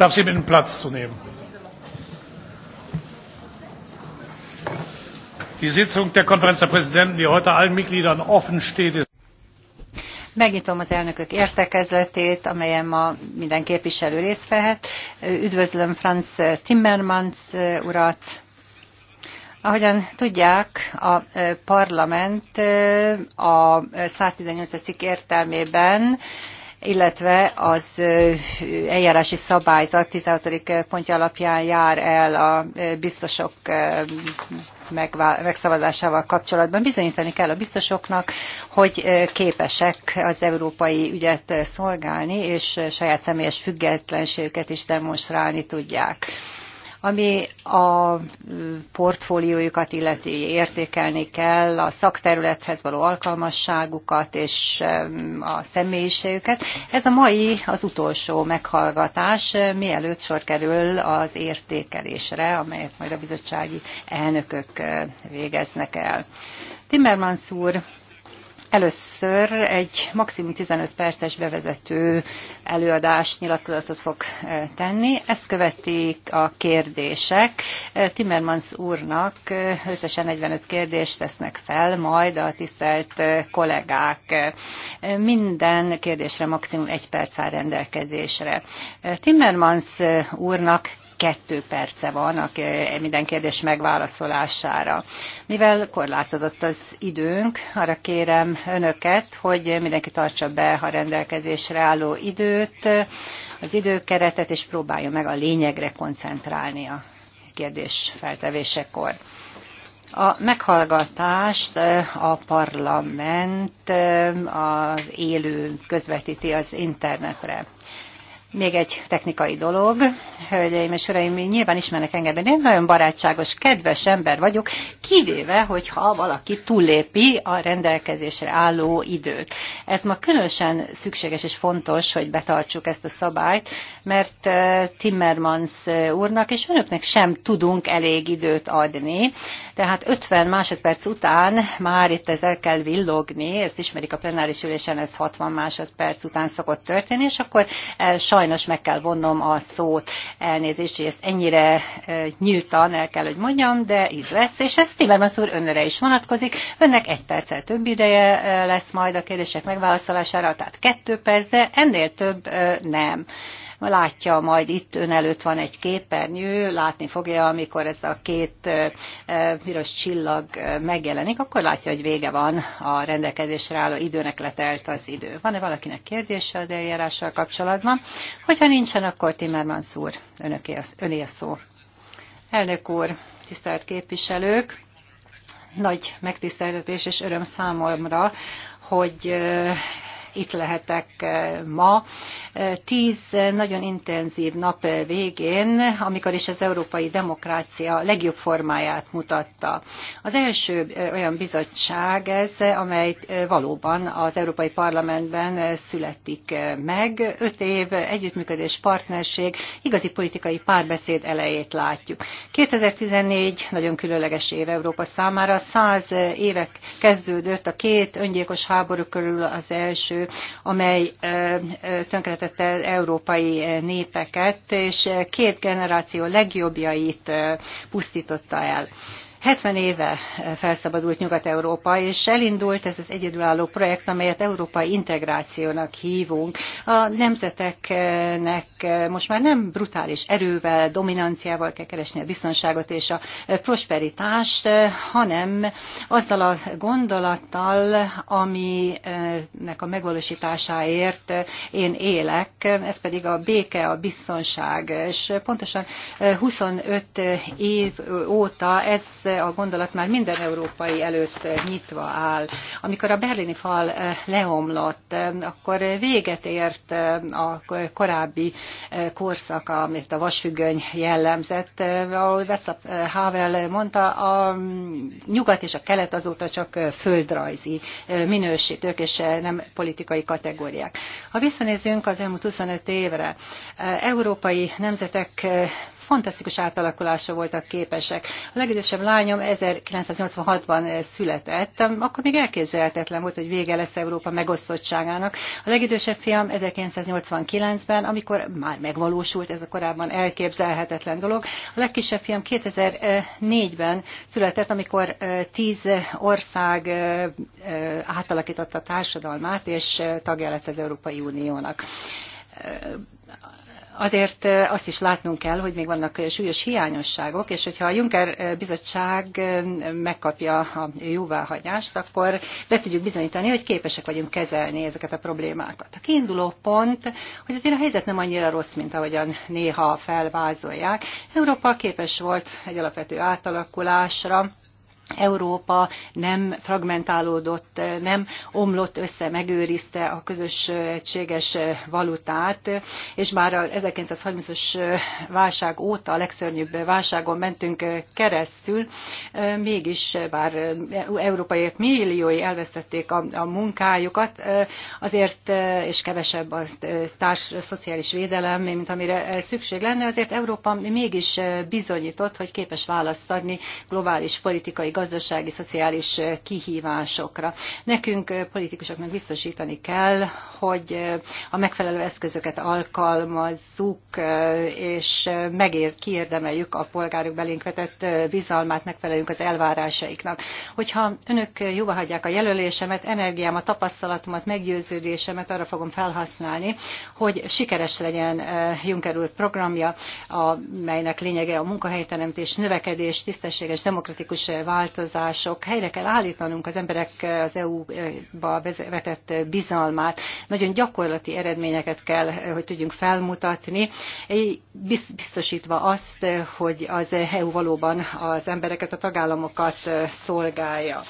darf Sie bitten, Platz zu nehmen. Die Sitzung der Konferenz der Präsidenten, die heute allen Mitgliedern offen steht, ist Megnyitom az elnökök értekezletét, amelyen ma minden képviselő részt vehet. Üdvözlöm Franz Timmermans urat. Ahogyan tudják, a parlament a 118. cikk értelmében illetve az eljárási szabályzat 16. pontja alapján jár el a biztosok megszavazásával kapcsolatban. Bizonyítani kell a biztosoknak, hogy képesek az európai ügyet szolgálni, és saját személyes függetlenségüket is demonstrálni tudják ami a portfóliójukat illeti értékelni kell, a szakterülethez való alkalmasságukat és a személyiségüket. Ez a mai az utolsó meghallgatás, mielőtt sor kerül az értékelésre, amelyet majd a bizottsági elnökök végeznek el. Timmermans úr, Először egy maximum 15 perces bevezető előadást, nyilatkozatot fog e, tenni. Ezt követik a kérdések. E, Timmermans úrnak e, összesen 45 kérdést tesznek fel, majd a tisztelt kollégák. Minden kérdésre maximum egy perc áll rendelkezésre. Timmermans úrnak kettő perce van a, minden kérdés megválaszolására. Mivel korlátozott az időnk, arra kérem önöket, hogy mindenki tartsa be a rendelkezésre álló időt, az időkeretet, és próbálja meg a lényegre koncentrálni a kérdés feltevésekor. A meghallgatást a parlament az élő közvetíti az internetre. Még egy technikai dolog, hölgyeim és uraim, nyilván ismernek engem, de én nagyon barátságos, kedves ember vagyok, kivéve, hogyha valaki túllépi a rendelkezésre álló időt. Ez ma különösen szükséges és fontos, hogy betartsuk ezt a szabályt, mert eh, Timmermans eh, úrnak és önöknek sem tudunk elég időt adni, tehát 50 másodperc után már itt ezzel kell villogni, ezt ismerik a plenáris ülésen, ez 60 másodperc után szokott történni, és akkor eh, sajnálom, sajnos meg kell vonnom a szót, elnézést, hogy ezt ennyire nyíltan el kell, hogy mondjam, de így lesz, és ez Timmermans úr önre is vonatkozik. Önnek egy perccel több ideje lesz majd a kérdések megválaszolására, tehát kettő perc, de ennél több nem látja majd itt ön előtt van egy képernyő, látni fogja, amikor ez a két piros csillag megjelenik, akkor látja, hogy vége van a rendelkezésre álló időnek letelt az idő. Van-e valakinek kérdése az eljárással kapcsolatban? Hogyha nincsen, akkor Timmermans úr, önöké, öné a szó. Elnök úr, tisztelt képviselők! Nagy megtiszteltetés és öröm számomra, hogy itt lehetek ma tíz nagyon intenzív nap végén, amikor is az európai demokrácia legjobb formáját mutatta. Az első olyan bizottság ez, amely valóban az Európai Parlamentben születik meg. Öt év együttműködés, partnerség, igazi politikai párbeszéd elejét látjuk. 2014 nagyon különleges év Európa számára. Száz évek kezdődött a két öngyilkos háború körül az első, amely tönkre összekötette európai népeket, és két generáció legjobbjait eh, pusztította el. 70 éve felszabadult Nyugat-Európa, és elindult ez az egyedülálló projekt, amelyet európai integrációnak hívunk. A nemzeteknek most már nem brutális erővel, dominanciával kell keresni a biztonságot és a prosperitást, hanem azzal a gondolattal, aminek a megvalósításáért én élek, ez pedig a béke, a biztonság, és pontosan 25 év óta ez a gondolat már minden európai előtt nyitva áll. Amikor a berlini fal eh, leomlott, eh, akkor véget ért eh, a korábbi korszak, amit a vasfüggöny jellemzett. Ahogy Veszap Havel mondta, a mm, nyugat és a kelet azóta csak földrajzi minősítők, és nem politikai kategóriák. Ha visszanézzünk az elmúlt 25 évre, európai nemzetek fantasztikus átalakulásra voltak képesek. A legidősebb lányom 1986-ban született, akkor még elképzelhetetlen volt, hogy vége lesz Európa megosztottságának. A legidősebb fiam 1989-ben, amikor már megvalósult ez a korábban elképzelhetetlen dolog. A legkisebb fiam 2004-ben született, amikor tíz ország átalakította a társadalmát, és tagja lett az Európai Uniónak azért azt is látnunk kell, hogy még vannak súlyos hiányosságok, és hogyha a Juncker bizottság megkapja a jóváhagyást, akkor be tudjuk bizonyítani, hogy képesek vagyunk kezelni ezeket a problémákat. A kiinduló pont, hogy azért a helyzet nem annyira rossz, mint ahogyan néha felvázolják. Európa képes volt egy alapvető átalakulásra, Európa nem fragmentálódott, nem omlott össze, megőrizte a közös egységes valutát, és bár a 1930-as válság óta a legszörnyűbb válságon mentünk keresztül, mégis bár európaiak milliói elvesztették a, a munkájukat, azért, és kevesebb a társ szociális védelem, mint amire szükség lenne, azért Európa mégis bizonyított, hogy képes választ adni globális politikai gazdasági, szociális kihívásokra. Nekünk politikusoknak biztosítani kell, hogy a megfelelő eszközöket alkalmazzuk, és megér, kiérdemeljük a polgárok belénk vetett bizalmát, megfelelünk az elvárásaiknak. Hogyha önök jóvá hagyják a jelölésemet, energiámat, tapasztalatomat, meggyőződésemet arra fogom felhasználni, hogy sikeres legyen Juncker úr programja, amelynek lényege a munkahelyteremtés, növekedés, tisztességes, demokratikus változás, változások, helyre kell állítanunk az emberek az EU-ba vetett bizalmát. Nagyon gyakorlati eredményeket kell, hogy tudjunk felmutatni, biztosítva azt, hogy az EU valóban az embereket, a tagállamokat szolgálja.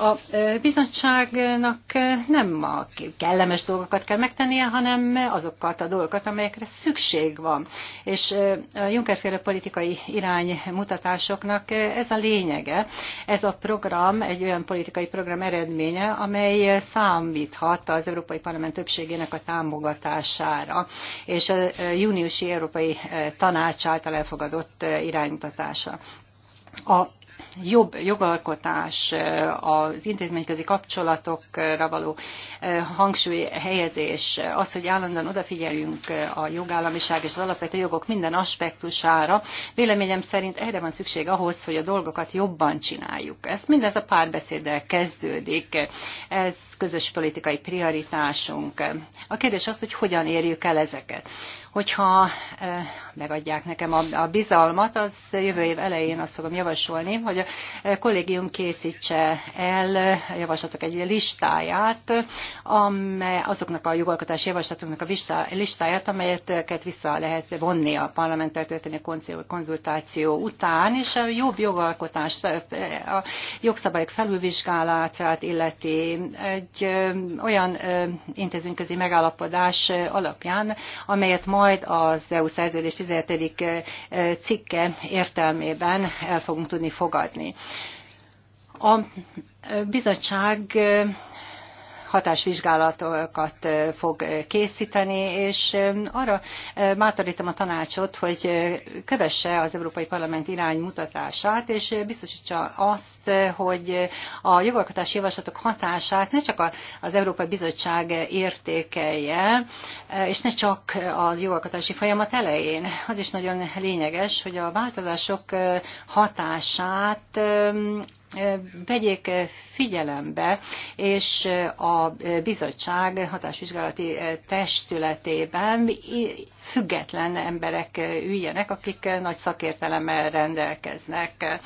A bizottságnak nem a kellemes dolgokat kell megtennie, hanem azokat a dolgokat, amelyekre szükség van. És a Juncker-féle politikai iránymutatásoknak ez a lényege, ez a program egy olyan politikai program eredménye, amely számíthat az Európai Parlament többségének a támogatására, és a e, júniusi Európai e, Tanács által elfogadott e, iránymutatása. A jobb jogalkotás, eh, az intézményközi kapcsolatokra való eh, hangsúly helyezés, az, hogy állandóan odafigyeljünk eh, a jogállamiság és az alapvető jogok minden aspektusára, véleményem szerint erre van szükség ahhoz, hogy a dolgokat jobban csináljuk. Ez mindez a párbeszéddel kezdődik. Ez közös politikai prioritásunk. A kérdés az, hogy hogyan érjük el ezeket. Hogyha eh, megadják nekem a bizalmat, az jövő év elején azt fogom javasolni, hogy a eh, kollégium készítse el a eh, javaslatok egy listáját, amely azoknak a jogalkotási javaslatoknak a listáját, amelyeket vissza lehet vonni a parlamenttel történő konzultáció után, és a jobb jogalkotást, a jogszabályok felülvizsgálását illeti egy egy olyan intézményközi megállapodás alapján, amelyet majd az EU szerződés 17. cikke értelmében el fogunk tudni fogadni. A bizottság hatásvizsgálatokat fog készíteni, és arra bátorítom a tanácsot, hogy kövesse az Európai Parlament iránymutatását, és biztosítsa azt, hogy a jogalkotási javaslatok hatását ne csak az Európai Bizottság értékelje, és ne csak a jogalkotási folyamat elején. Az is nagyon lényeges, hogy a változások hatását vegyék figyelembe, és a bizottság hatásvizsgálati testületében független emberek üljenek, akik nagy szakértelemmel rendelkeznek.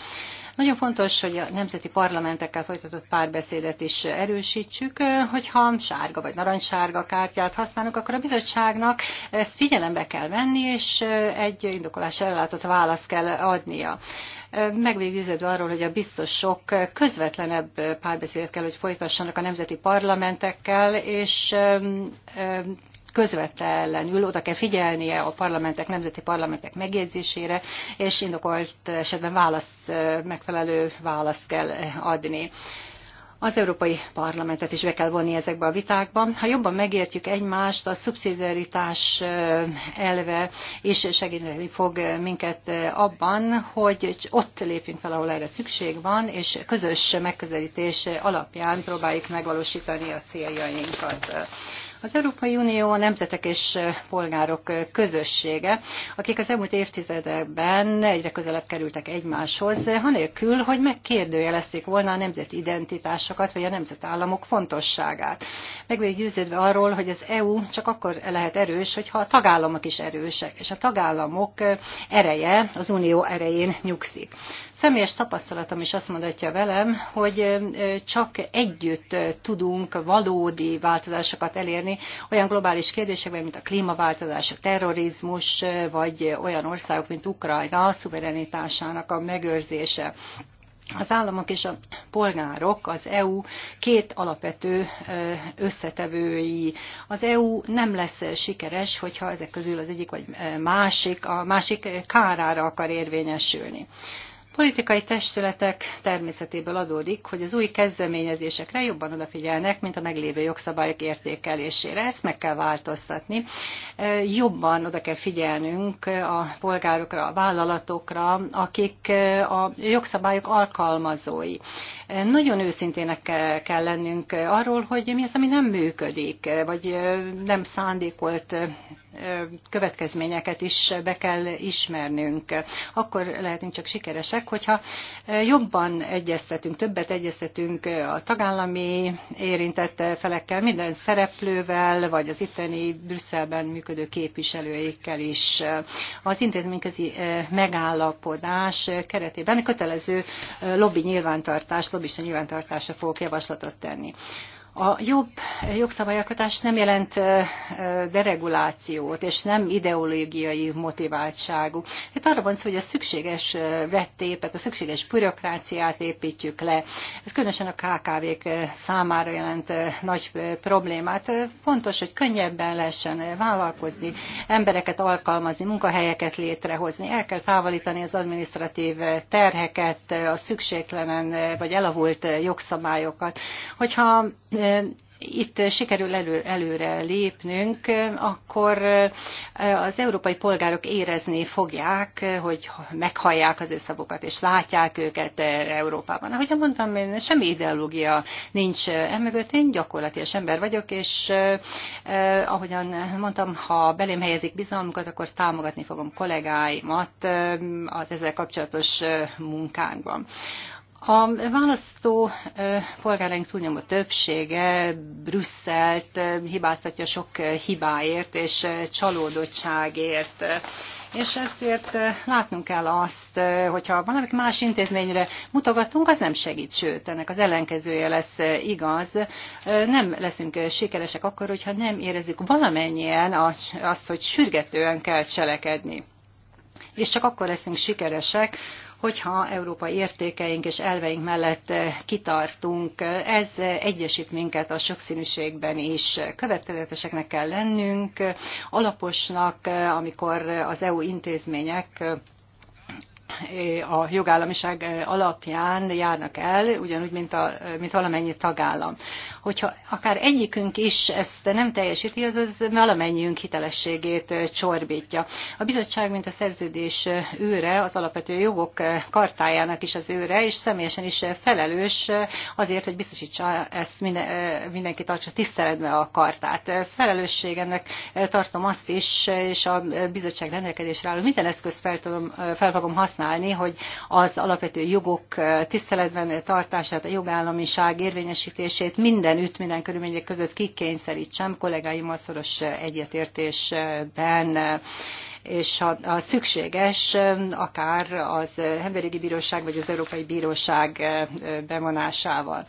Nagyon fontos, hogy a nemzeti parlamentekkel folytatott párbeszédet is erősítsük, hogyha sárga vagy narancssárga kártyát használunk, akkor a bizottságnak ezt figyelembe kell venni, és egy indokolás ellátott választ kell adnia meggyőződve arról, hogy a biztosok közvetlenebb párbeszédet kell, hogy folytassanak a nemzeti parlamentekkel, és közvetlenül oda kell figyelnie a parlamentek, nemzeti parlamentek megjegyzésére, és indokolt esetben választ, megfelelő választ kell adni az Európai Parlamentet is be kell vonni ezekbe a vitákba. Ha jobban megértjük egymást, a szubszidiaritás elve is segíteni fog minket abban, hogy ott lépjünk fel, ahol erre szükség van, és közös megközelítés alapján próbáljuk megvalósítani a céljainkat. Az Európai Unió a nemzetek és polgárok közössége, akik az elmúlt évtizedekben egyre közelebb kerültek egymáshoz, hanélkül, hogy megkérdőjelezték volna a nemzeti identitásokat vagy a nemzetállamok fontosságát. Meg győződve arról, hogy az EU csak akkor lehet erős, hogyha a tagállamok is erősek, és a tagállamok ereje az unió erején nyugszik. Személyes tapasztalatom is azt mondatja velem, hogy csak együtt tudunk valódi változásokat elérni, beszélni olyan globális kérdésekben, mint a klímaváltozás, a terrorizmus, vagy olyan országok, mint Ukrajna szuverenitásának a megőrzése. Az államok és a polgárok, az EU két alapvető összetevői. Az EU nem lesz sikeres, hogyha ezek közül az egyik vagy másik, a másik kárára akar érvényesülni politikai testületek természetéből adódik, hogy az új kezdeményezésekre jobban odafigyelnek, mint a meglévő jogszabályok értékelésére. Ezt meg kell változtatni. Jobban oda kell figyelnünk a polgárokra, a vállalatokra, akik a jogszabályok alkalmazói. Nagyon őszintének kell lennünk arról, hogy mi az, ami nem működik, vagy nem szándékolt következményeket is be kell ismernünk. Akkor lehetünk csak sikeresek, meg, hogyha jobban egyeztetünk, többet egyeztetünk a tagállami érintett felekkel, minden szereplővel, vagy az itteni Brüsszelben működő képviselőikkel is. Az intézményközi megállapodás keretében kötelező lobby nyilvántartás, lobbista nyilvántartásra fogok javaslatot tenni. A jobb jogszabályalkotás nem jelent deregulációt, és nem ideológiai motiváltságú. Itt arra van szó, hogy a szükséges vettépet, a szükséges bürokráciát építjük le. Ez különösen a KKV-k számára jelent nagy problémát. Fontos, hogy könnyebben lehessen vállalkozni, embereket alkalmazni, munkahelyeket létrehozni. El kell távolítani az administratív terheket, a szükséglenen vagy elavult jogszabályokat. Hogyha itt sikerül elő, előre lépnünk, akkor eh, az európai polgárok érezni fogják, hogy meghallják az ő szavukat, és látják őket eh, Európában. Ahogy mondtam, én semmi ideológia nincs emögött, én gyakorlatilag ember vagyok, és eh, ahogyan mondtam, ha belém helyezik bizalmukat, akkor támogatni fogom kollégáimat az ezzel kapcsolatos munkánkban. A választó polgáraink túlnyomó többsége Brüsszelt hibáztatja sok hibáért és csalódottságért. És ezért látnunk kell azt, hogyha valamik más intézményre mutogatunk, az nem segít, sőt, ennek az ellenkezője lesz igaz. Nem leszünk sikeresek akkor, hogyha nem érezzük valamennyien azt, hogy sürgetően kell cselekedni és csak akkor leszünk sikeresek, hogyha európai értékeink és elveink mellett eh, kitartunk. Eh, ez eh, egyesít minket a sokszínűségben is. Következeteseknek kell lennünk, alaposnak, amikor az EU intézmények a jogállamiság alapján járnak el, ugyanúgy, mint, a, mint valamennyi tagállam. Hogyha akár egyikünk is ezt nem teljesíti, az az valamennyiünk hitelességét csorbítja. A bizottság, mint a szerződés őre, az alapvető jogok kartájának is az őre, és személyesen is felelős azért, hogy biztosítsa ezt minden, mindenki tartsa tiszteletben a kartát. Felelősségemnek tartom azt is, és a bizottság rendelkezésre álló minden eszközt fel, tudom, fel fogom használni, használni, hogy az alapvető jogok tiszteletben tartását, a jogállamiság érvényesítését mindenütt, minden körülmények között kikényszerítsem kollégáimmal szoros egyetértésben és ha, a szükséges, akár az Emberi Bíróság vagy az Európai Bíróság bevonásával.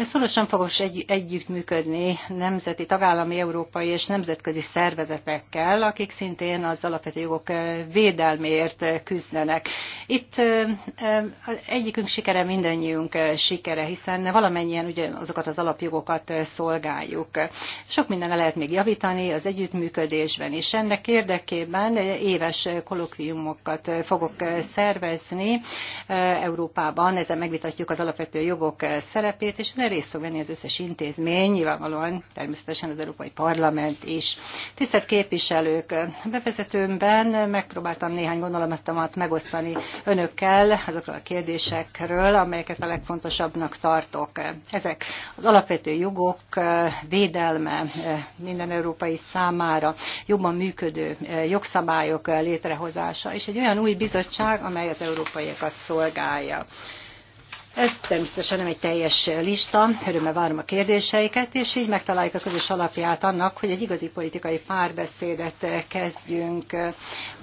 Szorosan fogok egy, együttműködni nemzeti, tagállami, európai és nemzetközi szervezetekkel, akik szintén az alapvető jogok védelméért küzdenek. Itt egyikünk sikere, mindannyiunk sikere, hiszen valamennyien ugye azokat az alapjogokat szolgáljuk. Sok mindenre lehet még javítani az együttműködésben is. Ennek érdekében éves kolokviumokat fogok szervezni Európában, ezzel megvitatjuk az alapvető jogok szerepét, és mert részt fog venni az összes intézmény, nyilvánvalóan természetesen az Európai Parlament is. Tisztelt képviselők, bevezetőmben megpróbáltam néhány gondolatomat megosztani önökkel azokról a kérdésekről, amelyeket a legfontosabbnak tartok. Ezek az alapvető jogok eh, védelme eh, minden európai számára, jobban működő eh, jogszabályok létrehozása, és egy olyan új bizottság, amely az európaiakat szolgálja. Ez természetesen nem egy teljes lista, örömmel várom a kérdéseiket, és így megtaláljuk a közös alapját annak, hogy egy igazi politikai párbeszédet kezdjünk.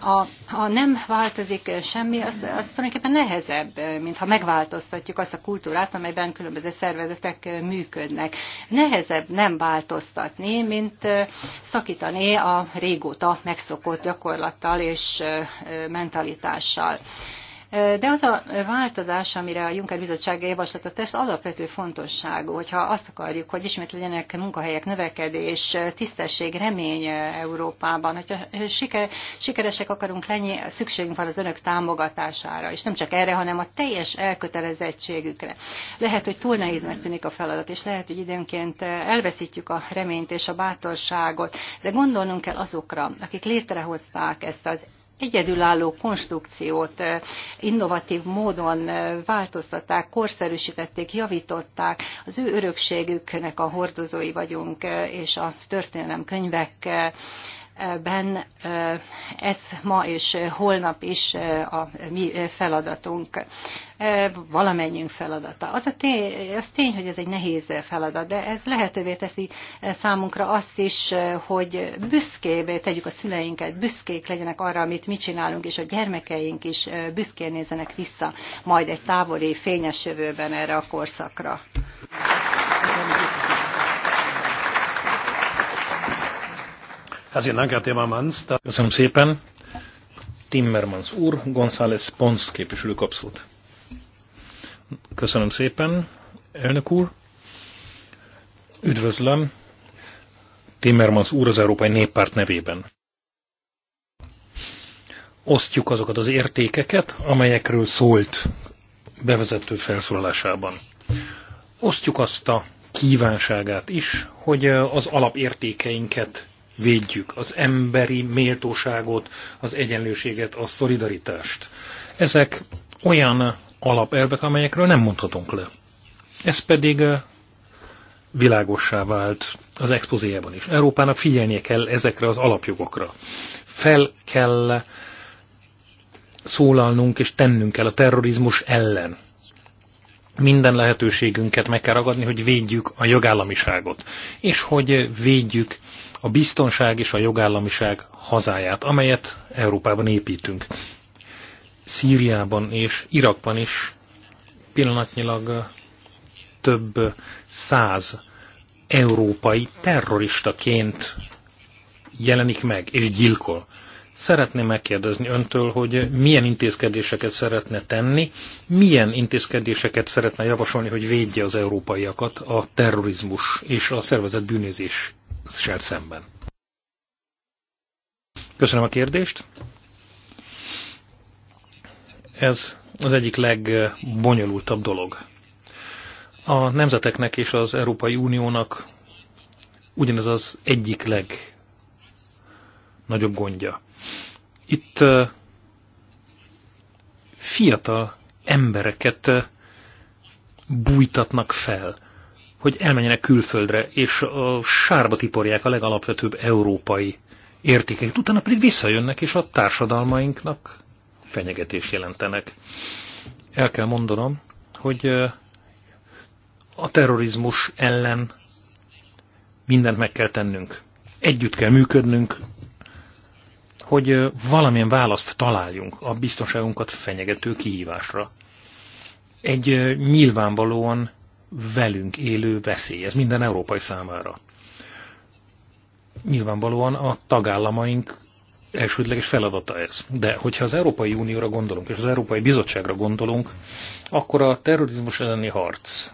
A, ha nem változik semmi, az, az tulajdonképpen nehezebb, mint ha megváltoztatjuk azt a kultúrát, amelyben különböző szervezetek működnek. Nehezebb nem változtatni, mint szakítani a régóta megszokott gyakorlattal és mentalitással. De az a változás, amire a Juncker Bizottság javaslatot tesz, alapvető fontosságú, hogyha azt akarjuk, hogy ismét legyenek munkahelyek, növekedés, tisztesség, remény Európában, hogyha siker, sikeresek akarunk lenni, szükségünk van az önök támogatására, és nem csak erre, hanem a teljes elkötelezettségükre. Lehet, hogy túl nehéznek tűnik a feladat, és lehet, hogy időnként elveszítjük a reményt és a bátorságot, de gondolnunk kell azokra, akik létrehozták ezt az egyedülálló konstrukciót innovatív módon változtatták, korszerűsítették, javították. Az ő örökségüknek a hordozói vagyunk, és a történelem könyvekkel ben ez ma és holnap is a mi feladatunk, valamennyünk feladata. Az, a tény, az tény, hogy ez egy nehéz feladat, de ez lehetővé teszi számunkra azt is, hogy büszkévé tegyük a szüleinket, büszkék legyenek arra, amit mi csinálunk, és a gyermekeink is büszkén nézenek vissza majd egy távoli, fényes jövőben erre a korszakra. Köszönöm. Köszönöm szépen. Timmermans úr, González Pons képviselő kapszót. Köszönöm szépen, elnök úr. Üdvözlöm Timmermans úr az Európai Néppárt nevében. Osztjuk azokat az értékeket, amelyekről szólt bevezető felszólalásában. Osztjuk azt a kívánságát is, hogy az alapértékeinket védjük az emberi méltóságot, az egyenlőséget, a szolidaritást. Ezek olyan alapelvek, amelyekről nem mondhatunk le. Ez pedig eh, világossá vált az expozéjában is. Európának figyelnie kell ezekre az alapjogokra. Fel kell szólalnunk és tennünk kell a terrorizmus ellen. Minden lehetőségünket meg kell ragadni, hogy védjük a jogállamiságot, és hogy védjük a biztonság és a jogállamiság hazáját, amelyet Európában építünk. Szíriában és Irakban is pillanatnyilag több száz európai terroristaként jelenik meg és gyilkol. Szeretném megkérdezni öntől, hogy milyen intézkedéseket szeretne tenni, milyen intézkedéseket szeretne javasolni, hogy védje az európaiakat a terrorizmus és a szervezet bűnözés szemben. Köszönöm a kérdést. Ez az egyik legbonyolultabb dolog. A nemzeteknek és az Európai Uniónak ugyanez az egyik legnagyobb gondja. Itt fiatal embereket bújtatnak fel hogy elmenjenek külföldre, és a sárba tiporják a legalapvetőbb európai értékeket, utána pedig visszajönnek, és a társadalmainknak fenyegetés jelentenek. El kell mondanom, hogy a terrorizmus ellen mindent meg kell tennünk. Együtt kell működnünk, hogy valamilyen választ találjunk a biztonságunkat fenyegető kihívásra. Egy nyilvánvalóan velünk élő veszély. Ez minden európai számára. Nyilvánvalóan a tagállamaink elsődleges feladata ez. De hogyha az Európai Unióra gondolunk, és az Európai Bizottságra gondolunk, akkor a terrorizmus elleni harc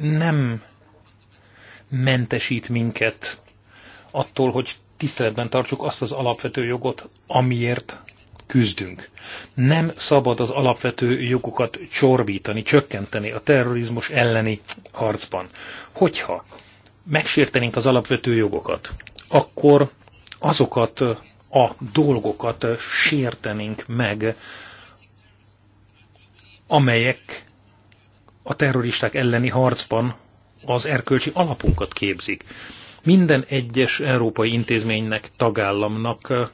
nem mentesít minket attól, hogy tiszteletben tartsuk azt az alapvető jogot, amiért küzdünk. Nem szabad az alapvető jogokat csorbítani, csökkenteni a terrorizmus elleni harcban. Hogyha megsértenénk az alapvető jogokat, akkor azokat a dolgokat sértenénk meg, amelyek a terroristák elleni harcban az erkölcsi alapunkat képzik. Minden egyes európai intézménynek, tagállamnak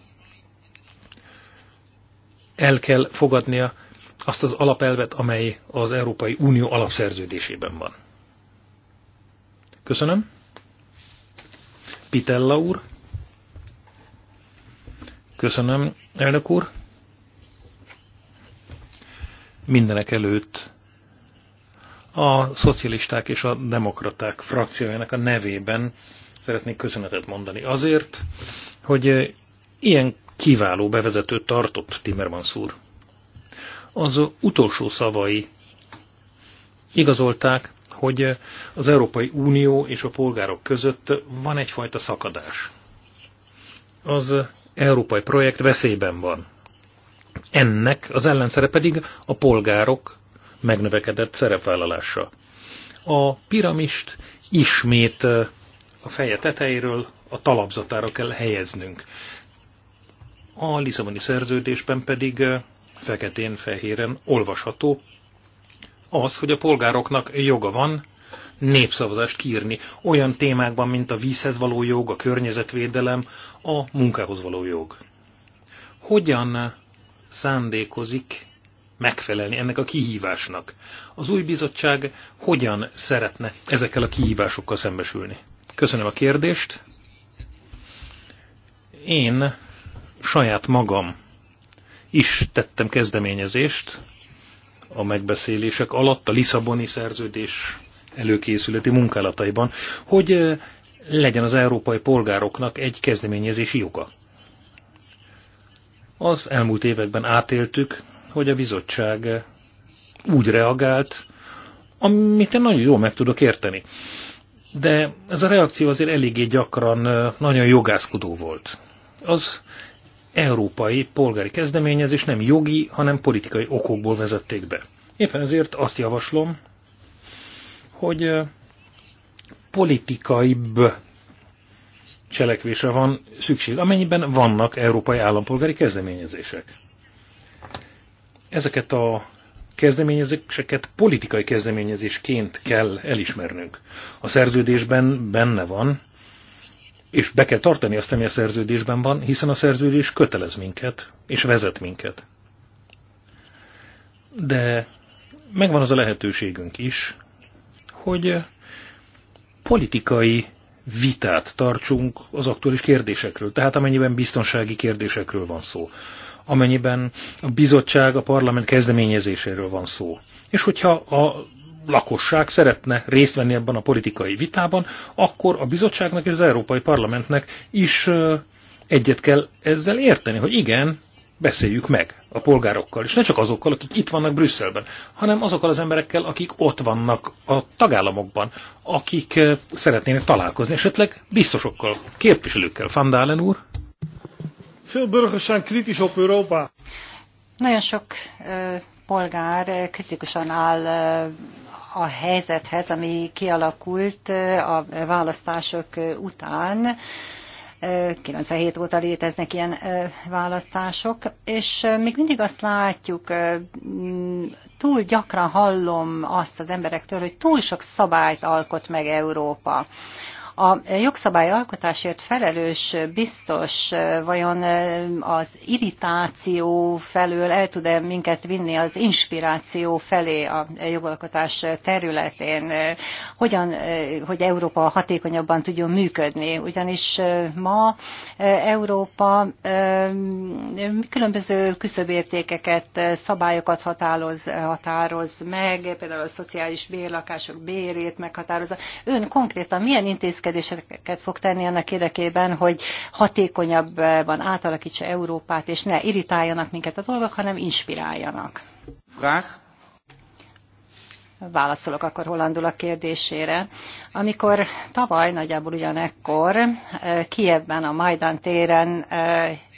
el kell fogadnia azt az alapelvet, amely az Európai Unió alapszerződésében van. Köszönöm. Pitella úr. Köszönöm, elnök úr. Mindenek előtt a szocialisták és a demokraták frakciójának a nevében szeretnék köszönetet mondani azért, hogy ilyen kiváló bevezetőt tartott Timmermans úr. Az utolsó szavai igazolták, hogy az Európai Unió és a polgárok között van egyfajta szakadás. Az európai projekt veszélyben van. Ennek az ellenszere pedig a polgárok megnövekedett szerepvállalása. A piramist ismét a feje tetejéről a talapzatára kell helyeznünk a Lisszaboni szerződésben pedig feketén-fehéren olvasható az, hogy a polgároknak joga van népszavazást kírni olyan témákban, mint a vízhez való jog, a környezetvédelem, a munkához való jog. Hogyan szándékozik megfelelni ennek a kihívásnak? Az új bizottság hogyan szeretne ezekkel a kihívásokkal szembesülni? Köszönöm a kérdést. Én saját magam is tettem kezdeményezést a megbeszélések alatt, a Lisszaboni szerződés előkészületi munkálataiban, hogy legyen az európai polgároknak egy kezdeményezési joga. Az elmúlt években átéltük, hogy a bizottság úgy reagált, amit én nagyon jól meg tudok érteni. De ez a reakció azért eléggé gyakran nagyon jogászkodó volt. Az európai polgári kezdeményezés nem jogi, hanem politikai okokból vezették be. Éppen ezért azt javaslom, hogy politikaibb cselekvésre van szükség, amennyiben vannak európai állampolgári kezdeményezések. Ezeket a kezdeményezéseket politikai kezdeményezésként kell elismernünk. A szerződésben benne van, és be kell tartani azt, ami a szerződésben van, hiszen a szerződés kötelez minket, és vezet minket. De megvan az a lehetőségünk is, hogy politikai vitát tartsunk az aktuális kérdésekről, tehát amennyiben biztonsági kérdésekről van szó, amennyiben a bizottság, a parlament kezdeményezéséről van szó. És hogyha a lakosság szeretne részt venni ebben a politikai vitában, akkor a bizottságnak és az Európai Parlamentnek is egyet kell ezzel érteni, hogy igen, beszéljük meg a polgárokkal, és ne csak azokkal, akik itt vannak Brüsszelben, hanem azokkal az emberekkel, akik ott vannak a tagállamokban, akik szeretnének találkozni, esetleg biztosokkal, képviselőkkel. Fandálen úr? Nagyon sok polgár kritikusan áll a helyzethez, ami kialakult a választások után. 97 óta léteznek ilyen választások, és még mindig azt látjuk, túl gyakran hallom azt az emberektől, hogy túl sok szabályt alkot meg Európa. A jogszabály alkotásért felelős biztos eh, vajon eh, az irritáció felől el tud-e minket vinni az inspiráció felé a jogalkotás területén, eh, hogyan, hogy Európa hatékonyabban tudjon működni. Ugyanis ma Európa különböző küszöbértékeket, szabályokat határoz, határoz meg, például a szociális bérlakások bérét meghatározza. Ön konkrétan milyen intézkedés intézkedéseket fog tenni annak érdekében, hogy hatékonyabban átalakítsa Európát, és ne irritáljanak minket a dolgok, hanem inspiráljanak. Frag? válaszolok akkor hollandul a kérdésére. Amikor tavaly, nagyjából ugyanekkor, Kievben a Majdan téren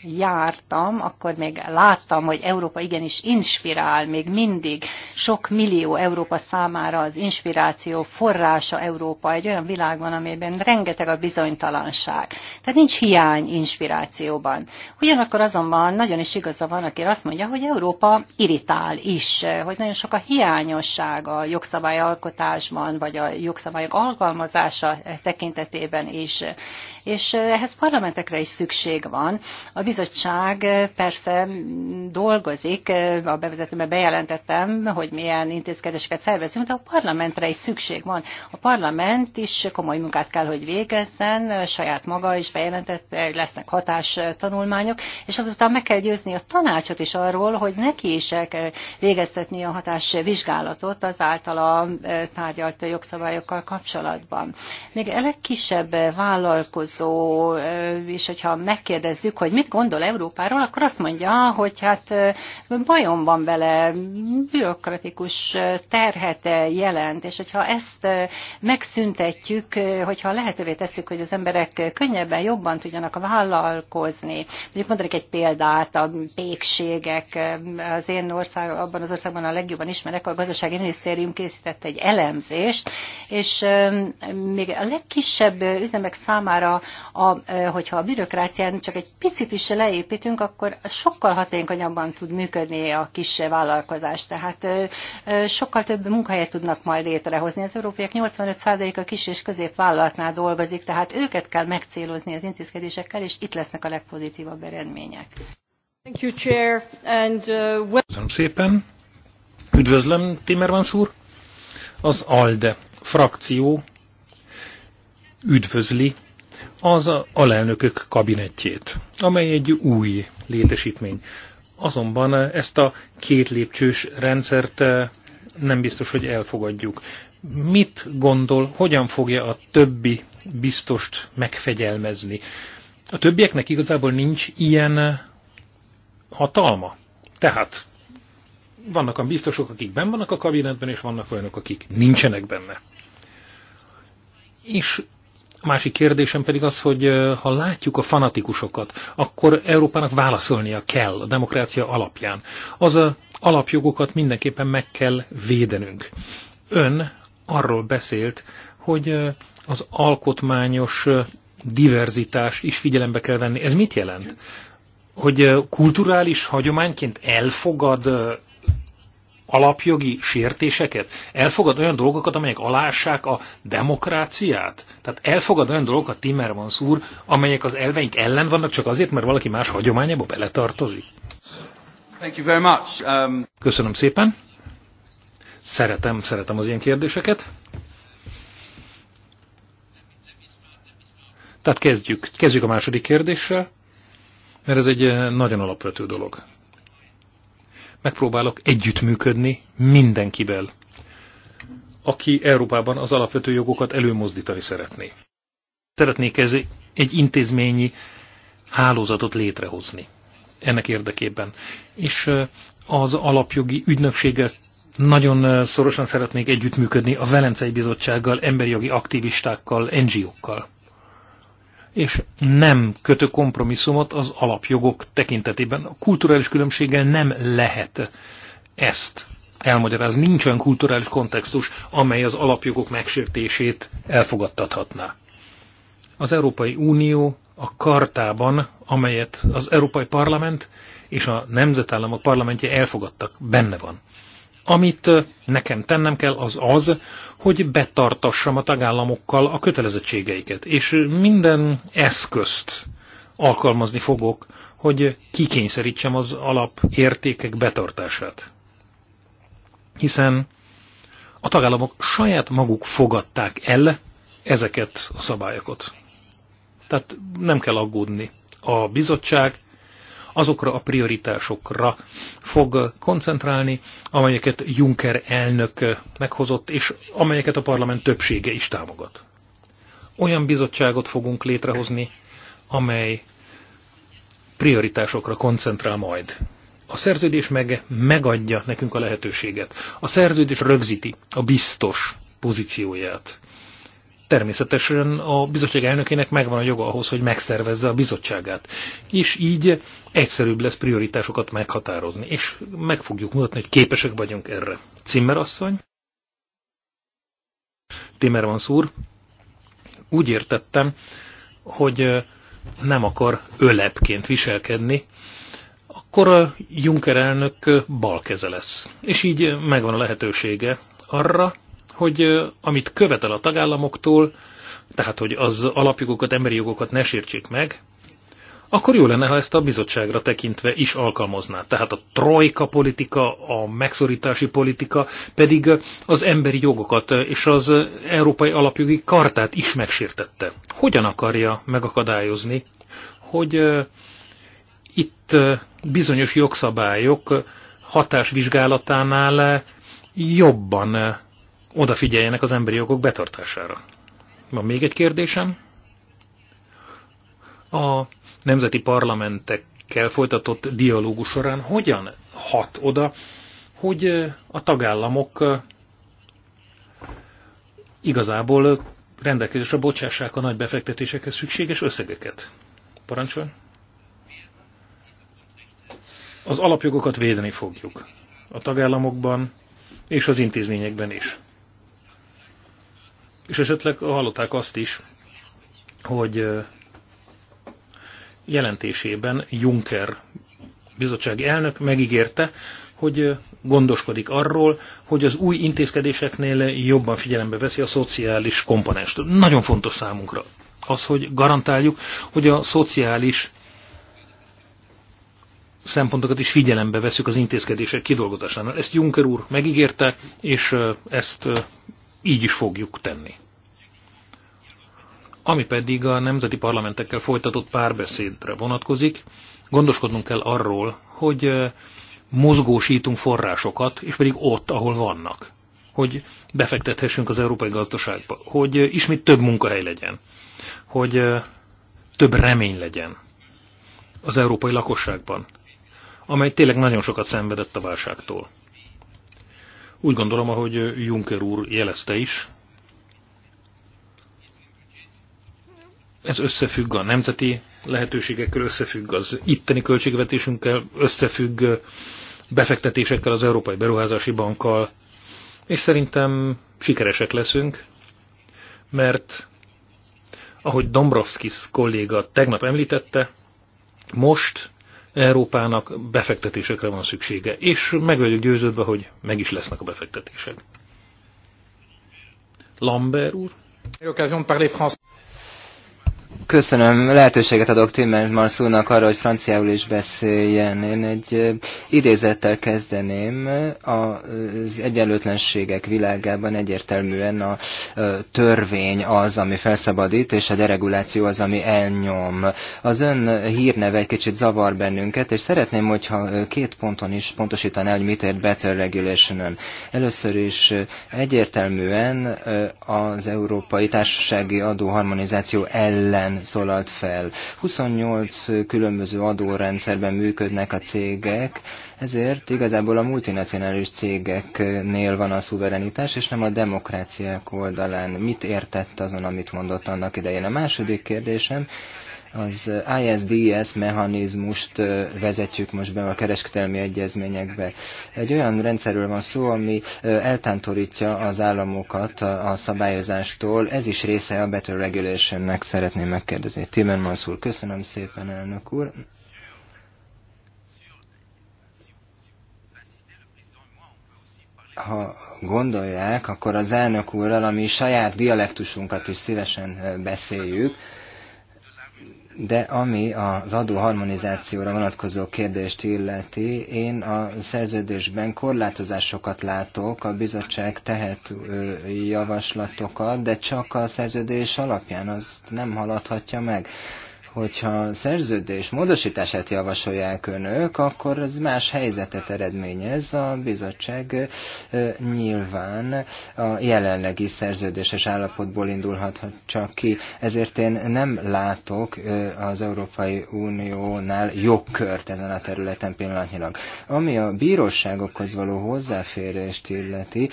jártam, akkor még láttam, hogy Európa igenis inspirál, még mindig sok millió Európa számára az inspiráció forrása Európa egy olyan világban, amiben rengeteg a bizonytalanság. Tehát nincs hiány inspirációban. Ugyanakkor azonban nagyon is igaza van, aki azt mondja, hogy Európa irritál is, hogy nagyon sok a hiányosság a jogszabályalkotásban, vagy a jogszabályok alkalmazása tekintetében is. És ehhez parlamentekre is szükség van. A bizottság eh, persze mm, dolgozik, eh, a bevezetőben bejelentettem, hogy milyen intézkedéseket szervezünk, de a parlamentre is szükség van. A parlament is komoly munkát kell, hogy végezzen, eh, saját maga is bejelentette, hogy lesznek hatás tanulmányok, és azután meg kell győzni a tanácsot is arról, hogy neki is el kell végeztetni a hatás vizsgálatot az általa tárgyalt jogszabályokkal kapcsolatban. Még a legkisebb vállalkozó, és hogyha megkérdezzük, hogy mit gondol, gondol Európáról, akkor azt mondja, hogy hát bajom van vele, bürokratikus terhet jelent, és hogyha ezt megszüntetjük, hogyha lehetővé tesszük, hogy az emberek könnyebben, jobban tudjanak vállalkozni. Mondjuk mondanék egy példát, a pékségek, az én ország, abban az országban a legjobban ismerek, a gazdasági minisztérium készített egy elemzést, és még a legkisebb üzemek számára, a, hogyha a bürokrácián csak egy picit is leépítünk, akkor sokkal hatékonyabban tud működni a kis vállalkozás. Tehát sokkal több munkahelyet tudnak majd létrehozni. Az európaiak 85%-a kis és középvállalatnál dolgozik, tehát őket kell megcélozni az intézkedésekkel, és itt lesznek a legpozitívabb eredmények. Thank you, Chair. And, uh, Köszönöm szépen. Üdvözlöm, Timmermans úr. Az ALDE frakció üdvözli az alelnökök kabinettjét, amely egy új létesítmény. Azonban ezt a két lépcsős rendszert eh, nem biztos, hogy elfogadjuk. Mit gondol, hogyan fogja a többi biztost megfegyelmezni? A többieknek igazából nincs ilyen eh, hatalma. Tehát vannak a biztosok, akik benn vannak a kabinetben, és vannak olyanok, akik nincsenek benne. És a másik kérdésem pedig az, hogy ha látjuk a fanatikusokat, akkor Európának válaszolnia kell a demokrácia alapján. Az a alapjogokat mindenképpen meg kell védenünk. Ön arról beszélt, hogy az alkotmányos diverzitás is figyelembe kell venni. Ez mit jelent? Hogy kulturális hagyományként elfogad alapjogi sértéseket? Elfogad olyan dolgokat, amelyek alássák a demokráciát? Tehát elfogad olyan dolgokat, Timmermans úr, amelyek az elveink ellen vannak, csak azért, mert valaki más hagyományába beletartozik? Thank you very much. Um... Köszönöm szépen. Szeretem, szeretem az ilyen kérdéseket. Tehát kezdjük. Kezdjük a második kérdéssel, mert ez egy eh, nagyon alapvető dolog megpróbálok együttműködni mindenkivel, aki Európában az alapvető jogokat előmozdítani szeretné. Szeretnék ez egy intézményi hálózatot létrehozni ennek érdekében. És az alapjogi ügynökséggel nagyon szorosan szeretnék együttműködni a Velencei Bizottsággal, emberi jogi aktivistákkal, NGO-kkal és nem kötő kompromisszumot az alapjogok tekintetében. A kulturális különbséggel nem lehet ezt elmagyarázni. Nincs olyan kulturális kontextus, amely az alapjogok megsértését elfogadtathatná. Az Európai Unió a kartában, amelyet az Európai Parlament és a nemzetállamok parlamentje elfogadtak, benne van. Amit nekem tennem kell, az az, hogy betartassam a tagállamokkal a kötelezettségeiket, és minden eszközt alkalmazni fogok, hogy kikényszerítsem az alapértékek betartását. Hiszen a tagállamok saját maguk fogadták el ezeket a szabályokat. Tehát nem kell aggódni. A bizottság azokra a prioritásokra fog koncentrálni, amelyeket Juncker elnök meghozott, és amelyeket a parlament többsége is támogat. Olyan bizottságot fogunk létrehozni, amely prioritásokra koncentrál majd. A szerződés meg megadja nekünk a lehetőséget. A szerződés rögzíti a biztos pozícióját természetesen a bizottság elnökének megvan a joga ahhoz, hogy megszervezze a bizottságát. És így egyszerűbb lesz prioritásokat meghatározni, és meg fogjuk mutatni, hogy képesek vagyunk erre. Cimmer asszony? Timmermans úr, úgy értettem, hogy nem akar ölepként viselkedni, akkor a Juncker elnök balkeze lesz. És így megvan a lehetősége arra, hogy amit követel a tagállamoktól, tehát hogy az alapjogokat, emberi jogokat ne sértsék meg, akkor jó lenne, ha ezt a bizottságra tekintve is alkalmazná. Tehát a trojka politika, a megszorítási politika pedig az emberi jogokat és az európai alapjogi kartát is megsértette. Hogyan akarja megakadályozni, hogy itt bizonyos jogszabályok hatásvizsgálatánál jobban odafigyeljenek az emberi jogok betartására. Van még egy kérdésem. A nemzeti parlamentekkel folytatott dialógus során hogyan hat oda, hogy a tagállamok igazából rendelkezésre bocsássák a nagy befektetésekhez szükséges összegeket. Parancsol? Az alapjogokat védeni fogjuk. A tagállamokban és az intézményekben is. És esetleg hallották azt is, hogy jelentésében Juncker bizottsági elnök megígérte, hogy gondoskodik arról, hogy az új intézkedéseknél jobban figyelembe veszi a szociális komponest. Nagyon fontos számunkra az, hogy garantáljuk, hogy a szociális szempontokat is figyelembe veszük az intézkedések kidolgozásánál. Ezt Juncker úr megígérte, és ezt így is fogjuk tenni. Ami pedig a nemzeti parlamentekkel folytatott párbeszédre vonatkozik, gondoskodnunk kell arról, hogy eh, mozgósítunk forrásokat, és pedig ott, ahol vannak, hogy befektethessünk az európai gazdaságba, hogy eh, ismét több munkahely legyen, hogy eh, több remény legyen az európai lakosságban, amely tényleg nagyon sokat szenvedett a válságtól. Úgy gondolom, ahogy Juncker úr jelezte is, ez összefügg a nemzeti lehetőségekkel, összefügg az itteni költségvetésünkkel, összefügg befektetésekkel az Európai Beruházási Bankkal, és szerintem sikeresek leszünk, mert ahogy Dombrovskis kolléga tegnap említette, most Európának befektetésekre van szüksége, és meg vagyok győződve, hogy meg is lesznek a befektetések. Lambert úr. Köszönöm, lehetőséget adok Timmermans úrnak arra, hogy franciául is beszéljen. Én egy idézettel kezdeném. Az egyenlőtlenségek világában egyértelműen a törvény az, ami felszabadít, és a dereguláció az, ami elnyom. Az ön hírneve egy kicsit zavar bennünket, és szeretném, hogyha két ponton is pontosítaná, hogy mit ért better regulation -ön. Először is egyértelműen az európai társasági adóharmonizáció ellen nevében szólalt fel. 28 különböző adórendszerben működnek a cégek, ezért igazából a multinacionális cégeknél van a szuverenitás, és nem a demokráciák oldalán. Mit értett azon, amit mondott annak idején? A második kérdésem, az ISDS mechanizmust vezetjük most be a kereskedelmi egyezményekbe. Egy olyan rendszerről van szó, ami eltántorítja az államokat a szabályozástól. Ez is része a Better Regulationnek, szeretném megkérdezni. Timen, Mansur, köszönöm szépen, elnök úr. ha gondolják, akkor az elnök úrral, ami saját dialektusunkat is szívesen beszéljük, de ami az adóharmonizációra vonatkozó kérdést illeti, én a szerződésben korlátozásokat látok, a bizottság tehet javaslatokat, de csak a szerződés alapján azt nem haladhatja meg hogyha szerződés módosítását javasolják önök, akkor ez más helyzetet eredményez. A bizottság nyilván a jelenlegi szerződéses állapotból indulhat csak ki. Ezért én nem látok az Európai Uniónál jogkört ezen a területen pillanatnyilag. Ami a bíróságokhoz való hozzáférést illeti,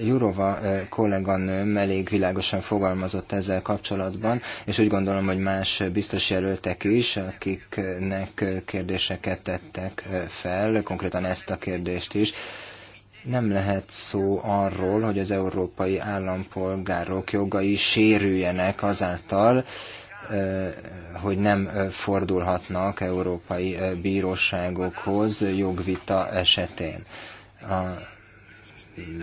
Jurova kolléganőm elég világosan fogalmazott ezzel kapcsolatban, és úgy gondolom, hogy más biztos képviselőtek is, akiknek kérdéseket tettek fel, konkrétan ezt a kérdést is. Nem lehet szó arról, hogy az európai állampolgárok jogai sérüljenek azáltal, hogy nem fordulhatnak európai bíróságokhoz jogvita esetén. A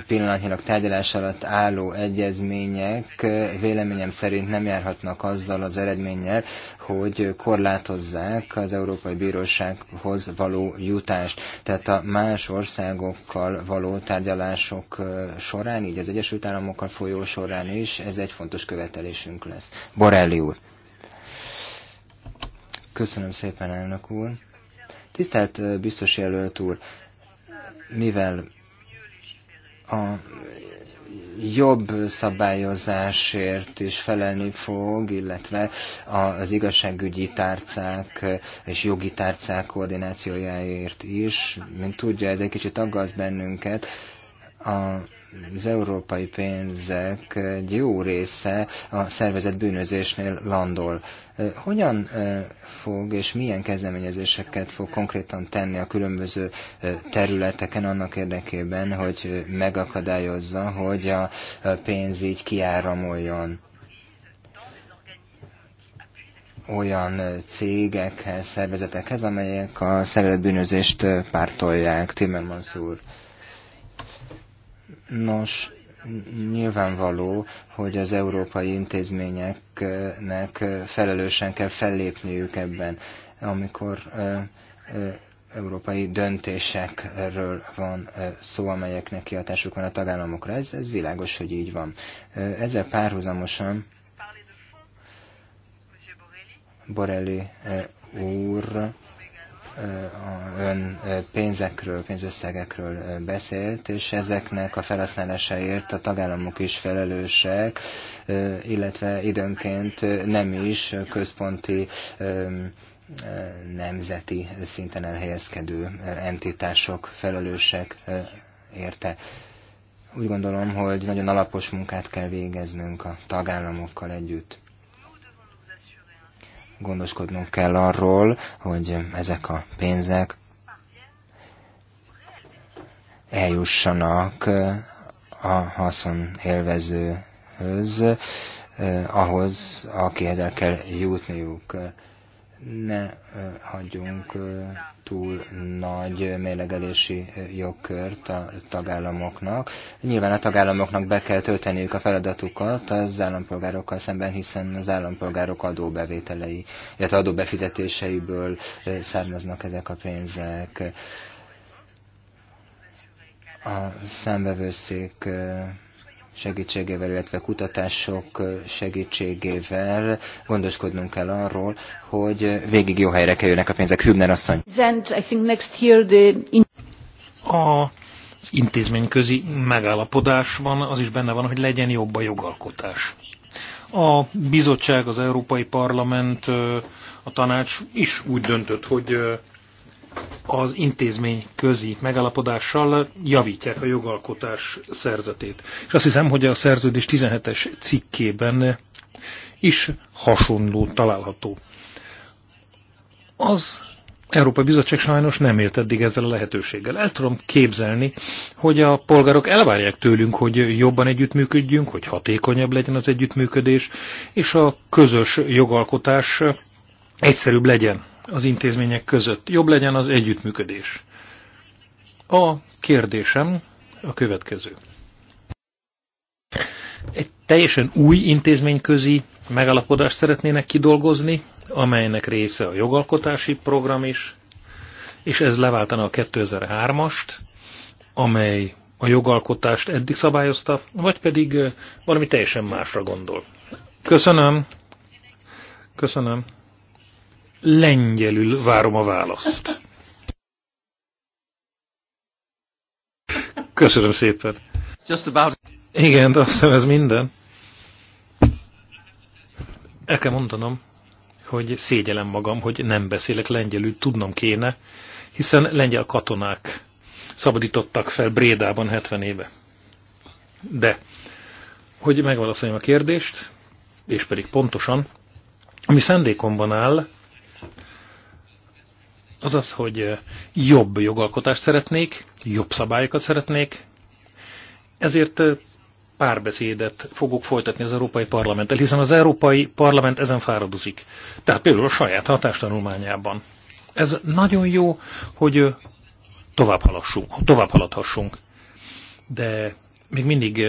pillanatnyilag tárgyalás alatt álló egyezmények véleményem szerint nem járhatnak azzal az eredménnyel, hogy korlátozzák az Európai Bírósághoz való jutást. Tehát a más országokkal való tárgyalások során, így az Egyesült Államokkal folyó során is, ez egy fontos követelésünk lesz. Borelli úr. Köszönöm szépen, elnök úr. Tisztelt biztos jelölt úr, mivel a jobb szabályozásért is felelni fog, illetve az igazságügyi tárcák és jogi tárcák koordinációjáért is. Mint tudja, ez egy kicsit aggaszt bennünket. A az európai pénzek egy jó része a szervezet bűnözésnél landol. Hogyan fog és milyen kezdeményezéseket fog konkrétan tenni a különböző területeken annak érdekében, hogy megakadályozza, hogy a pénz így kiáramoljon? olyan cégekhez, szervezetekhez, amelyek a szervezetbűnözést pártolják. Timmermans úr. Nos, nyilvánvaló, hogy az európai intézményeknek felelősen kell fellépniük ebben, amikor európai döntésekről van szó, amelyeknek kihatásuk van a tagállamokra. Ez, ez világos, hogy így van. Ezzel párhuzamosan Borelli úr ön pénzekről, pénzösszegekről beszélt, és ezeknek a felhasználásáért a tagállamok is felelősek, illetve időnként nem is központi nemzeti szinten elhelyezkedő entitások felelősek érte. Úgy gondolom, hogy nagyon alapos munkát kell végeznünk a tagállamokkal együtt gondoskodnunk kell arról, hogy ezek a pénzek eljussanak a haszon élvezőhöz, eh, ahhoz, akihez el kell jutniuk ne hagyjunk túl nagy mélegelési jogkört a tagállamoknak. Nyilván a tagállamoknak be kell tölteniük a feladatukat az állampolgárokkal szemben, hiszen az állampolgárok adóbevételei, illetve adóbefizetéseiből származnak ezek a pénzek. A szembevőszék segítségével, illetve kutatások segítségével gondoskodnunk kell arról, hogy végig jó helyre kerülnek a pénzek. Hübner asszony. A az intézményközi megállapodás van, az is benne van, hogy legyen jobb a jogalkotás. A bizottság, az Európai Parlament, a tanács is úgy döntött, hogy az intézmény közi megalapodással javítják a jogalkotás szerzetét. És azt hiszem, hogy a szerződés 17-es cikkében is hasonló található. Az Európai Bizottság sajnos nem élt eddig ezzel a lehetőséggel. El tudom képzelni, hogy a polgárok elvárják tőlünk, hogy jobban együttműködjünk, hogy hatékonyabb legyen az együttműködés, és a közös jogalkotás egyszerűbb legyen az intézmények között. Jobb legyen az együttműködés. A kérdésem a következő. Egy teljesen új intézményközi megalapodást szeretnének kidolgozni, amelynek része a jogalkotási program is, és ez leváltana a 2003-ast, amely a jogalkotást eddig szabályozta, vagy pedig valami teljesen másra gondol. Köszönöm. Köszönöm lengyelül várom a választ. Köszönöm szépen. Just about... Igen, de azt hiszem ez minden. El kell mondanom, hogy szégyelem magam, hogy nem beszélek lengyelül, tudnom kéne, hiszen lengyel katonák szabadítottak fel Brédában 70 éve. De, hogy megválaszoljam a kérdést, és pedig pontosan, ami szándékomban áll, az az, hogy jobb jogalkotást szeretnék, jobb szabályokat szeretnék, ezért párbeszédet fogok folytatni az Európai Parlamenttel, hiszen az Európai Parlament ezen fáradozik. Tehát például a saját hatástanulmányában. Ez nagyon jó, hogy tovább, halassunk, tovább haladhassunk. De még mindig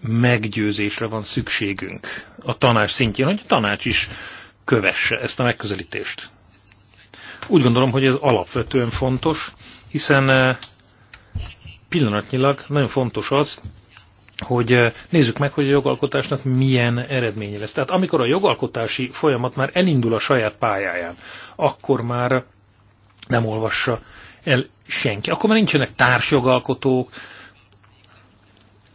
meggyőzésre van szükségünk a tanács szintjén, hogy a tanács is kövesse ezt a megközelítést. Úgy gondolom, hogy ez alapvetően fontos, hiszen eh, pillanatnyilag nagyon fontos az, hogy eh, nézzük meg, hogy a jogalkotásnak milyen eredménye lesz. Tehát amikor a jogalkotási folyamat már elindul a saját pályáján, akkor már nem olvassa el senki. Akkor már nincsenek társjogalkotók,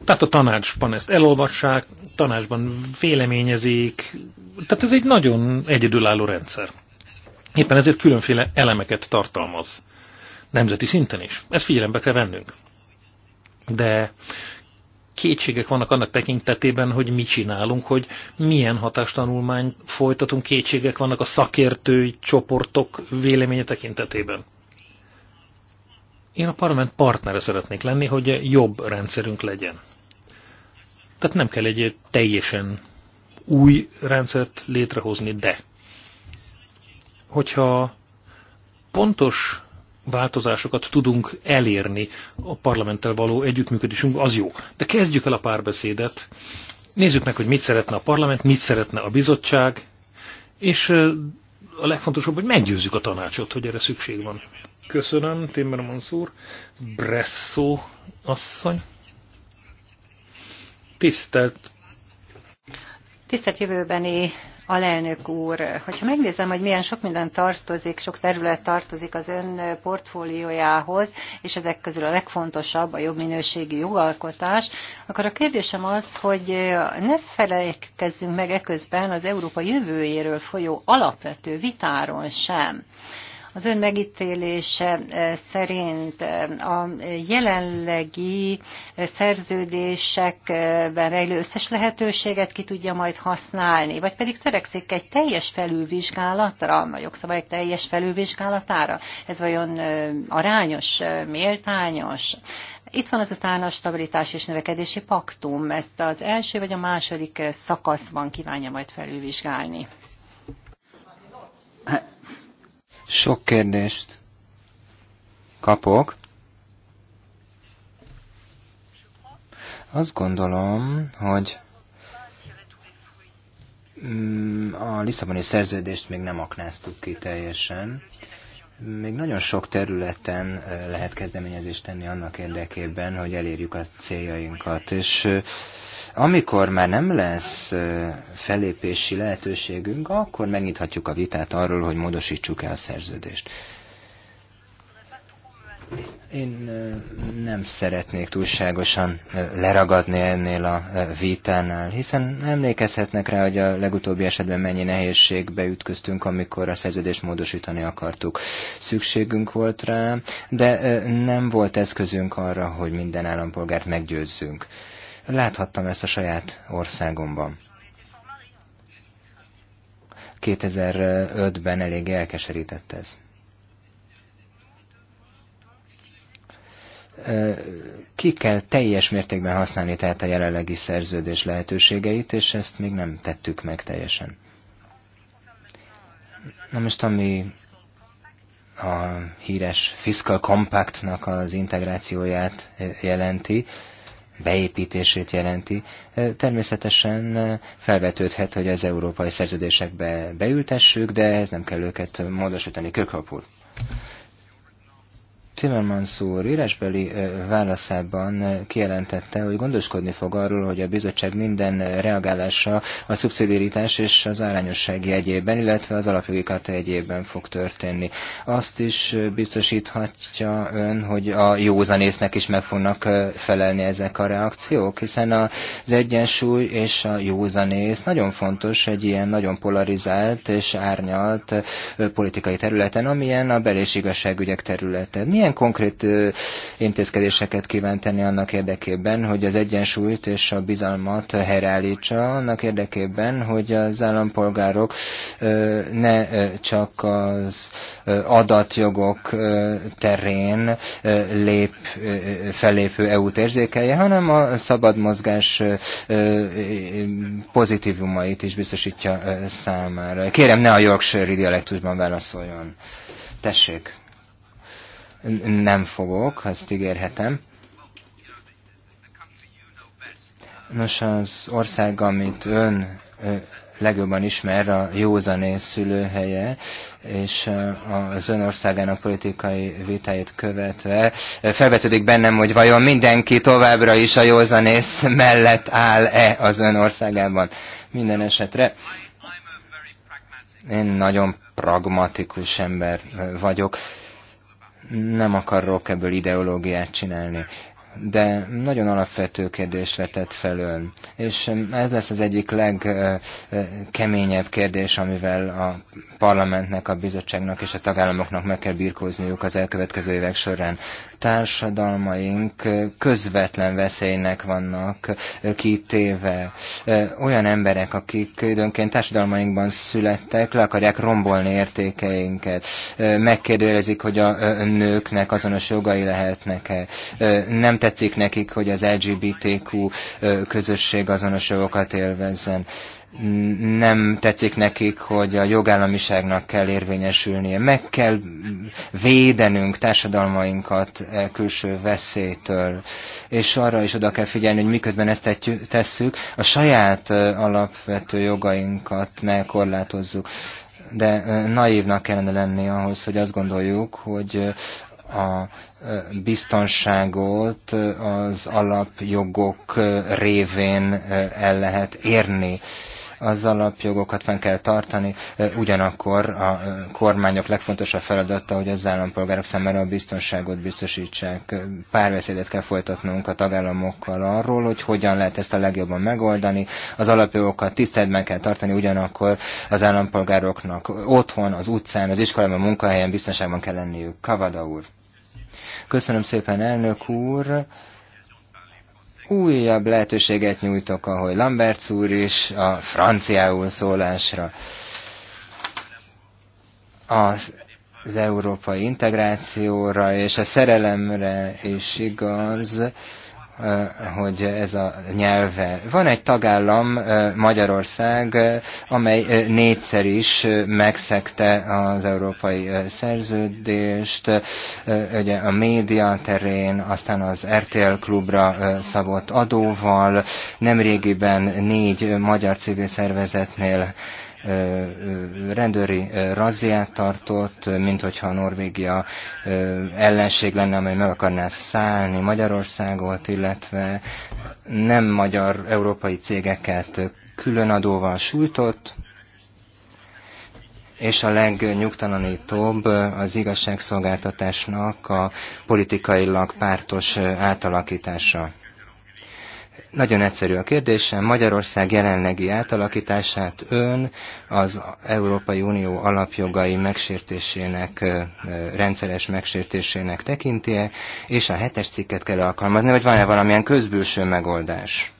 tehát a tanácsban ezt elolvassák, tanácsban véleményezik, tehát ez egy nagyon egyedülálló rendszer. Éppen ezért különféle elemeket tartalmaz. Nemzeti szinten is. Ezt figyelembe kell vennünk. De kétségek vannak annak tekintetében, hogy mi csinálunk, hogy milyen hatástanulmány folytatunk, kétségek vannak a szakértői csoportok véleménye tekintetében. Én a parlament partnere szeretnék lenni, hogy jobb rendszerünk legyen. Tehát nem kell egy teljesen új rendszert létrehozni, de hogyha pontos változásokat tudunk elérni a parlamenttel való együttműködésünk, az jó. De kezdjük el a párbeszédet, nézzük meg, hogy mit szeretne a parlament, mit szeretne a bizottság, és a legfontosabb, hogy meggyőzzük a tanácsot, hogy erre szükség van. Köszönöm, Timmermans Monszúr, Bresszó asszony. Tisztelt. Tisztelt jövőbeni Alelnök úr, hogyha megnézem, hogy milyen sok minden tartozik, sok terület tartozik az ön portfóliójához, és ezek közül a legfontosabb a jobb minőségi jogalkotás, akkor a kérdésem az, hogy ne felejtkezzünk meg eközben az Európa jövőjéről folyó alapvető vitáron sem. Az ön megítélése eh, szerint eh, a jelenlegi eh, szerződésekben rejlő összes lehetőséget ki tudja majd használni, vagy pedig törekszik egy teljes felülvizsgálatra, a jogszabályok teljes felülvizsgálatára? Ez vajon arányos, méltányos? Itt van azután a stabilitás és növekedési paktum. Ezt az első vagy a második szakaszban kívánja majd felülvizsgálni. Hát, sok kérdést kapok. Azt gondolom, hogy mm, a Lisszaboni szerződést még nem aknáztuk ki teljesen. Még nagyon sok területen eh, lehet kezdeményezést tenni annak érdekében, hogy elérjük a céljainkat. És eh, amikor már nem lesz felépési lehetőségünk, akkor megnyithatjuk a vitát arról, hogy módosítsuk el a szerződést. Én nem szeretnék túlságosan leragadni ennél a vitánál, hiszen emlékezhetnek rá, hogy a legutóbbi esetben mennyi nehézségbe ütköztünk, amikor a szerződést módosítani akartuk. Szükségünk volt rá, de nem volt eszközünk arra, hogy minden állampolgárt meggyőzzünk. Láthattam ezt a saját országomban. 2005-ben elég elkeserített ez. Ki kell teljes mértékben használni tehát a jelenlegi szerződés lehetőségeit, és ezt még nem tettük meg teljesen. Na most, ami a híres Fiscal Compactnak az integrációját jelenti, beépítését jelenti. Természetesen felvetődhet, hogy az európai szerződésekbe beültessük, de ez nem kell őket módosítani. Kirkhope Timmermans úr írásbeli válaszában kijelentette, hogy gondoskodni fog arról, hogy a bizottság minden reagálása a szubszidiaritás és az arányosság jegyében, illetve az alapjogi karta jegyében fog történni. Azt is biztosíthatja ön, hogy a józanésznek is meg fognak felelni ezek a reakciók, hiszen az egyensúly és a józanész nagyon fontos egy ilyen nagyon polarizált és árnyalt politikai területen, amilyen a belés igazságügyek területen. Milyen milyen konkrét intézkedéseket kíván tenni annak érdekében, hogy az egyensúlyt és a bizalmat helyreállítsa, annak érdekében, hogy az állampolgárok ne csak az adatjogok terén lép, felépő EU-t érzékelje, hanem a szabad mozgás pozitívumait is biztosítja számára. Kérem, ne a Yorkshire dialektusban válaszoljon. Tessék! nem fogok, ezt ígérhetem. Nos, az ország, amit ön legjobban ismer, a józanész szülőhelye, és az ön országának politikai vitáit követve felvetődik bennem, hogy vajon mindenki továbbra is a józanész mellett áll-e az ön országában. Minden esetre én nagyon pragmatikus ember vagyok. Nem akarok ebből ideológiát csinálni de nagyon alapvető kérdést vetett fel ön. És ez lesz az egyik legkeményebb kérdés, amivel a parlamentnek, a bizottságnak és a tagállamoknak meg kell birkózniuk az elkövetkező évek során. Társadalmaink közvetlen veszélynek vannak kitéve. Olyan emberek, akik időnként társadalmainkban születtek, le akarják rombolni értékeinket. Megkérdőjelezik, hogy a nőknek azonos jogai lehetnek-e. Nem tetszik nekik, hogy az LGBTQ közösség azonos jogokat élvezzen nem tetszik nekik, hogy a jogállamiságnak kell érvényesülnie. Meg kell védenünk társadalmainkat e külső veszélytől, és arra is oda kell figyelni, hogy miközben ezt tesszük, a saját alapvető jogainkat ne korlátozzuk de naívnak kellene lenni ahhoz, hogy azt gondoljuk, hogy a biztonságot az alapjogok révén el lehet érni az alapjogokat fenn kell tartani, ugyanakkor a kormányok legfontosabb feladata, hogy az állampolgárok számára a biztonságot biztosítsák. Párbeszédet kell folytatnunk a tagállamokkal arról, hogy hogyan lehet ezt a legjobban megoldani. Az alapjogokat tiszteletben kell tartani, ugyanakkor az állampolgároknak otthon, az utcán, az iskolában, a munkahelyen biztonságban kell lenniük. Kavada úr. Köszönöm szépen, elnök úr! Újabb lehetőséget nyújtok, ahogy Lamberts úr is a franciául szólásra. Az az európai integrációra és a szerelemre is igaz, Eh, hogy ez a nyelve. Van egy tagállam, eh, Magyarország, eh, amely négyszer is megszegte az európai szerződést, ugye a média terén, aztán az RTL klubra szabott adóval, nemrégiben négy magyar civil szervezetnél rendőri razziát tartott, mint hogyha Norvégia ellenség lenne, amely meg akarná szállni Magyarországot, illetve nem magyar európai cégeket különadóval sújtott, és a legnyugtalanítóbb az igazságszolgáltatásnak a politikailag pártos átalakítása. Nagyon egyszerű a kérdésem. Magyarország jelenlegi átalakítását ön az Európai Unió alapjogai megsértésének, rendszeres megsértésének tekintie, és a hetes cikket kell alkalmazni, vagy van-e valamilyen közbülső megoldás?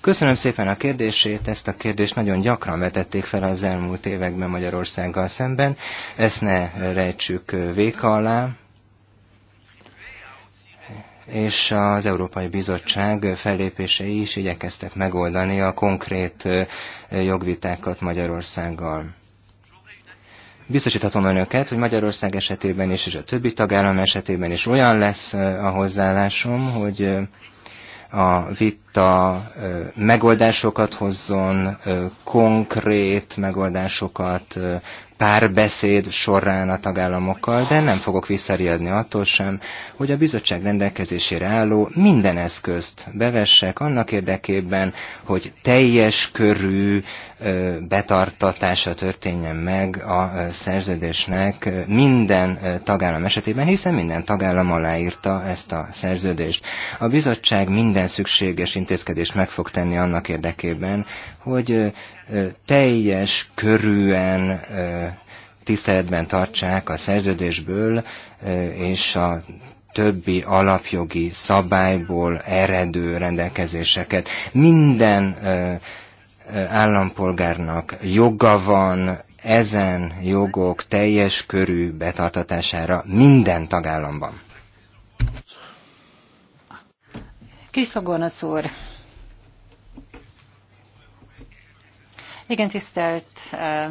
Köszönöm szépen a kérdését, ezt a kérdést nagyon gyakran vetették fel az elmúlt években Magyarországgal szemben, ezt ne rejtsük véka alá, és az Európai Bizottság fellépései is igyekeztek megoldani a konkrét jogvitákat Magyarországgal. Biztosíthatom önöket, hogy Magyarország esetében is, és a többi tagállam esetében is olyan lesz a hozzáállásom, hogy a vita megoldásokat hozzon, konkrét megoldásokat, párbeszéd során a tagállamokkal, de nem fogok visszariadni attól sem, hogy a bizottság rendelkezésére álló minden eszközt bevessek annak érdekében, hogy teljes körű betartatása történjen meg a szerződésnek minden tagállam esetében, hiszen minden tagállam aláírta ezt a szerződést. A bizottság minden szükséges intézkedést meg fog tenni annak érdekében, hogy teljes körűen tiszteletben tartsák a szerződésből és a többi alapjogi szabályból eredő rendelkezéseket. Minden állampolgárnak joga van ezen jogok teljes körű betartatására minden tagállamban. Kriszogonosz úr! Igen, tisztelt eh,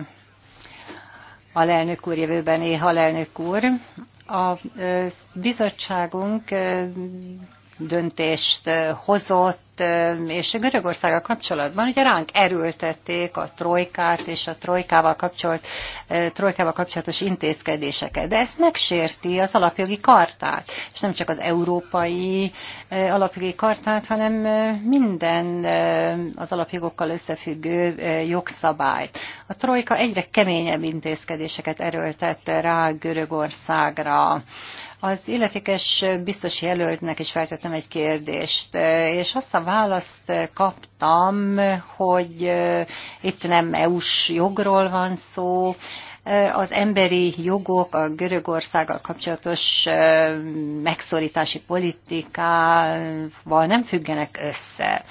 alelnök úr, jövőben éha alelnök úr. A eh, bizottságunk eh, döntést hozott, és Görögországgal kapcsolatban ugye ránk erőltették a trojkát és a trojkával, kapcsolt, trojkával kapcsolatos intézkedéseket, de ezt megsérti az alapjogi kartát, és nem csak az európai alapjogi kartát, hanem minden az alapjogokkal összefüggő jogszabályt. A trojka egyre keményebb intézkedéseket erőltette rá Görögországra az illetékes biztos jelöltnek is feltettem egy kérdést, és azt a választ kaptam, hogy eh, itt nem EU-s jogról van szó, az emberi jogok, a Görögországgal kapcsolatos megszorítási politikával nem függenek össze.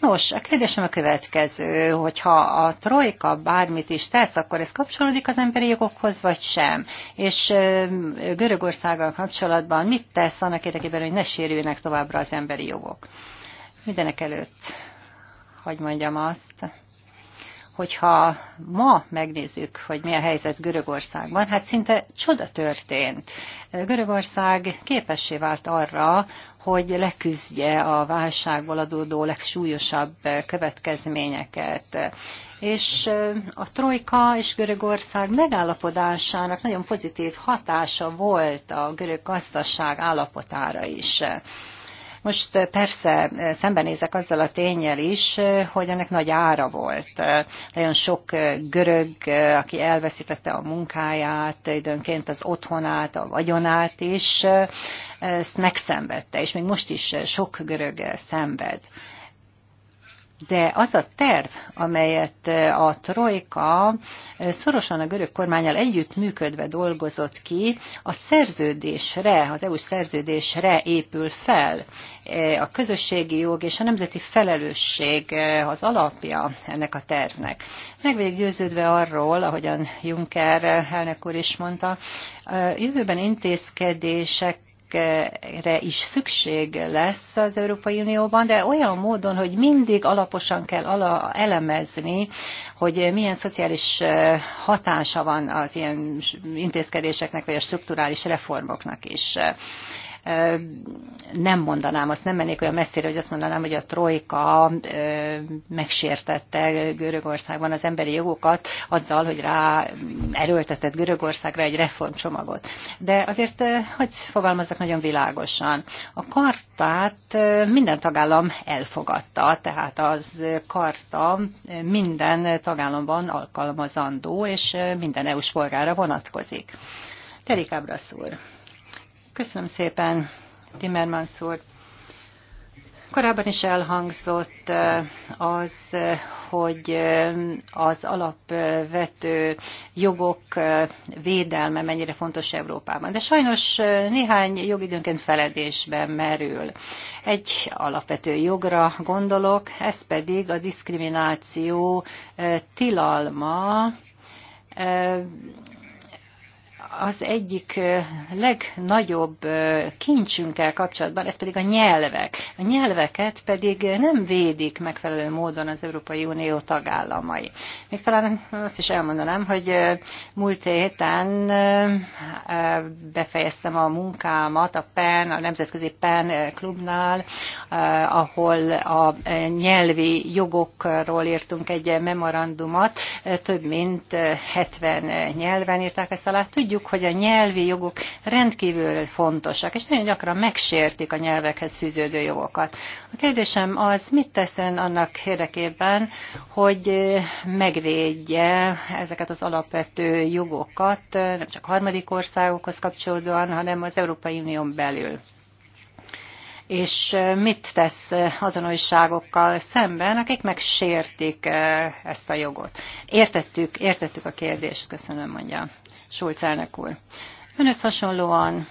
Nos, a kérdésem a következő, hogyha a trojka bármit is tesz, akkor ez kapcsolódik az emberi jogokhoz, vagy sem? És Görögországgal kapcsolatban mit tesz annak érdekében, hogy ne sérüljenek továbbra az emberi jogok? Mindenek előtt, hogy mondjam azt, hogyha ma megnézzük, hogy mi a helyzet Görögországban, hát szinte csoda történt. Görögország képessé vált arra, hogy leküzdje a válságból adódó legsúlyosabb következményeket. És a Trojka és Görögország megállapodásának nagyon pozitív hatása volt a görög gazdaság állapotára is. Most eh, persze eh, szembenézek azzal a tényel is, eh, hogy ennek nagy ára volt. Nagyon sok görög, aki elveszítette a munkáját, időnként az otthonát, a vagyonát is, ezt megszenvedte, és még most is sok görög szenved de az a terv, amelyet eh, a Trojka eh, szorosan a görög kormányal együttműködve dolgozott ki, a szerződésre, az eu szerződésre épül fel. Eh, a közösségi jog és a nemzeti felelősség az alapja ennek a tervnek. Megvég győződve arról, ahogyan Juncker elnök úr is mondta, jövőben intézkedések rendszerekre is szükség lesz az Európai Unióban, de olyan módon, hogy mindig alaposan kell ala elemezni, hogy milyen szociális hatása van az ilyen intézkedéseknek, vagy a strukturális reformoknak is nem mondanám, azt nem mennék olyan messzire, hogy azt mondanám, hogy a trojka megsértette Görögországban az emberi jogokat azzal, hogy rá erőltetett Görögországra egy reformcsomagot. De azért, hogy fogalmazzak nagyon világosan, a kartát minden tagállam elfogadta, tehát az karta minden tagállamban alkalmazandó, és minden EU-s polgára vonatkozik. Terikábra szúr. Köszönöm szépen, Timmermans úr. Korábban is elhangzott az, hogy az alapvető jogok védelme mennyire fontos Európában. De sajnos néhány jogidőnként feledésben merül. Egy alapvető jogra gondolok, ez pedig a diszkrimináció tilalma az egyik legnagyobb kincsünkkel kapcsolatban, ez pedig a nyelvek. A nyelveket pedig nem védik megfelelő módon az Európai Unió tagállamai. Még talán azt is elmondanám, hogy múlt héten befejeztem a munkámat a PEN, a Nemzetközi PEN klubnál, ahol a nyelvi jogokról írtunk egy memorandumot, több mint 70 nyelven írták ezt alá. Tudjuk, tudjuk, hogy a nyelvi jogok rendkívül fontosak, és nagyon gyakran megsértik a nyelvekhez fűződő jogokat. A kérdésem az, mit tesz ön annak érdekében, hogy megvédje ezeket az alapvető jogokat, nem csak harmadik országokhoz kapcsolódóan, hanem az Európai Unión belül és mit tesz újságokkal szemben, akik megsértik ezt a jogot. Értettük, értettük a kérdést, köszönöm, mondja Schulz elnök úr. Önhöz hasonlóan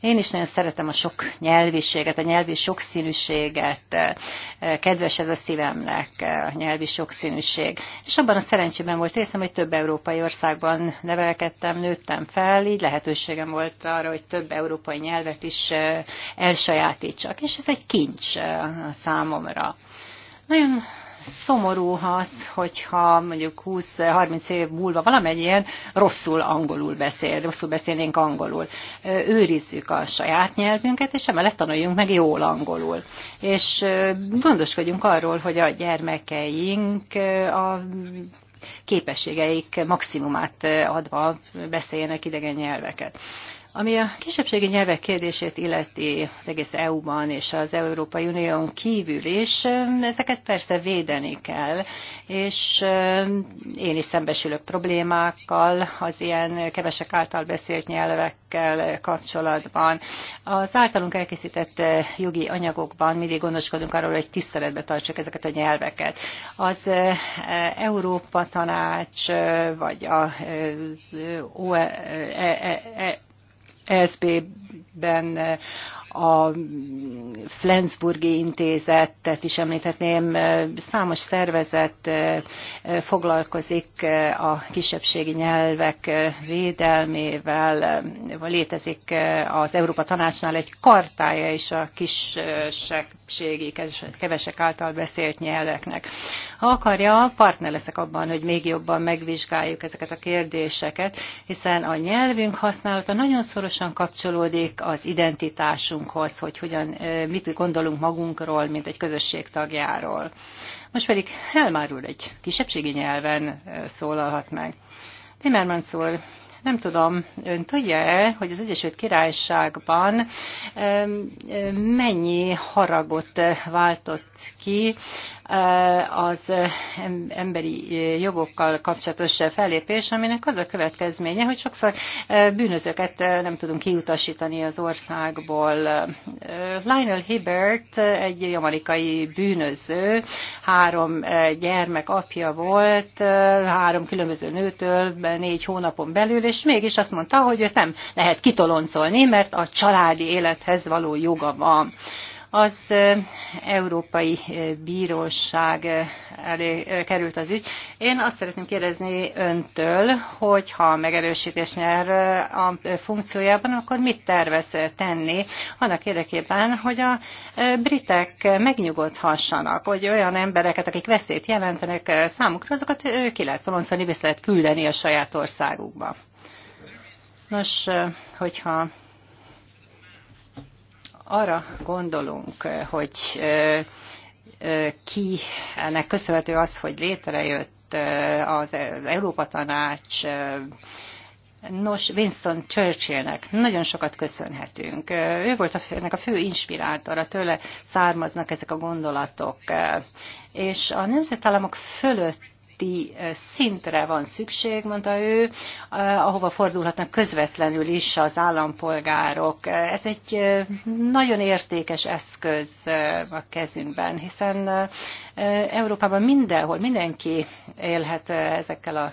én is nagyon szeretem a sok nyelviséget, a nyelvi sokszínűséget. Eh, eh, kedves ez a szívemnek, eh, a nyelvi sokszínűség. És abban a szerencsében volt részem, hogy több európai országban nevelkedtem, nőttem fel, így lehetőségem volt arra, hogy több európai nyelvet is elsajátítsak. És ez egy kincs számomra. Nagyon szomorú az, hogyha mondjuk 20-30 év múlva valamennyien rosszul angolul beszél, rosszul beszélnénk angolul. Őrizzük a saját nyelvünket, és emellett tanuljunk meg jól angolul. És gondoskodjunk arról, hogy a gyermekeink a képességeik maximumát adva beszéljenek idegen nyelveket. Ami a kisebbségi nyelvek kérdését illeti az egész EU-ban és az Európai Unión kívül is, ezeket persze védeni kell, és eh, én is szembesülök problémákkal az ilyen kevesek által beszélt nyelvekkel kapcsolatban. Az általunk elkészített eh, jogi anyagokban mindig gondoskodunk arról, hogy tiszteletbe tartsuk ezeket a nyelveket. Az eh, Európa Tanács, vagy a ESB-ben a Flensburgi intézetet is említhetném, számos szervezet eh, eh, foglalkozik eh, a kisebbségi nyelvek védelmével, vagy létezik az Európa Tanácsnál egy kartája is a kisebbségi, kevesek által beszélt nyelveknek. Ha akarja, partner leszek abban, hogy még jobban megvizsgáljuk ezeket a kérdéseket, hiszen a nyelvünk használata nagyon szorosan kapcsolódik az identitásunk magunkhoz, hogy hogyan, mit gondolunk magunkról, mint egy közösség tagjáról. Most pedig Helmár úr egy kisebbségi nyelven szólalhat meg. Timmermans úr, nem tudom, ön tudja-e, hogy az Egyesült Királyságban mennyi haragot váltott ki Eh, az eh, emberi eh, jogokkal kapcsolatos fellépés, aminek az a következménye, hogy sokszor bűnözőket nem tudunk kiutasítani az országból. Lionel Hibbert egy amerikai bűnöző, három gyermek apja volt, három különböző nőtől négy hónapon belül, és mégis azt mondta, hogy őt nem lehet kitoloncolni, mert a családi élethez való joga van. Az Európai Bíróság elé került az ügy. Én azt szeretném kérdezni öntől, hogy ha megerősítés nyer a funkciójában, akkor mit tervez tenni annak érdekében, hogy a britek megnyugodhassanak, hogy olyan embereket, akik veszélyt jelentenek számukra, azokat ki lehet toloncolni, vissza lehet küldeni a saját országukba. Nos, hogyha arra gondolunk, eh, hogy eh, eh, ki ennek köszönhető az, hogy létrejött az Európa Tanács, Nos, Winston Churchillnek nagyon sokat köszönhetünk. Ő volt a, ennek a fő inspirátora, tőle származnak ezek a gondolatok. És a nemzetállamok fölött közötti szintre van szükség, mondta ő, ahova fordulhatnak közvetlenül is az állampolgárok. Ez egy nagyon értékes eszköz a kezünkben, hiszen Európában mindenhol mindenki élhet ezekkel a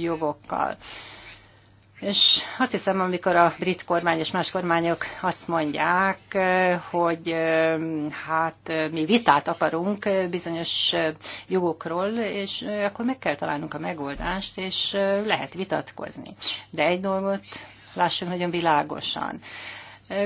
jogokkal. És azt hiszem, amikor a brit kormány és más kormányok azt mondják, hogy hát mi vitát akarunk bizonyos jogokról, és akkor meg kell találnunk a megoldást, és lehet vitatkozni. De egy dolgot lássunk nagyon világosan.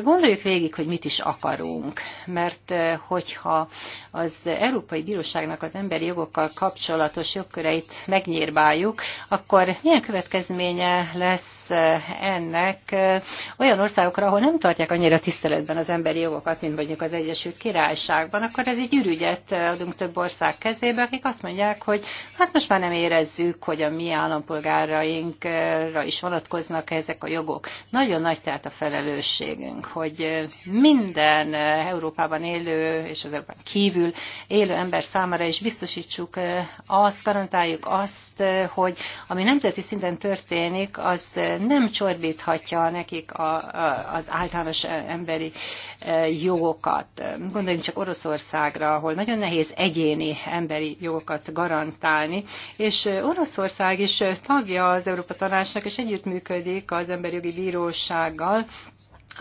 Gondoljuk végig, hogy mit is akarunk, mert eh, hogyha az Európai Bíróságnak az emberi jogokkal kapcsolatos jogköreit megnyírbáljuk, akkor milyen következménye lesz eh, ennek eh, olyan országokra, ahol nem tartják annyira tiszteletben az emberi jogokat, mint mondjuk az Egyesült Királyságban, akkor ez egy ürügyet adunk több ország kezébe, akik azt mondják, hogy hát most már nem érezzük, hogy a mi állampolgárainkra is vonatkoznak ezek a jogok. Nagyon nagy tehát a felelősség nekünk, hogy minden Európában élő és az Európán kívül élő ember számára is biztosítsuk eh, azt, garantáljuk azt, eh, hogy ami nemzeti szinten történik, az nem csorbíthatja nekik a, a, az általános emberi eh, jogokat. Gondoljunk csak Oroszországra, ahol nagyon nehéz egyéni emberi jogokat garantálni, és Oroszország is tagja az Európa Tanácsnak, és együttműködik az Emberi Jogi Bírósággal,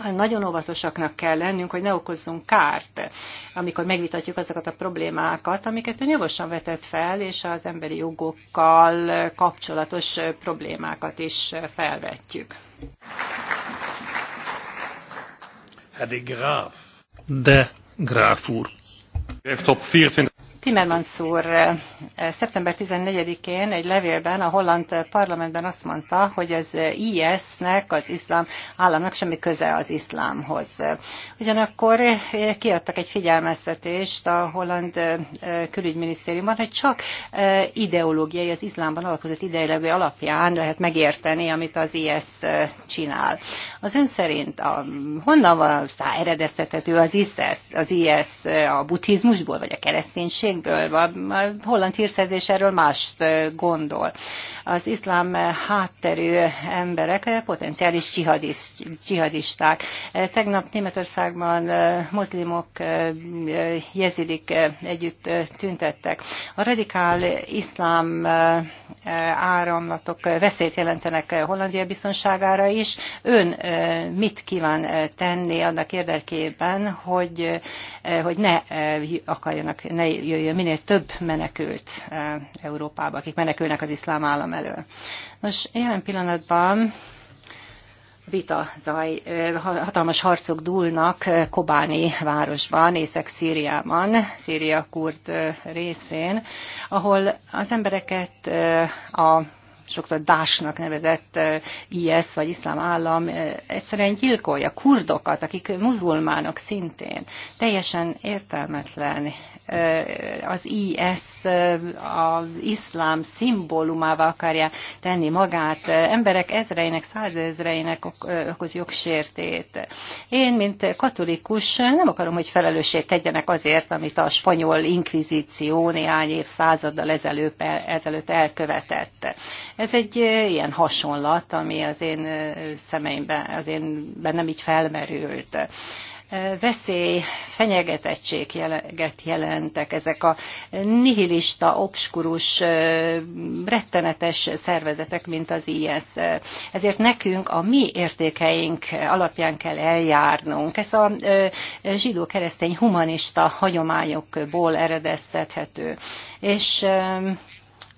nagyon óvatosaknak kell lennünk, hogy ne okozzunk kárt, amikor megvitatjuk azokat a problémákat, amiket ön jogosan vetett fel, és az emberi jogokkal kapcsolatos problémákat is felvetjük. De Gráf úr. 24 Timmermans úr eh, szeptember 14-én egy levélben a holland parlamentben azt mondta, hogy az IS-nek, az iszlám államnak semmi köze az iszlámhoz. Ugyanakkor eh, kiadtak egy figyelmeztetést a holland eh, külügyminisztériumban, hogy csak ideológiai, az iszlámban alakozott ideológiai alapján lehet megérteni, amit az IS csinál. Az ön szerint a, honnan van eredeztethető az IS, az IS a buddhizmusból, vagy a kereszténység ebből. A holland hírszerzés erről mást gondol. Az iszlám hátterű emberek potenciális dzsihadist, Tegnap Németországban mozlimok, jezidik együtt tüntettek. A radikál iszlám áramlatok veszélyt jelentenek Hollandia biztonságára is. Ön mit kíván tenni annak érdekében, hogy, hogy ne akarjanak, ne jöjjön bekerüljön minél több menekült eh, Európába, akik menekülnek az iszlám állam elől. Nos, jelen pillanatban vita zaj, eh, hatalmas harcok dúlnak eh, Kobáni városban, Észak-Szíriában, Szíria kurd részén, ahol az embereket a sokszor Dásnak nevezett IS vagy iszlám állam egyszerűen gyilkolja kurdokat, akik muzulmánok szintén. Teljesen értelmetlen Eh, az IS eh, az iszlám szimbólumává akarja tenni magát. Emberek ezreinek, százezreinek eh, okoz jogsértét. Én, mint katolikus nem akarom, hogy felelősség tegyenek azért, amit a spanyol inkvizíció néhány évszázaddal ezelőtt, ezelőtt elkövetett. Ez egy ilyen hasonlat, ami az én szemeimben, az én bennem így felmerült veszély, fenyegetettséget jelentek ezek a nihilista, obskurus, rettenetes szervezetek, mint az IS. Ezért nekünk a mi értékeink alapján kell eljárnunk. Ez a zsidó-keresztény humanista hagyományokból eredeztethető. És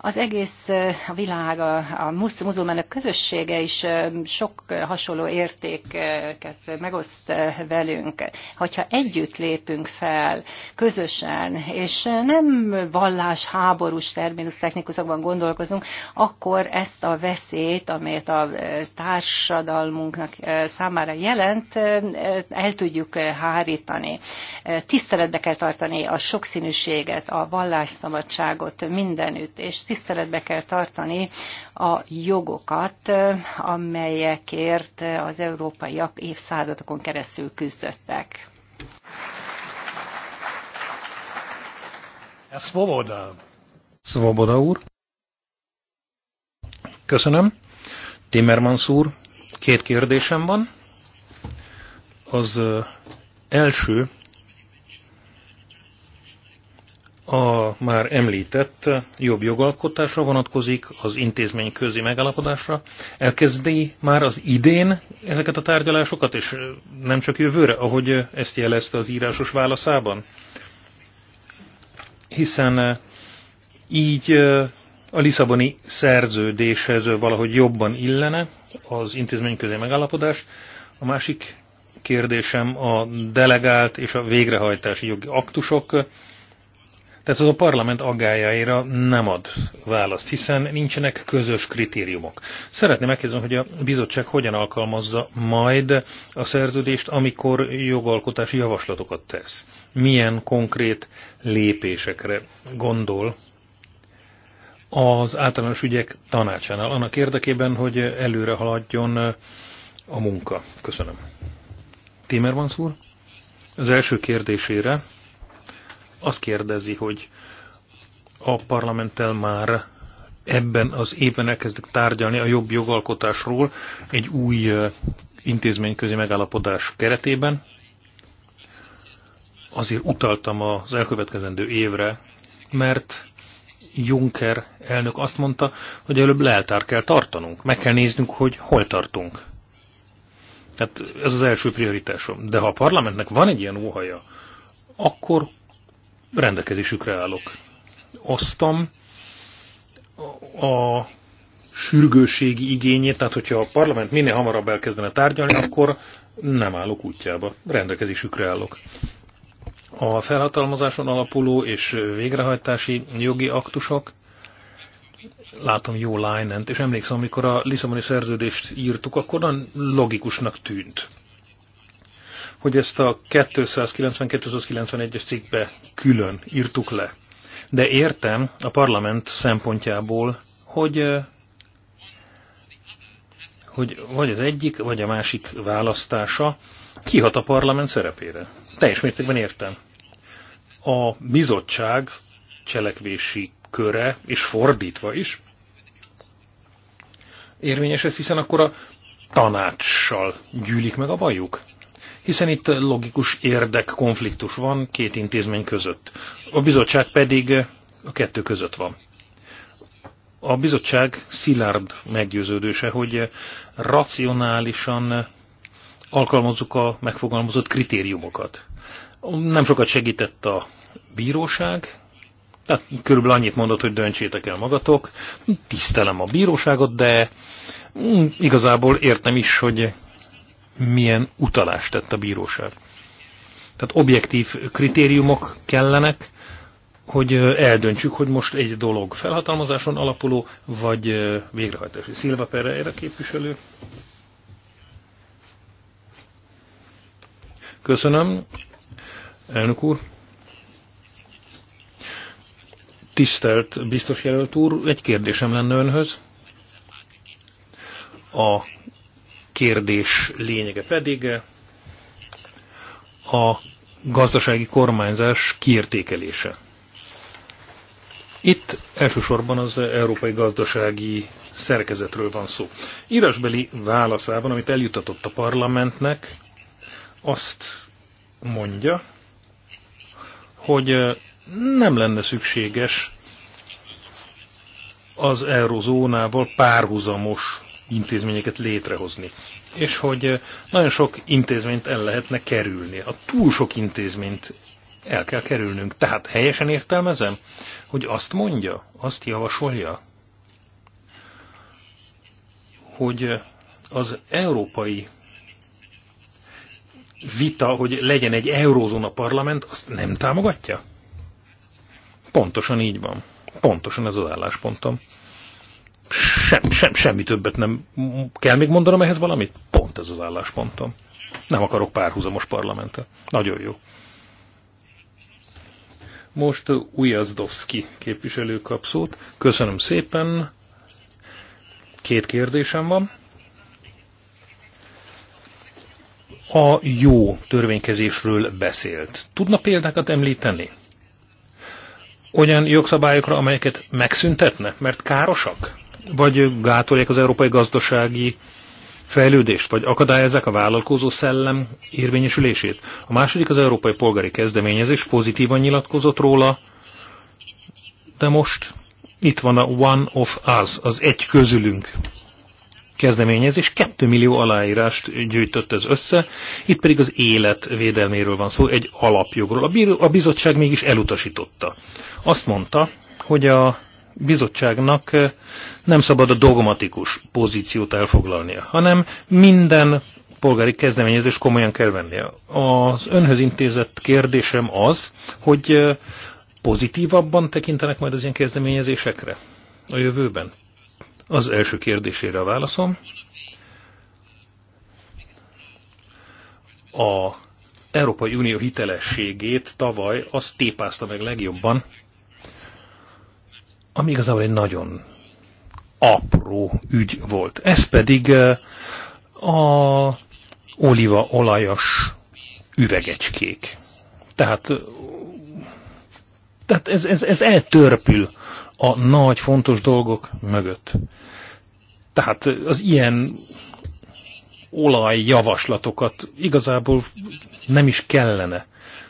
az egész a világ, a, a muzulmánok közössége is sok hasonló értéket megoszt velünk. Hogyha együtt lépünk fel, közösen, és nem vallás, háborús terminus technikusokban gondolkozunk, akkor ezt a veszélyt, amelyet a társadalmunknak számára jelent, el tudjuk hárítani. Tiszteletbe kell tartani a sokszínűséget, a vallásszabadságot mindenütt, és tiszteletbe kell tartani a jogokat, amelyekért az európaiak évszázadokon keresztül küzdöttek. Svoboda. Svoboda úr. Köszönöm. Timmermans úr, két kérdésem van. Az első a már említett jobb jogalkotásra vonatkozik, az intézmény közi megállapodásra. Elkezdi már az idén ezeket a tárgyalásokat, és nem csak jövőre, ahogy ezt jelezte az írásos válaszában? Hiszen eh, így eh, a Lisszaboni szerződéshez valahogy jobban illene az közé megállapodás. A másik kérdésem a delegált és a végrehajtási jogi aktusok tehát az a parlament aggájaira nem ad választ, hiszen nincsenek közös kritériumok. Szeretném megkérdezni, hogy a bizottság hogyan alkalmazza majd a szerződést, amikor jogalkotási javaslatokat tesz. Milyen konkrét lépésekre gondol az általános ügyek tanácsánál, annak érdekében, hogy előre haladjon a munka. Köszönöm. Timmermans úr? Az első kérdésére azt kérdezi, hogy a parlamenttel már ebben az évben elkezdek tárgyalni a jobb jogalkotásról egy új intézményközi megállapodás keretében. Azért utaltam az elkövetkezendő évre, mert Juncker elnök azt mondta, hogy előbb leltár kell tartanunk, meg kell néznünk, hogy hol tartunk. Tehát ez az első prioritásom. De ha a parlamentnek van egy ilyen óhaja, akkor rendelkezésükre állok. Osztam a sürgőségi igényét, tehát hogyha a parlament minél hamarabb elkezdene tárgyalni, akkor nem állok útjába, rendelkezésükre állok. A felhatalmazáson alapuló és végrehajtási jogi aktusok, látom jó Leinent, és emlékszem, amikor a Lisszaboni szerződést írtuk, akkor logikusnak tűnt hogy ezt a 29291 291 es cikkbe külön írtuk le. De értem a parlament szempontjából, hogy, hogy vagy az egyik, vagy a másik választása kihat a parlament szerepére. Teljes mértékben értem. A bizottság cselekvési köre, és fordítva is, érvényes ez, hiszen akkor a tanácssal gyűlik meg a bajuk hiszen itt logikus érdekkonfliktus van két intézmény között. A bizottság pedig a kettő között van. A bizottság szilárd meggyőződése, hogy racionálisan alkalmazzuk a megfogalmazott kritériumokat. Nem sokat segített a bíróság, tehát körülbelül annyit mondott, hogy döntsétek el magatok. Tisztelem a bíróságot, de mm, igazából értem is, hogy milyen utalást tett a bíróság. Tehát objektív kritériumok kellenek, hogy eldöntsük, hogy most egy dolog felhatalmazáson alapuló, vagy végrehajtási. Szilva Pereira képviselő. Köszönöm, elnök úr. Tisztelt biztos jelölt úr, egy kérdésem lenne önhöz. A kérdés lényege pedig a gazdasági kormányzás kiértékelése. Itt elsősorban az európai gazdasági szerkezetről van szó. Írásbeli válaszában, amit eljutatott a parlamentnek, azt mondja, hogy nem lenne szükséges az eurozónával párhuzamos intézményeket létrehozni. És hogy nagyon sok intézményt el lehetne kerülni. A túl sok intézményt el kell kerülnünk. Tehát helyesen értelmezem, hogy azt mondja, azt javasolja, hogy az európai vita, hogy legyen egy eurózóna parlament, azt nem támogatja? Pontosan így van. Pontosan ez az álláspontom sem, sem, semmi többet nem kell még mondanom ehhez valamit? Pont ez az álláspontom. Nem akarok párhuzamos parlamentet. Nagyon jó. Most Ujazdowski képviselő kap szót. Köszönöm szépen. Két kérdésem van. A jó törvénykezésről beszélt. Tudna példákat említeni? Olyan jogszabályokra, amelyeket megszüntetne, mert károsak? vagy gátolják az európai gazdasági fejlődést, vagy akadályozzák a vállalkozó szellem érvényesülését. A második az európai polgári kezdeményezés pozitívan nyilatkozott róla, de most itt van a One of Us, az egy közülünk kezdeményezés, 2 millió aláírást gyűjtött ez össze, itt pedig az élet védelméről van szó, egy alapjogról. A bizottság mégis elutasította. Azt mondta, hogy a bizottságnak nem szabad a dogmatikus pozíciót elfoglalnia, hanem minden polgári kezdeményezés komolyan kell vennie. Az önhöz intézett kérdésem az, hogy pozitívabban tekintenek majd az ilyen kezdeményezésekre a jövőben? Az első kérdésére a válaszom. A Európai Unió hitelességét tavaly azt tépázta meg legjobban, ami igazából egy nagyon apró ügy volt. Ez pedig a olajas üvegecskék. Tehát, tehát ez, ez, ez eltörpül a nagy fontos dolgok mögött. Tehát az ilyen olajjavaslatokat igazából nem is kellene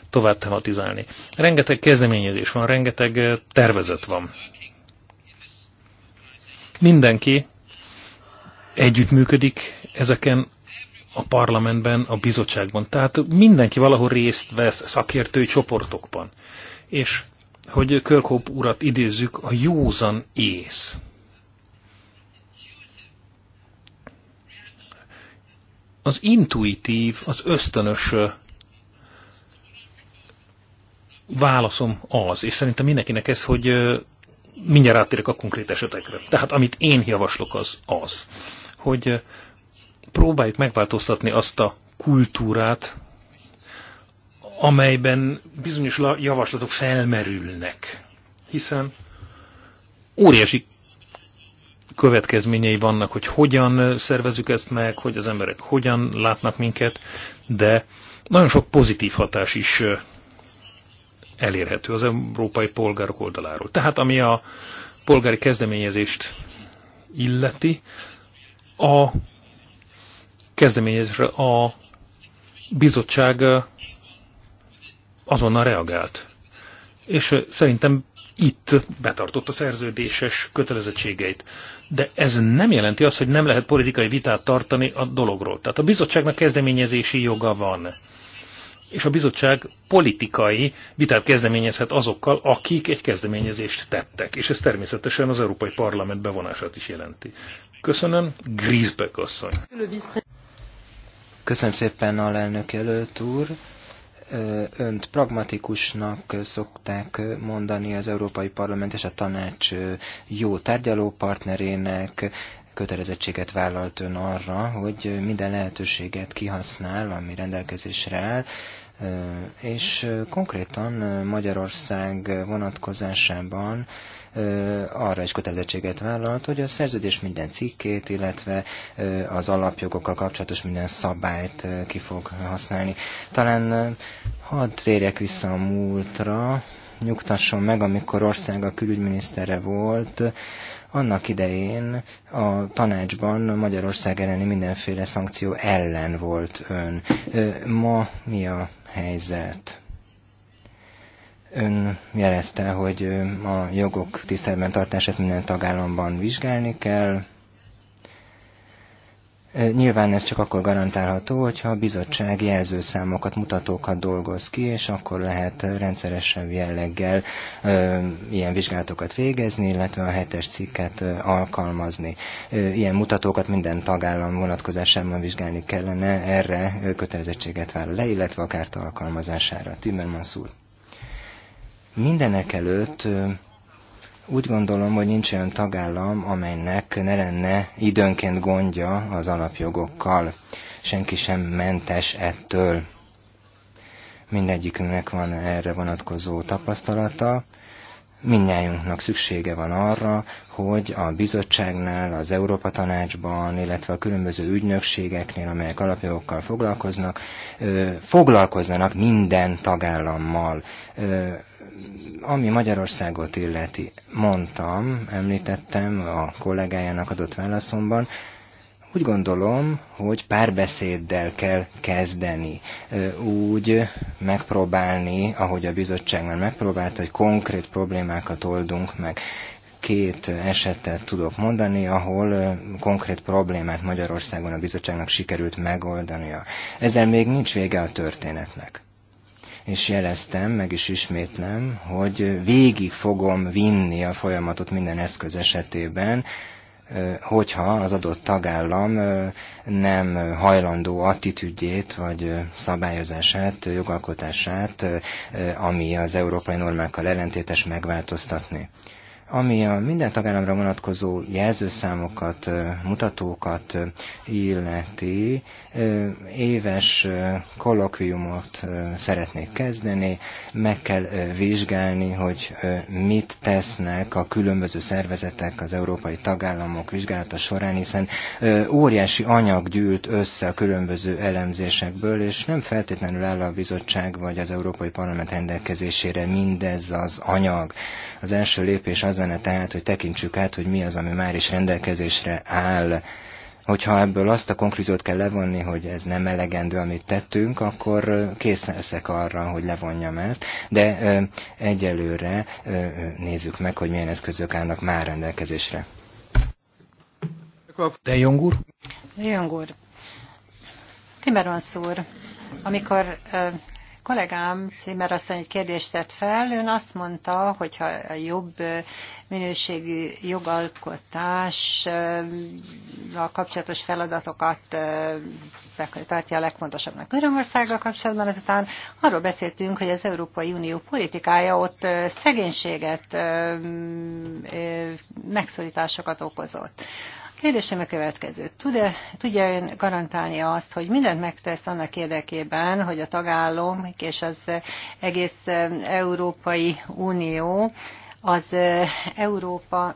tovább tematizálni. Rengeteg kezdeményezés van, rengeteg tervezet van mindenki együttműködik ezeken a parlamentben, a bizottságban. Tehát mindenki valahol részt vesz szakértői csoportokban. És hogy Körkóp urat idézzük, a józan ész. Az intuitív, az ösztönös válaszom az, és szerintem mindenkinek ez, hogy mindjárt áttérek a konkrét esetekre. Tehát amit én javaslok az az, hogy eh, próbáljuk megváltoztatni azt a kultúrát, amelyben bizonyos javaslatok felmerülnek. Hiszen óriási következményei vannak, hogy hogyan eh, szervezük ezt meg, hogy az emberek hogyan látnak minket, de nagyon sok pozitív hatás is eh, elérhető az európai polgárok oldaláról. Tehát ami a polgári kezdeményezést illeti, a kezdeményezésre a bizottság azonnal reagált. És szerintem itt betartott a szerződéses kötelezettségeit. De ez nem jelenti azt, hogy nem lehet politikai vitát tartani a dologról. Tehát a bizottságnak kezdeményezési joga van és a bizottság politikai vitát kezdeményezhet azokkal, akik egy kezdeményezést tettek, és ez természetesen az Európai Parlament bevonását is jelenti. Köszönöm, Grisbeck asszony. Köszönöm szépen lelnök előtt úr. Önt pragmatikusnak szokták mondani az Európai Parlament és a tanács jó tárgyalópartnerének, kötelezettséget vállalt ön arra, hogy minden lehetőséget kihasznál, ami rendelkezésre áll, és konkrétan Magyarország vonatkozásában arra is kötelezettséget vállalt, hogy a szerződés minden cikkét, illetve az alapjogokkal kapcsolatos minden szabályt ki fog használni. Talán hadd térjek vissza a múltra, nyugtasson meg, amikor ország a külügyminisztere volt, annak idején a tanácsban Magyarország elleni mindenféle szankció ellen volt ön. Ma mi a helyzet? Ön jelezte, hogy a jogok tiszteletben tartását minden tagállamban vizsgálni kell, Eh, nyilván ez csak akkor garantálható, hogyha a bizottság jelzőszámokat, mutatókat dolgoz ki, és akkor lehet rendszeresen jelleggel ö, eh, ilyen vizsgálatokat végezni, illetve a hetes cikket ö, eh, alkalmazni. Ö, ilyen mutatókat minden tagállam vonatkozásában vizsgálni kellene, erre kötelezettséget vár le, illetve a kárta alkalmazására. Timmermans úr. Mindenek előtt ö, úgy gondolom, hogy nincs olyan tagállam, amelynek ne lenne időnként gondja az alapjogokkal. Senki sem mentes ettől. Mindegyikünknek van erre vonatkozó tapasztalata. Mindnyájunknak szüksége van arra, hogy a bizottságnál, az Európa Tanácsban, illetve a különböző ügynökségeknél, amelyek alapjogokkal foglalkoznak, foglalkozzanak minden tagállammal ami Magyarországot illeti, mondtam, említettem a kollégájának adott válaszomban, úgy gondolom, hogy párbeszéddel kell kezdeni. Úgy megpróbálni, ahogy a bizottság már megpróbált, hogy konkrét problémákat oldunk meg. Két esetet tudok mondani, ahol konkrét problémát Magyarországon a bizottságnak sikerült megoldania. Ezzel még nincs vége a történetnek és jeleztem, meg is ismétlem, hogy végig fogom vinni a folyamatot minden eszköz esetében, hogyha az adott tagállam nem hajlandó attitűdjét vagy szabályozását, jogalkotását, ami az európai normákkal ellentétes megváltoztatni. Ami a minden tagállamra vonatkozó jelzőszámokat, mutatókat illeti, éves kolokviumot szeretnék kezdeni, meg kell vizsgálni, hogy mit tesznek a különböző szervezetek az európai tagállamok vizsgálata során, hiszen óriási anyag gyűlt össze a különböző elemzésekből, és nem feltétlenül áll a bizottság vagy az Európai Parlament rendelkezésére mindez az anyag. Az első lépés az kellene tehát, hogy tekintsük át, hogy mi az, ami már is rendelkezésre áll. Hogyha ebből azt a konklúziót kell levonni, hogy ez nem elegendő, amit tettünk, akkor készen leszek arra, hogy levonjam ezt, de egyelőre nézzük meg, hogy milyen eszközök állnak már rendelkezésre. De Jongur? De Jongur. Timmermans úr, amikor kollégám Szimmer asszony egy kérdést tett fel, ön azt mondta, hogy ha a jobb minőségű jogalkotással kapcsolatos feladatokat tartja a legfontosabbnak Örömországgal kapcsolatban, ezután arról beszéltünk, hogy az Európai Unió politikája ott szegénységet, megszorításokat okozott. Kérdésem a következő. Tud-e, tudja ön garantálni azt, hogy mindent megtesz annak érdekében, hogy a tagállam és az egész Európai Unió az Európa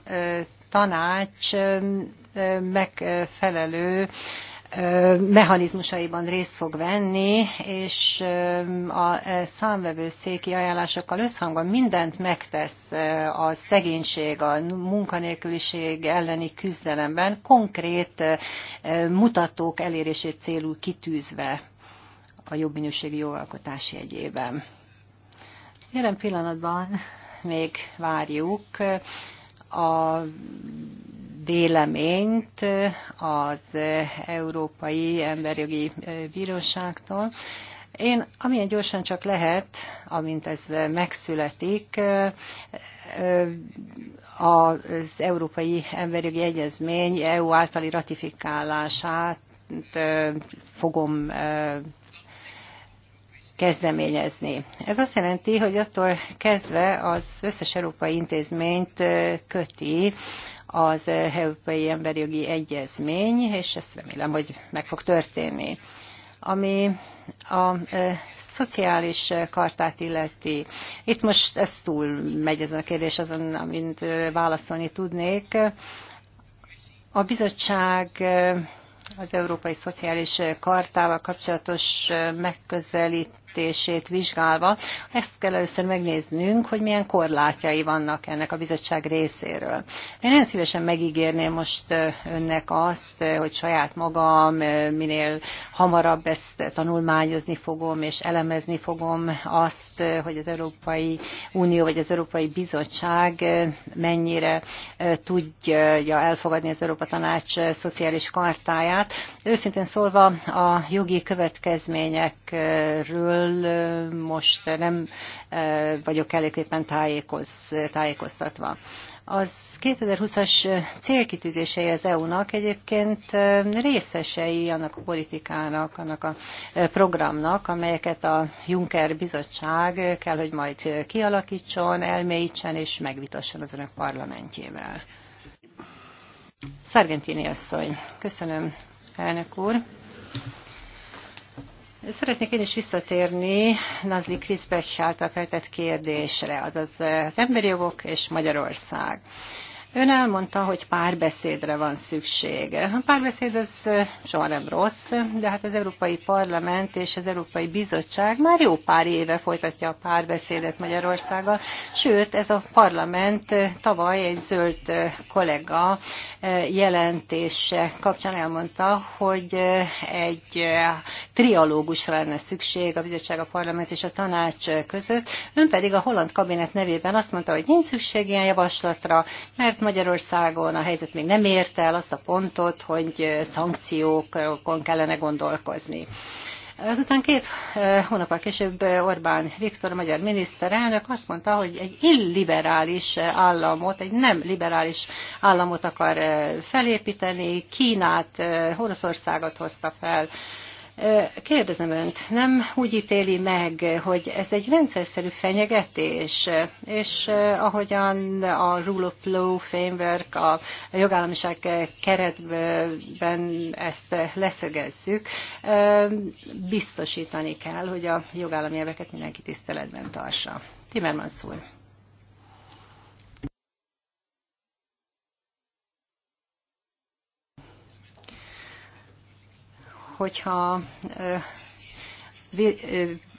tanács megfelelő mechanizmusaiban részt fog venni, és a számvevőszéki ajánlásokkal összhangban mindent megtesz a szegénység, a munkanélküliség elleni küzdelemben, konkrét mutatók elérését célul kitűzve a jobb minőségi jogalkotás jegyében. Jelen pillanatban még várjuk a véleményt az Európai Emberjogi Bíróságtól. Én amilyen gyorsan csak lehet, amint ez megszületik, az Európai Emberjogi Egyezmény EU általi ratifikálását fogom kezdeményezni. Ez azt jelenti, hogy attól kezdve az összes európai intézményt köti az Európai Emberi Jogi Egyezmény, és ezt remélem, hogy meg fog történni. Ami a szociális kartát illeti. Itt most ez túl megy ez a kérdés azon, amint válaszolni tudnék. A bizottság az Európai Szociális Kartával kapcsolatos megközelít működtetését vizsgálva, ezt kell először megnéznünk, hogy milyen korlátjai vannak ennek a bizottság részéről. Én nagyon szívesen megígérném most önnek azt, hogy saját magam minél hamarabb ezt tanulmányozni fogom, és elemezni fogom azt, hogy az Európai Unió vagy az Európai Bizottság mennyire tudja elfogadni az Európa Tanács szociális kartáját. Őszintén szólva a jogi következményekről erről most nem vagyok elégképpen tájékoz, tájékoztatva. Az 2020-as célkitűzései az EU-nak egyébként részesei annak a politikának, annak a programnak, amelyeket a Juncker bizottság kell, hogy majd kialakítson, elmélyítsen és megvitasson az önök parlamentjével. Szargentini asszony, köszönöm, elnök úr. Szeretnék én is visszatérni Nazli Kriszbek által feltett kérdésre, azaz az emberi jogok és Magyarország. Ön elmondta, hogy párbeszédre van szükség. A párbeszéd az soha nem rossz, de hát az Európai Parlament és az Európai Bizottság már jó pár éve folytatja a párbeszédet Magyarországgal, sőt, ez a parlament tavaly egy zöld kollega jelentése kapcsán elmondta, hogy egy trialógusra lenne szükség a bizottság, a parlament és a tanács között. Ön pedig a holland kabinet nevében azt mondta, hogy nincs szükség ilyen javaslatra, mert Magyarországon a helyzet még nem érte el azt a pontot, hogy szankciókon kellene gondolkozni. Azután két hónappal később Orbán Viktor, a magyar miniszterelnök azt mondta, hogy egy illiberális államot, egy nem liberális államot akar felépíteni, Kínát, Oroszországot hozta fel, Kérdezem Önt, nem úgy ítéli meg, hogy ez egy rendszerszerű fenyegetés, és ahogyan a Rule of Law Framework, a jogállamiság keretben ezt leszögezzük, biztosítani kell, hogy a jogállami elveket mindenki tiszteletben tartsa. Timmermans úr. hogyha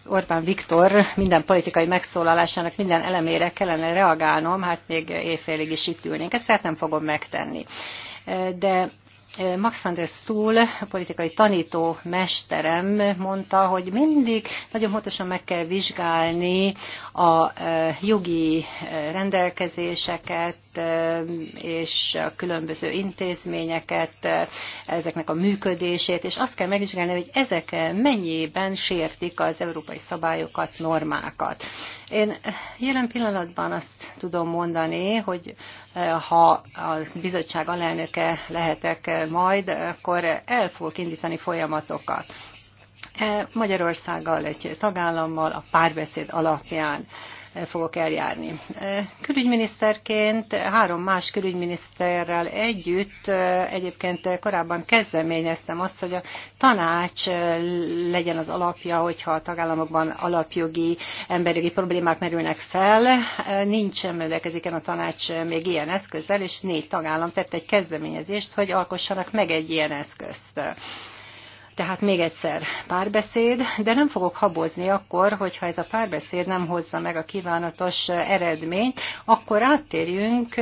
Orbán Viktor minden politikai megszólalásának minden elemére kellene reagálnom, hát még éjfélig is itt ülnénk. Ezt hát nem fogom megtenni. De Max van der Stuhl, politikai tanító mesterem mondta, hogy mindig nagyon pontosan meg kell vizsgálni a jogi rendelkezéseket, és a különböző intézményeket, ezeknek a működését, és azt kell megvizsgálni, hogy ezek mennyiben sértik az európai szabályokat, normákat. Én jelen pillanatban azt tudom mondani, hogy ha a bizottság alelnöke lehetek majd, akkor el fogok indítani folyamatokat. Magyarországgal, egy tagállammal a párbeszéd alapján fogok eljárni. Külügyminiszterként három más külügyminiszterrel együtt egyébként korábban kezdeményeztem azt, hogy a tanács legyen az alapja, hogyha a tagállamokban alapjogi, emberjogi problémák merülnek fel. Nincs rendelkezik a tanács még ilyen eszközzel, és négy tagállam tett egy kezdeményezést, hogy alkossanak meg egy ilyen eszközt. Tehát még egyszer párbeszéd, de nem fogok habozni akkor, hogyha ez a párbeszéd nem hozza meg a kívánatos eredményt, akkor áttérjünk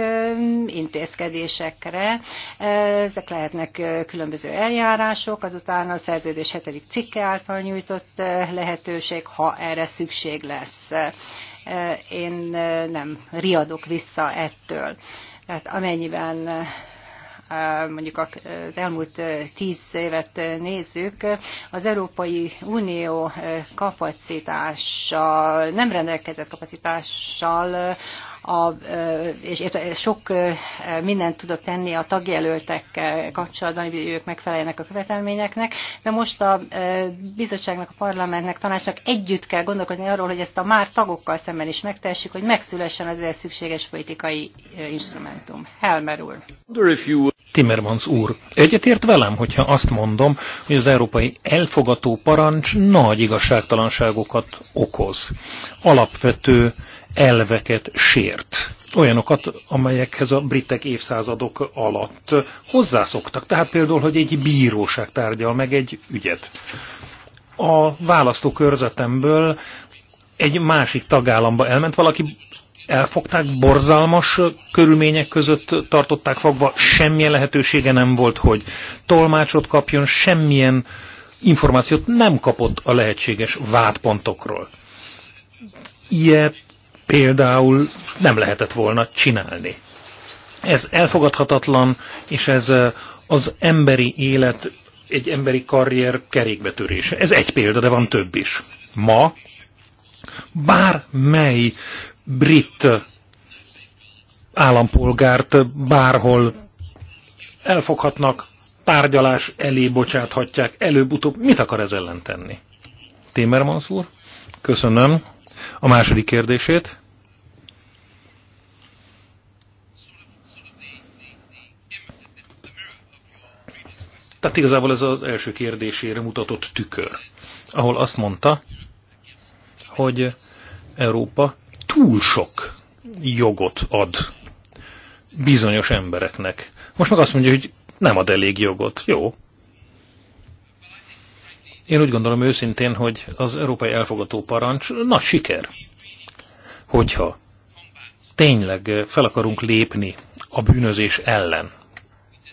intézkedésekre. Ezek lehetnek különböző eljárások, azután a szerződés hetedik cikke által nyújtott lehetőség, ha erre szükség lesz. Én nem riadok vissza ettől. Tehát amennyiben mondjuk az elmúlt tíz évet nézzük, az Európai Unió kapacitással, nem rendelkezett kapacitással a, és sok mindent tudok tenni a tagjelöltek kapcsolatban, hogy ők megfeleljenek a követelményeknek, de most a bizottságnak, a parlamentnek, tanácsnak együtt kell gondolkozni arról, hogy ezt a már tagokkal szemben is megtessük, hogy megszülessen az ezzel szükséges politikai instrumentum. Helmer úr. Timmermans úr, egyetért velem, hogyha azt mondom, hogy az európai elfogató parancs nagy igazságtalanságokat okoz. Alapvető elveket sért. Olyanokat, amelyekhez a britek évszázadok alatt hozzászoktak. Tehát például, hogy egy bíróság tárgyal meg egy ügyet. A választókörzetemből egy másik tagállamba elment valaki, elfogták, borzalmas körülmények között tartották fogva, semmilyen lehetősége nem volt, hogy tolmácsot kapjon, semmilyen információt nem kapott a lehetséges vádpontokról. Ilyet például nem lehetett volna csinálni. Ez elfogadhatatlan, és ez az emberi élet, egy emberi karrier kerékbetörése. Ez egy példa, de van több is. Ma bármely brit állampolgárt bárhol elfoghatnak, tárgyalás elé bocsáthatják, előbb-utóbb. Mit akar ez ellen tenni? Témermans úr? Köszönöm. A második kérdését. Tehát igazából ez az első kérdésére mutatott tükör, ahol azt mondta, hogy Európa túl sok jogot ad bizonyos embereknek. Most meg azt mondja, hogy nem ad elég jogot. Jó, én úgy gondolom őszintén, hogy az európai elfogató parancs nagy siker. Hogyha tényleg fel akarunk lépni a bűnözés ellen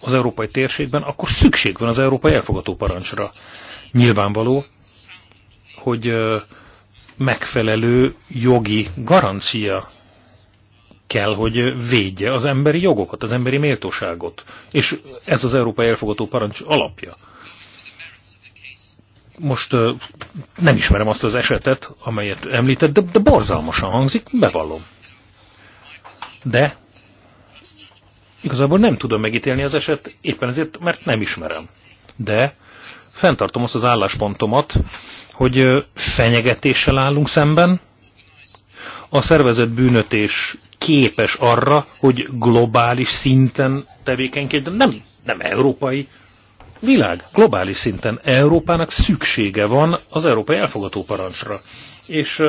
az európai térségben, akkor szükség van az európai elfogató parancsra. Nyilvánvaló, hogy megfelelő jogi garancia kell, hogy védje az emberi jogokat, az emberi méltóságot. És ez az európai elfogató parancs alapja most nem ismerem azt az esetet, amelyet említett, de, de borzalmasan hangzik, bevallom. De igazából nem tudom megítélni az eset, éppen ezért, mert nem ismerem. De fenntartom azt az álláspontomat, hogy fenyegetéssel állunk szemben, a szervezett bűnötés képes arra, hogy globális szinten tevékenykedjen, nem, nem európai világ, globális szinten Európának szüksége van az európai elfogató parancsra. És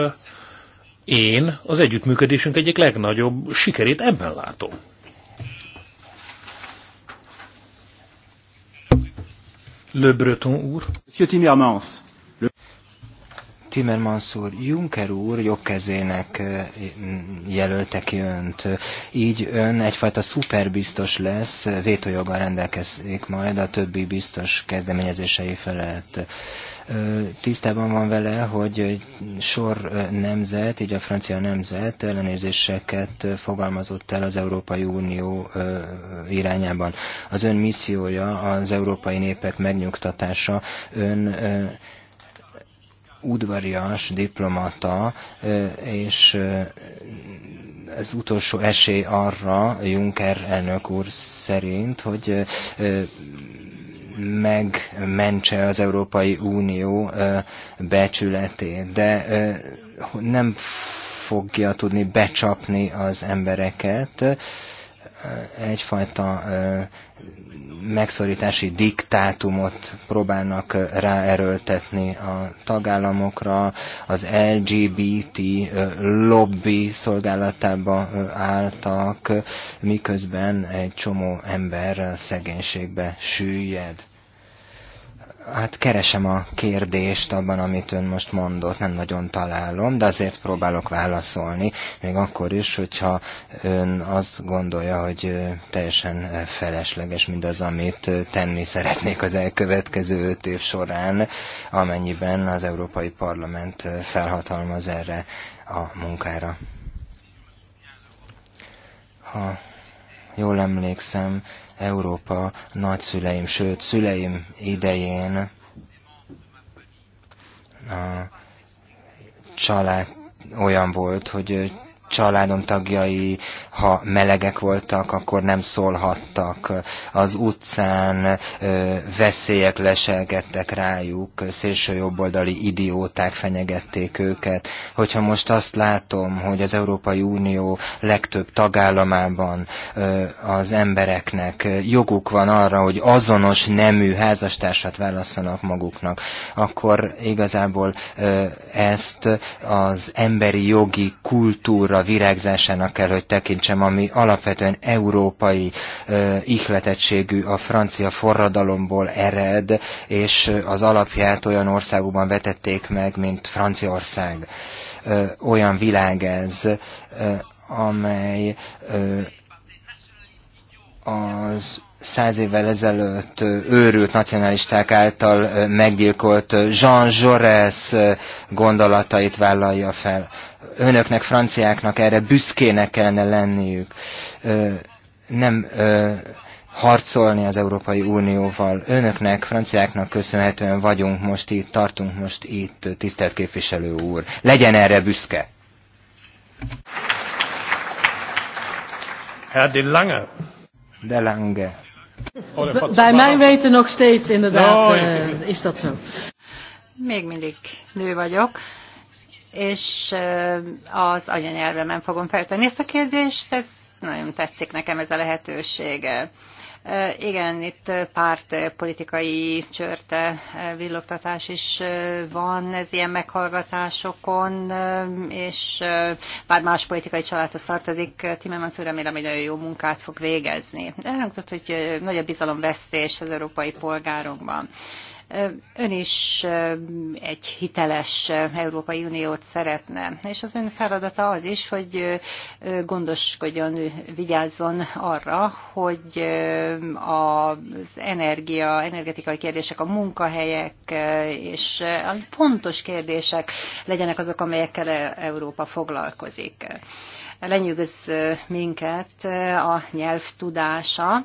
én az együttműködésünk egyik legnagyobb sikerét ebben látom. Le Breton úr. Monsieur Timmermans. Timmermans úr, Juncker úr jogkezének jelölte ki önt. Így ön egyfajta szuperbiztos lesz, vétójoggal rendelkezik majd a többi biztos kezdeményezései felett tisztában van vele, hogy sor nemzet, így a francia nemzet ellenérzéseket fogalmazott el az Európai Unió irányában. Az ön missziója az európai népek megnyugtatása, ön udvarias diplomata, és ez utolsó esély arra Juncker elnök úr szerint, hogy megmentse az Európai Unió becsületét, de nem fogja tudni becsapni az embereket, egyfajta megszorítási diktátumot próbálnak ráerőltetni a tagállamokra, az LGBT lobby szolgálatába álltak, miközben egy csomó ember szegénységbe süllyed. Hát keresem a kérdést abban, amit ön most mondott, nem nagyon találom, de azért próbálok válaszolni, még akkor is, hogyha ön azt gondolja, hogy teljesen felesleges mindaz, amit tenni szeretnék az elkövetkező öt év során, amennyiben az Európai Parlament felhatalmaz erre a munkára. Ha jól emlékszem, Európa nagyszüleim, sőt szüleim idején a család olyan volt, hogy családom tagjai ha melegek voltak, akkor nem szólhattak. Az utcán veszélyek leselgettek rájuk, szélső jobboldali idióták fenyegették őket. Hogyha most azt látom, hogy az Európai Unió legtöbb tagállamában az embereknek joguk van arra, hogy azonos nemű házastársat válasszanak maguknak, akkor igazából ezt az emberi jogi kultúra virágzásának kell, hogy tekint teremtsem, ami alapvetően európai ihletettségű, a francia forradalomból ered, és az alapját olyan országokban vetették meg, mint Franciaország. Olyan világ ez, amely az száz évvel ezelőtt őrült nacionalisták által meggyilkolt Jean Jaurès gondolatait vállalja fel önöknek, franciáknak erre büszkének kellene lenniük. Nem harcolni az Európai Unióval. Önöknek, franciáknak köszönhetően vagyunk most itt, tartunk most itt, tisztelt képviselő úr. Legyen erre büszke! Herr De Lange. De Lange. Bij mij weten nog steeds inderdaad no, uh, eh, is dat zo. Még mindig nő vagyok és az anyanyelvemen fogom feltenni ezt a kérdést, ez nagyon tetszik nekem ez a lehetőség. Igen, itt párt politikai csörte villogtatás is van ez ilyen meghallgatásokon, és bár más politikai családhoz tartozik, Timmermans úr remélem, hogy nagyon jó munkát fog végezni. Elhangzott, hogy nagy a bizalomvesztés az európai polgárokban. Ön is egy hiteles Európai Uniót szeretne, és az ön feladata az is, hogy gondoskodjon, vigyázzon arra, hogy az energia, energetikai kérdések, a munkahelyek és a fontos kérdések legyenek azok, amelyekkel Európa foglalkozik lenyűgöz minket a nyelv tudása.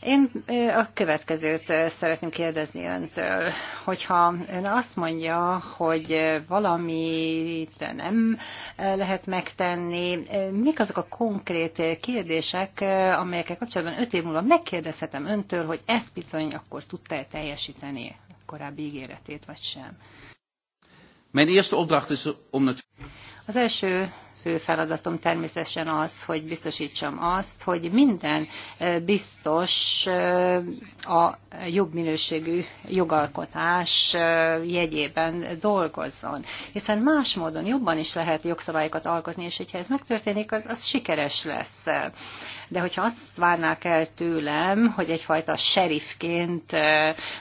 Én a következőt szeretném kérdezni öntől, hogyha ön azt mondja, hogy valamit nem lehet megtenni, mik azok a konkrét kérdések, amelyekkel kapcsolatban öt év múlva megkérdezhetem öntől, hogy ezt bizony akkor tudta-e teljesíteni a korábbi ígéretét, vagy sem? Mijn eerste opdracht is om... Az első fő feladatom természetesen az, hogy biztosítsam azt, hogy minden biztos a jobb minőségű jogalkotás jegyében dolgozzon. Hiszen más módon jobban is lehet jogszabályokat alkotni, és hogyha ez megtörténik, az, az sikeres lesz de hogyha azt várnák el tőlem, hogy egyfajta serifként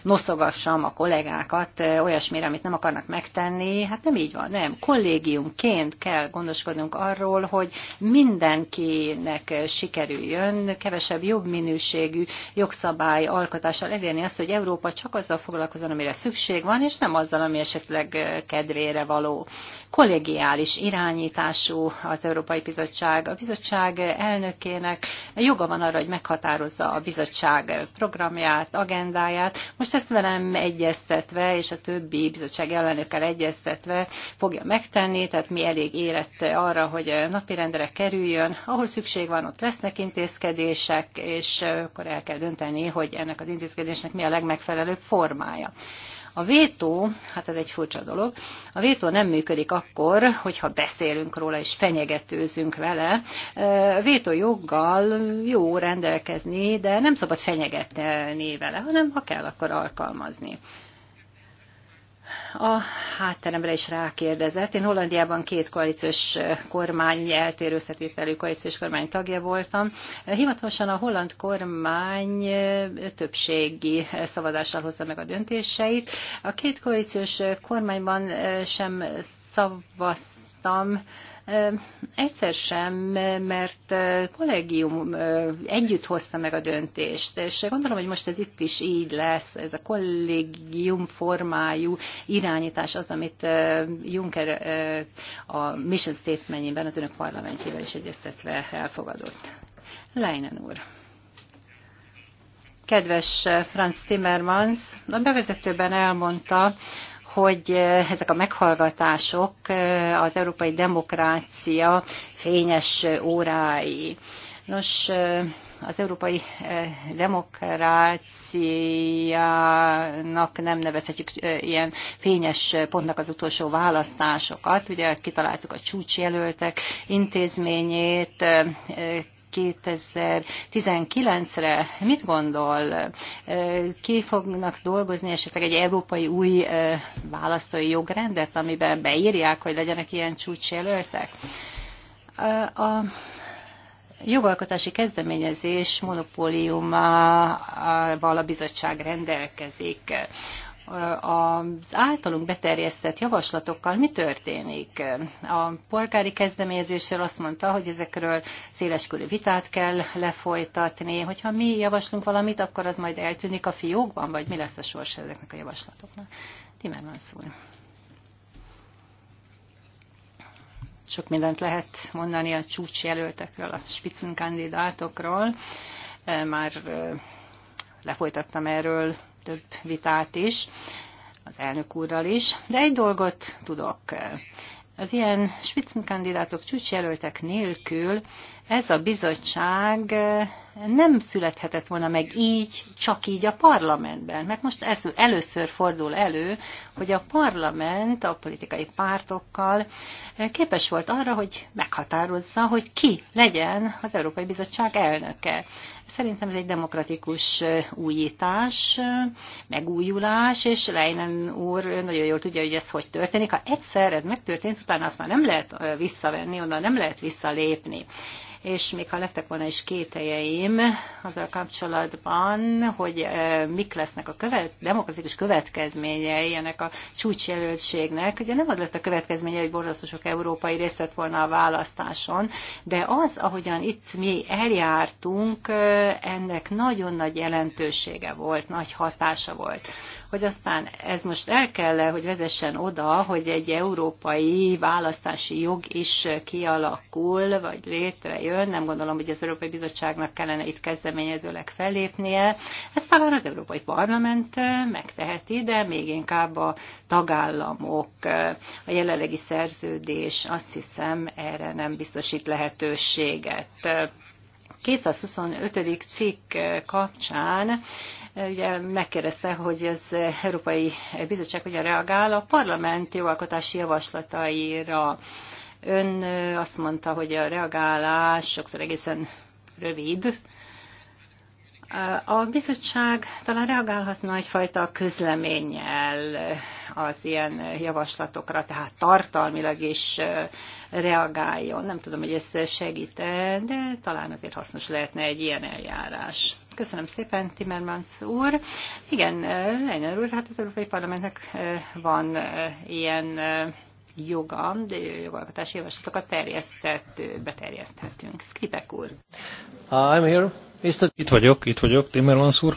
noszogassam a kollégákat olyasmire, amit nem akarnak megtenni, hát nem így van, nem. Kollégiumként kell gondoskodnunk arról, hogy mindenkinek sikerüljön kevesebb, jobb minőségű jogszabály alkotással elérni azt, hogy Európa csak azzal foglalkozon, amire szükség van, és nem azzal, ami esetleg kedvére való kollegiális irányítású az Európai Bizottság. A bizottság elnökének joga van arra, hogy meghatározza a bizottság programját, agendáját. Most ezt velem egyeztetve, és a többi bizottság elnökkel egyeztetve fogja megtenni, tehát mi elég érett arra, hogy napirendre kerüljön. Ahol szükség van, ott lesznek intézkedések, és akkor el kell dönteni, hogy ennek az intézkedésnek mi a legmegfelelőbb formája. A vétó, hát ez egy furcsa dolog, a vétó nem működik akkor, hogyha beszélünk róla és fenyegetőzünk vele. Vétó joggal jó rendelkezni, de nem szabad fenyegetni vele, hanem ha kell, akkor alkalmazni a hátteremre is rákérdezett. Én Hollandiában két koalíciós kormány, eltérő összetételű koalíciós kormány tagja voltam. Hivatalosan a holland kormány többségi szavazással hozza meg a döntéseit. A két koalíciós kormányban sem szavaztam, Egyszer sem, mert kollégium együtt hozta meg a döntést, és gondolom, hogy most ez itt is így lesz, ez a kollégium formájú irányítás az, amit Juncker a mission Statement-ben az önök parlamentjével is egyeztetve elfogadott. Leinen úr. Kedves Franz Timmermans, a bevezetőben elmondta, hogy eh, ezek a meghallgatások eh, az európai demokrácia fényes eh, órái. Nos, az európai demokráciának nem nevezhetjük ilyen fényes pontnak az utolsó választásokat. Ugye kitaláltuk a csúcsjelöltek intézményét, 2019-re mit gondol? Ki fognak dolgozni esetleg egy európai új választói jogrendet, amiben beírják, hogy legyenek ilyen csúcsjelöltek? A jogalkotási kezdeményezés monopóliumával a bizottság rendelkezik az általunk beterjesztett javaslatokkal mi történik? A polgári kezdeményezéssel azt mondta, hogy ezekről széleskörű vitát kell lefolytatni. Hogyha mi javaslunk valamit, akkor az majd eltűnik a fiókban, vagy mi lesz a sors ezeknek a javaslatoknak? Timmermans úr. Sok mindent lehet mondani a csúcsjelöltekről, a spitzenkandidátokról. Már lefolytattam erről több vitát is, az elnök úrral is, de egy dolgot tudok. Az ilyen spitzenkandidátok csúcsjelöltek nélkül ez a bizottság nem születhetett volna meg így, csak így a parlamentben. Mert most ez először fordul elő, hogy a parlament a politikai pártokkal képes volt arra, hogy meghatározza, hogy ki legyen az Európai Bizottság elnöke. Szerintem ez egy demokratikus újítás, megújulás, és Leinen úr nagyon jól tudja, hogy ez hogy történik. Ha egyszer ez megtörtént, utána azt már nem lehet visszavenni, onnan nem lehet visszalépni és még ha lettek volna is kételjeim azzal kapcsolatban, hogy mik lesznek a követ, demokratikus következményei ennek a csúcsjelöltségnek. Ugye nem az lett a következménye, hogy borzasztó sok európai részt vett volna a választáson, de az, ahogyan itt mi eljártunk, ennek nagyon nagy jelentősége volt, nagy hatása volt hogy aztán ez most el kell, hogy vezessen oda, hogy egy európai választási jog is kialakul, vagy létrejön. Nem gondolom, hogy az Európai Bizottságnak kellene itt kezdeményezőleg fellépnie. Ezt talán az Európai Parlament eh, megteheti, de még inkább a tagállamok, eh, a jelenlegi szerződés azt hiszem erre nem biztosít lehetőséget. 225. Eh, cikk kapcsán ugye megkérdezte, hogy az Európai Bizottság hogyan reagál a parlament jogalkotási javaslataira. Ön azt mondta, hogy a reagálás sokszor egészen rövid. A bizottság talán reagálhatna egyfajta közleménnyel az ilyen javaslatokra, tehát tartalmilag is reagáljon. Nem tudom, hogy ez segít -e, de talán azért hasznos lehetne egy ilyen eljárás. Köszönöm szépen, Timmermans úr. Igen, Leiner úr, hát az Európai Parlamentnek van ilyen joga, de jogalkotási javaslatokat terjesztett, beterjeszthetünk. Skripek úr. I'm here. Mr. Itt vagyok, itt vagyok, Timmermans úr.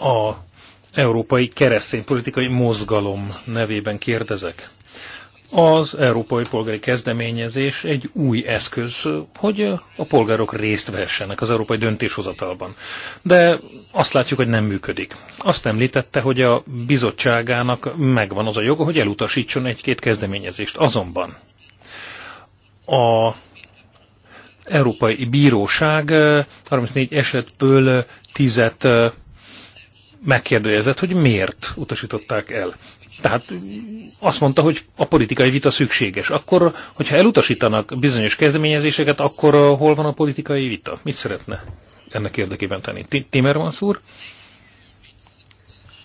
A Európai Keresztény Politikai Mozgalom nevében kérdezek. Az Európai Polgári Kezdeményezés egy új eszköz, hogy a polgárok részt vehessenek az európai döntéshozatalban. De azt látjuk, hogy nem működik. Azt említette, hogy a bizottságának megvan az a joga, hogy elutasítson egy-két kezdeményezést. Azonban a Európai Bíróság eh, 34 esetből 10 eh, megkérdőjezett, hogy miért utasították el. Tehát azt mondta, hogy a politikai vita szükséges. Akkor, hogyha elutasítanak bizonyos kezdeményezéseket, akkor uh, hol van a politikai vita? Mit szeretne ennek érdekében tenni? Timmermans úr?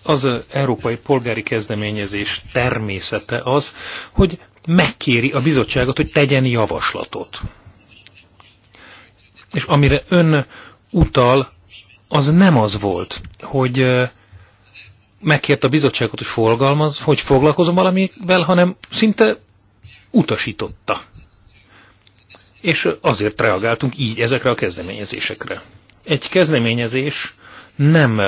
Az uh, európai polgári kezdeményezés természete az, hogy megkéri a bizottságot, hogy tegyen javaslatot. És amire ön utal, az nem az volt, hogy megkért a bizottságot, hogy hogy foglalkozom valamivel, hanem szinte utasította. És azért reagáltunk így ezekre a kezdeményezésekre. Egy kezdeményezés nem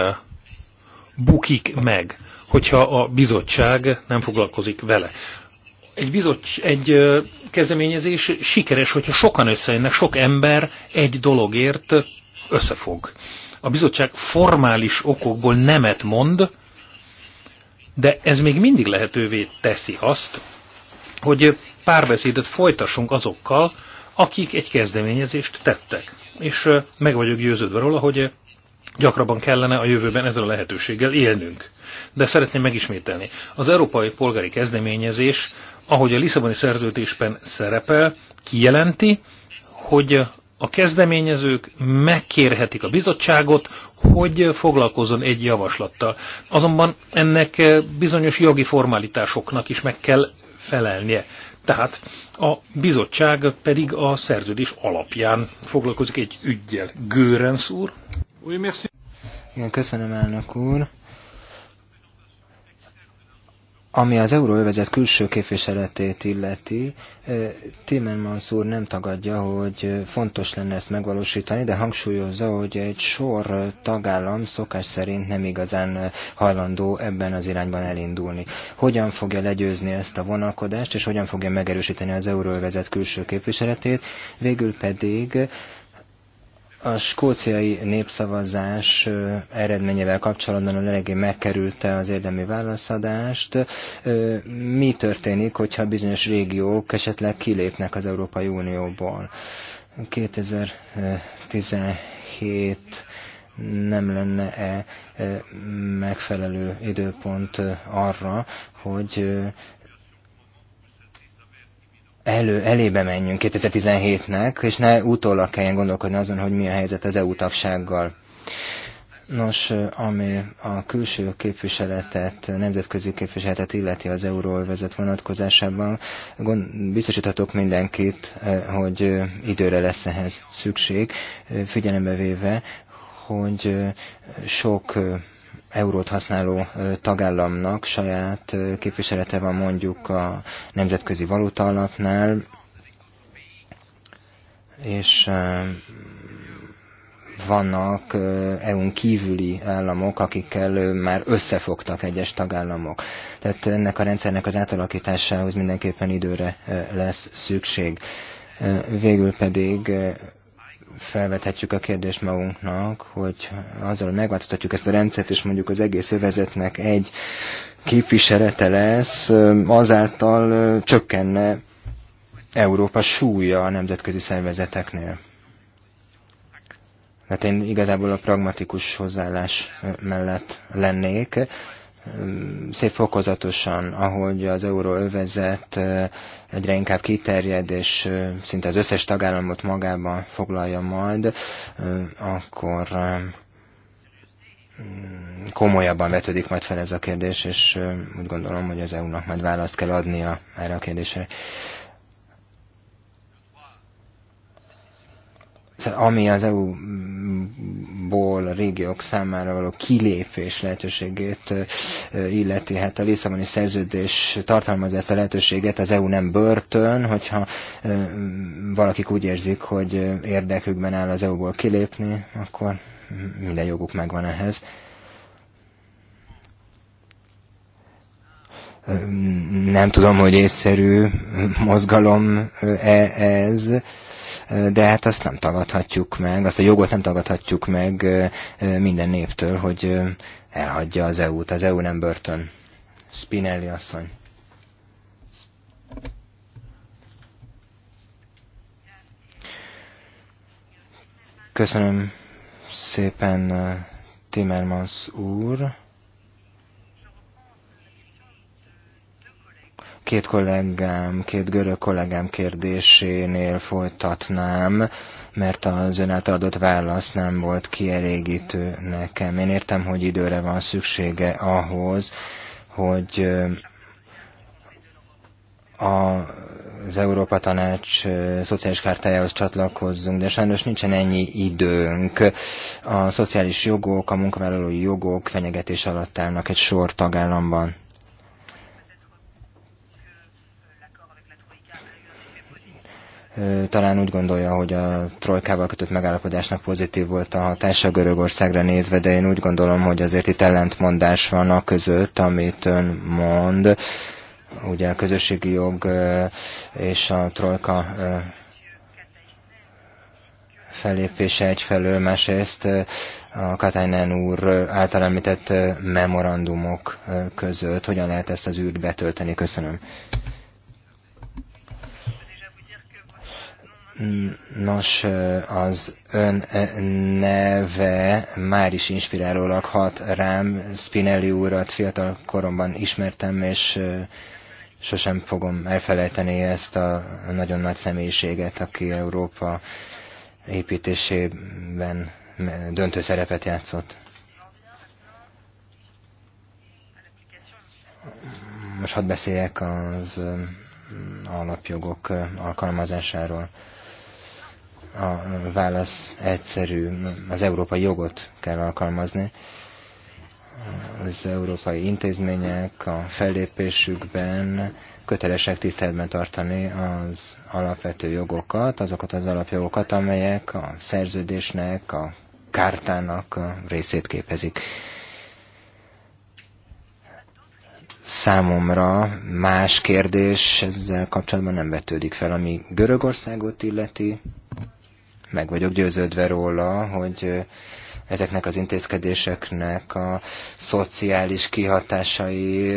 bukik meg, hogyha a bizottság nem foglalkozik vele. Egy, bizottság, egy kezdeményezés sikeres, hogyha sokan összejönnek, sok ember egy dologért összefog a bizottság formális okokból nemet mond, de ez még mindig lehetővé teszi azt, hogy párbeszédet folytassunk azokkal, akik egy kezdeményezést tettek. És meg vagyok győződve róla, hogy gyakrabban kellene a jövőben ezzel a lehetőséggel élnünk. De szeretném megismételni. Az Európai Polgári Kezdeményezés, ahogy a Lisszaboni szerződésben szerepel, kijelenti, hogy a kezdeményezők megkérhetik a bizottságot, hogy foglalkozzon egy javaslattal. Azonban ennek bizonyos jogi formalitásoknak is meg kell felelnie. Tehát a bizottság pedig a szerződés alapján foglalkozik egy ügyjel. Gőrensz úr. Igen, köszönöm elnök úr. Ami az euróövezet külső képviseletét illeti, Timmermans úr nem tagadja, hogy fontos lenne ezt megvalósítani, de hangsúlyozza, hogy egy sor tagállam szokás szerint nem igazán hajlandó ebben az irányban elindulni. Hogyan fogja legyőzni ezt a vonalkodást, és hogyan fogja megerősíteni az euróövezet külső képviseletét, végül pedig a skóciai népszavazás eredményevel kapcsolatban legé megkerülte az érdemi válaszadást. Mi történik, hogyha bizonyos régiók esetleg kilépnek az Európai Unióból? 2017 nem lenne-e megfelelő időpont arra, hogy elő, elébe menjünk 2017-nek, és ne utólag kelljen gondolkodni azon, hogy mi a helyzet az EU tagsággal. Nos, ami a külső képviseletet, nemzetközi képviseletet illeti az vezet vonatkozásában, biztosíthatok mindenkit, eh, hogy eh, időre lesz ehhez szükség, eh, figyelembe véve, hogy sok eurót használó tagállamnak saját képviselete van mondjuk a Nemzetközi Valuta Alapnál, és vannak EU-n kívüli államok, akikkel már összefogtak egyes tagállamok. Tehát ennek a rendszernek az átalakításához mindenképpen időre lesz szükség. Végül pedig felvethetjük a kérdést magunknak, hogy azzal, hogy megváltoztatjuk ezt a rendszert, és mondjuk az egész övezetnek egy képviselete lesz, azáltal csökkenne Európa súlya a nemzetközi szervezeteknél. Tehát én igazából a pragmatikus hozzáállás mellett lennék szép fokozatosan, ahogy az euróövezet egyre inkább kiterjed, és szinte az összes tagállamot magában foglalja majd, akkor mm, komolyabban vetődik majd fel ez a kérdés, és úgy gondolom, hogy az EU-nak majd választ kell adnia erre a kérdésre. ami az EU-ból a régiók számára való kilépés lehetőségét illeti. Hát a Lisszaboni szerződés tartalmazza ezt a lehetőséget, az EU nem börtön, hogyha valakik úgy érzik, hogy érdekükben áll az EU-ból kilépni, akkor minden joguk megvan ehhez. Nem tudom, hogy észszerű mozgalom -e ez, de hát azt nem tagadhatjuk meg, azt a jogot nem tagadhatjuk meg minden néptől, hogy elhagyja az EU-t. Az EU nem börtön. Spinelli asszony. Köszönöm szépen Timmermans úr. két kollégám, két görög kollégám kérdésénél folytatnám, mert az ön által adott válasz nem volt kielégítő nekem. Én értem, hogy időre van szüksége ahhoz, hogy a az Európa Tanács szociális kártájához csatlakozzunk, de sajnos nincsen ennyi időnk. A szociális jogok, a munkavállalói jogok fenyegetés alatt állnak egy sor tagállamban. talán úgy gondolja, hogy a trojkával kötött megállapodásnak pozitív volt a hatása Görögországra nézve, de én úgy gondolom, hogy azért itt ellentmondás van a között, amit ön mond. Ugye a közösségi jog és a trojka fellépése egyfelől, másrészt a Katainen úr által említett memorandumok között. Hogyan lehet ezt az űrt betölteni? Köszönöm. Nos, az ön neve már is inspirálólag hat rám. Spinelli úrat fiatal koromban ismertem, és sosem fogom elfelejteni ezt a nagyon nagy személyiséget, aki Európa építésében döntő szerepet játszott. Most hadd beszéljek az alapjogok alkalmazásáról a válasz egyszerű, az európai jogot kell alkalmazni. Az európai intézmények a fellépésükben kötelesek tiszteletben tartani az alapvető jogokat, azokat az alapjogokat, amelyek a szerződésnek, a kártának a részét képezik. Számomra más kérdés ezzel kapcsolatban nem vetődik fel, ami Görögországot illeti meg vagyok győződve róla, hogy ezeknek az intézkedéseknek a szociális kihatásai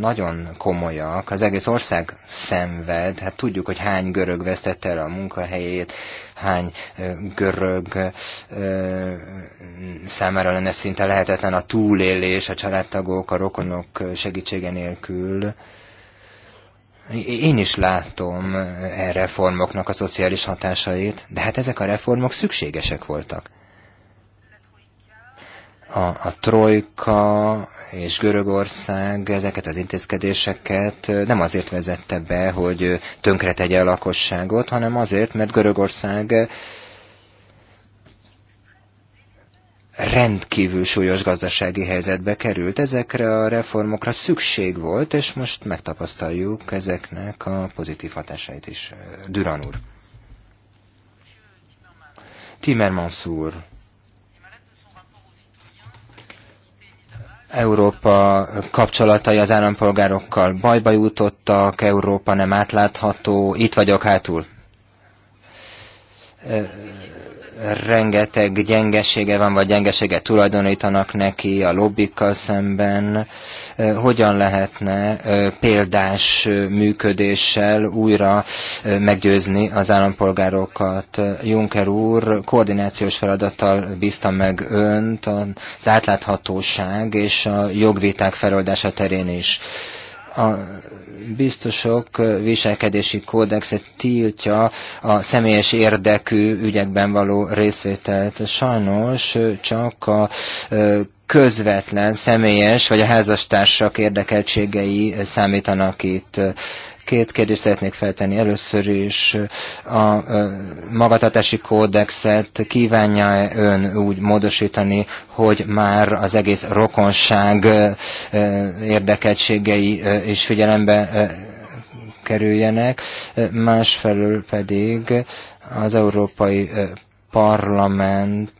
nagyon komolyak. Az egész ország szenved, hát tudjuk, hogy hány görög vesztette el a munkahelyét, hány görög számára lenne szinte lehetetlen a túlélés, a családtagok, a rokonok segítsége nélkül én is látom e reformoknak a szociális hatásait, de hát ezek a reformok szükségesek voltak. A, a Trojka és Görögország ezeket az intézkedéseket nem azért vezette be, hogy tönkretegye a lakosságot, hanem azért, mert Görögország rendkívül súlyos gazdasági helyzetbe került. Ezekre a reformokra szükség volt, és most megtapasztaljuk ezeknek a pozitív hatásait is. Duran úr. Timmermans úr. Európa kapcsolatai az állampolgárokkal bajba jutottak, Európa nem átlátható, itt vagyok hátul rengeteg gyengesége van, vagy gyengeséget tulajdonítanak neki a lobbikkal szemben. Hogyan lehetne példás működéssel újra meggyőzni az állampolgárokat? Juncker úr, koordinációs feladattal bízta meg önt az átláthatóság és a jogviták feloldása terén is a biztosok viselkedési kódexet tiltja a személyes érdekű ügyekben való részvételt. Sajnos csak a közvetlen, személyes vagy a házastársak érdekeltségei számítanak itt Két kérdést szeretnék feltenni. Először is a magatartási kódexet kívánja -e ön úgy módosítani, hogy már az egész rokonság érdekeltségei is figyelembe kerüljenek, másfelől pedig az Európai parlament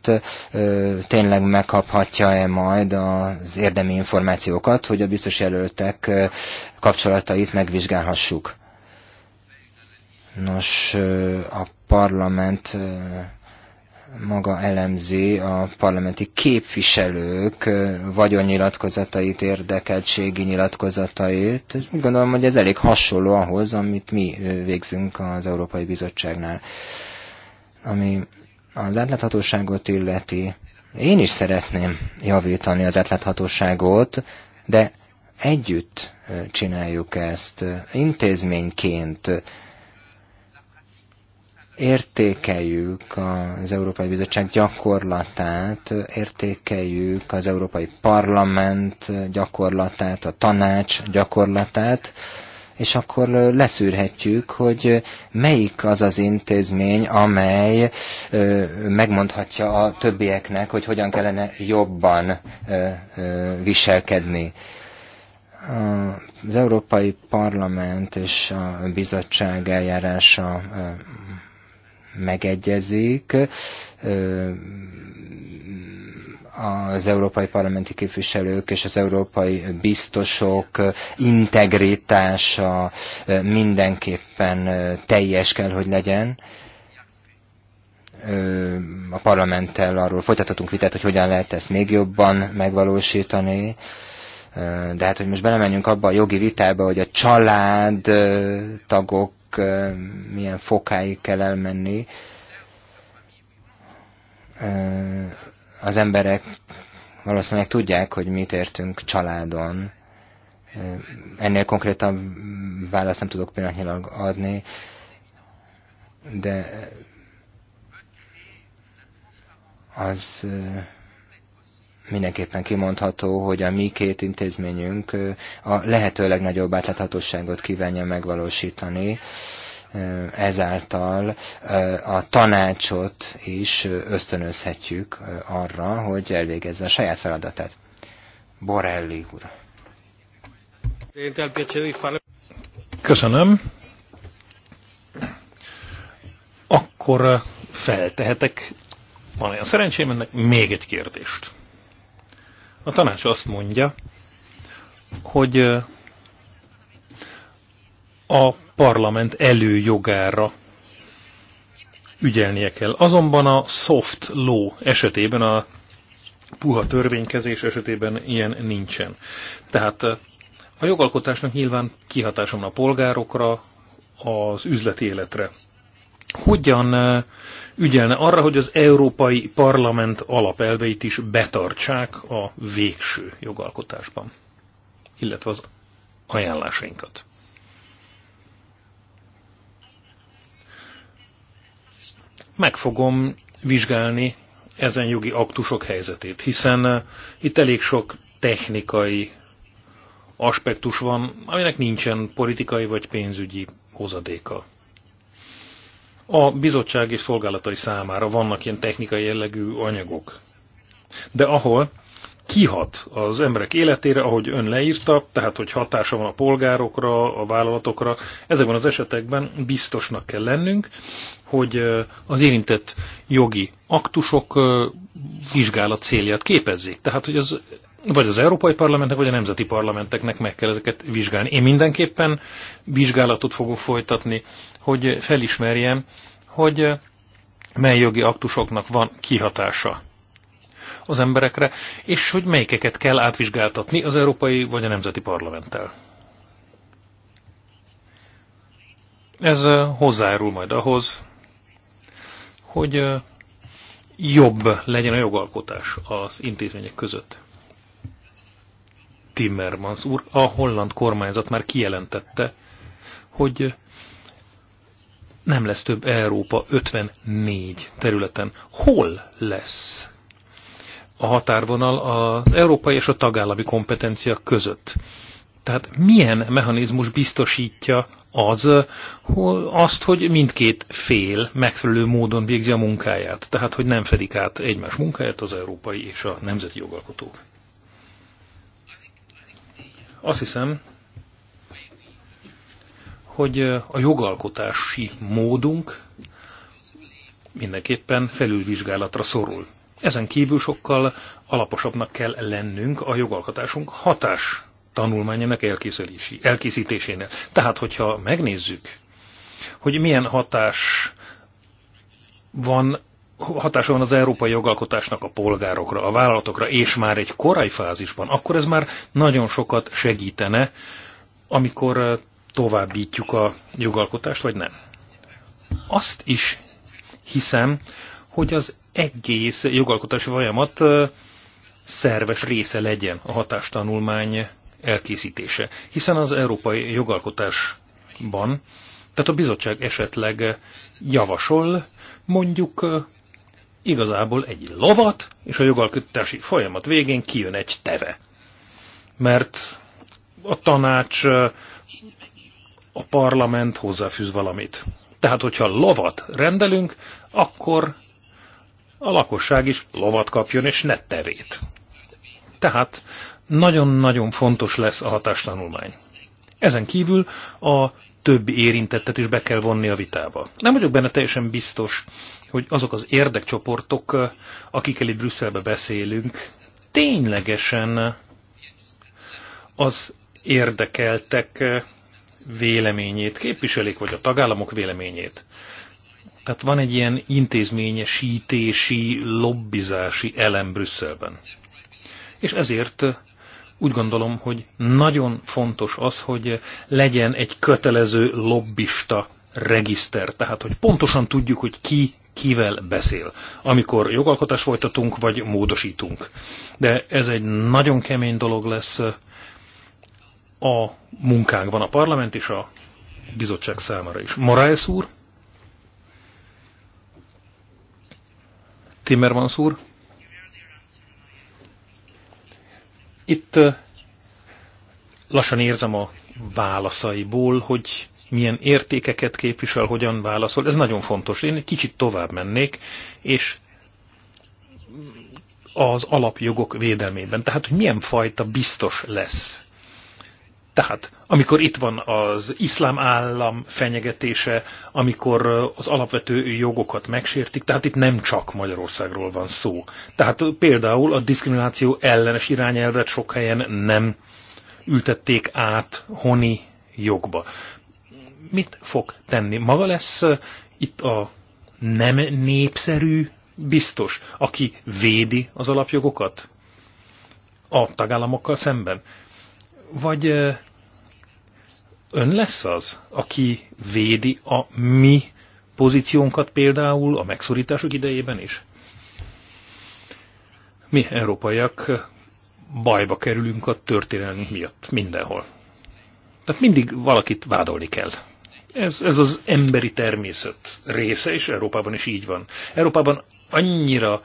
tényleg megkaphatja-e majd az érdemi információkat, hogy a biztos jelöltek kapcsolatait megvizsgálhassuk. Nos, a parlament maga elemzi a parlamenti képviselők vagyonnyilatkozatait, érdekeltségi nyilatkozatait, és úgy gondolom, hogy ez elég hasonló ahhoz, amit mi végzünk az Európai Bizottságnál. Ami az átláthatóságot illeti, én is szeretném javítani az átláthatóságot, de együtt csináljuk ezt, intézményként értékeljük az Európai Bizottság gyakorlatát, értékeljük az Európai Parlament gyakorlatát, a tanács gyakorlatát, és akkor leszűrhetjük, hogy melyik az az intézmény, amely megmondhatja a többieknek, hogy hogyan kellene jobban viselkedni az Európai Parlament és a bizottság eljárása megegyezik, az európai parlamenti képviselők és az európai biztosok integritása mindenképpen teljes kell, hogy legyen. A parlamenttel arról folytathatunk vitát, hogy hogyan lehet ezt még jobban megvalósítani. De hát, hogy most belemenjünk abba a jogi vitába, hogy a család tagok milyen fokáig kell elmenni, az emberek valószínűleg tudják, hogy mit értünk családon. Ennél konkrétabb választ nem tudok pillanatnyilag adni, de az mindenképpen kimondható, hogy a mi két intézményünk a lehető legnagyobb átláthatóságot kívánja megvalósítani ezáltal a tanácsot is ösztönözhetjük arra, hogy elvégezze a saját feladatát. Borelli úr. Köszönöm. Akkor feltehetek, van olyan szerencsém ennek, még egy kérdést. A tanács azt mondja, hogy a parlament előjogára ügyelnie kell. Azonban a soft law esetében, a puha törvénykezés esetében ilyen nincsen. Tehát eh, a jogalkotásnak nyilván kihatásom a polgárokra, az üzleti életre. Hogyan eh, ügyelne arra, hogy az Európai Parlament alapelveit is betartsák a végső jogalkotásban, illetve az ajánlásainkat? meg fogom vizsgálni ezen jogi aktusok helyzetét, hiszen uh, itt elég sok technikai aspektus van, aminek nincsen politikai vagy pénzügyi hozadéka. A bizottság és szolgálatai számára vannak ilyen technikai jellegű anyagok. De ahol kihat az emberek életére, ahogy ön leírta, tehát hogy hatása van a polgárokra, a vállalatokra. Ezekben az esetekben biztosnak kell lennünk, hogy az érintett jogi aktusok vizsgálat célját képezzék. Tehát, hogy az vagy az Európai Parlamentnek, vagy a nemzeti parlamenteknek meg kell ezeket vizsgálni. Én mindenképpen vizsgálatot fogok folytatni, hogy felismerjem, hogy mely jogi aktusoknak van kihatása az emberekre, és hogy melyikeket kell átvizsgáltatni az Európai vagy a Nemzeti Parlamenttel. Ez hozzájárul majd ahhoz, hogy jobb legyen a jogalkotás az intézmények között. Timmermans úr, a holland kormányzat már kijelentette, hogy nem lesz több Európa 54 területen. Hol lesz a határvonal az európai és a tagállami kompetencia között. Tehát milyen mechanizmus biztosítja az, hogy azt, hogy mindkét fél megfelelő módon végzi a munkáját, tehát hogy nem fedik át egymás munkáját az európai és a nemzeti jogalkotók. Azt hiszem, hogy a jogalkotási módunk mindenképpen felülvizsgálatra szorul. Ezen kívül sokkal alaposabbnak kell lennünk a jogalkotásunk hatás tanulmányának elkészítésénél. Tehát, hogyha megnézzük, hogy milyen hatás van hatása van az európai jogalkotásnak a polgárokra, a vállalatokra, és már egy korai fázisban, akkor ez már nagyon sokat segítene, amikor továbbítjuk a jogalkotást, vagy nem. Azt is hiszem, hogy az egész jogalkotási folyamat szerves része legyen a hatástanulmány elkészítése. Hiszen az európai jogalkotásban, tehát a bizottság esetleg javasol mondjuk igazából egy lovat, és a jogalkotási folyamat végén kijön egy teve. Mert a tanács, a parlament hozzáfűz valamit. Tehát, hogyha lovat rendelünk, akkor a lakosság is lovat kapjon és ne tevét. Tehát nagyon-nagyon fontos lesz a hatástanulmány. Ezen kívül a többi érintettet is be kell vonni a vitába. Nem vagyok benne teljesen biztos, hogy azok az érdekcsoportok, akikkel itt Brüsszelbe beszélünk, ténylegesen az érdekeltek véleményét képviselik, vagy a tagállamok véleményét. Tehát van egy ilyen intézményesítési, lobbizási elem Brüsszelben. És ezért eh, úgy gondolom, hogy nagyon fontos az, hogy legyen egy kötelező lobbista regiszter, tehát hogy pontosan tudjuk, hogy ki kivel beszél, amikor jogalkotást folytatunk, vagy módosítunk. De ez egy nagyon kemény dolog lesz eh, a munkánkban, a parlament és a bizottság számára is. Morales úr? Timmermans úr. Itt lassan érzem a válaszaiból, hogy milyen értékeket képvisel, hogyan válaszol. Ez nagyon fontos. Én egy kicsit tovább mennék, és az alapjogok védelmében. Tehát, hogy milyen fajta biztos lesz. Tehát, amikor itt van az iszlám állam fenyegetése, amikor az alapvető jogokat megsértik, tehát itt nem csak Magyarországról van szó. Tehát például a diszkrimináció ellenes irányelvet sok helyen nem ültették át honi jogba. Mit fog tenni? Maga lesz itt a nem népszerű biztos, aki védi az alapjogokat a tagállamokkal szemben? Vagy ön lesz az, aki védi a mi pozíciónkat például a megszorítások idejében is? Mi európaiak bajba kerülünk a történelmünk miatt mindenhol. Tehát mindig valakit vádolni kell. Ez, ez az emberi természet része, és Európában is így van. Európában annyira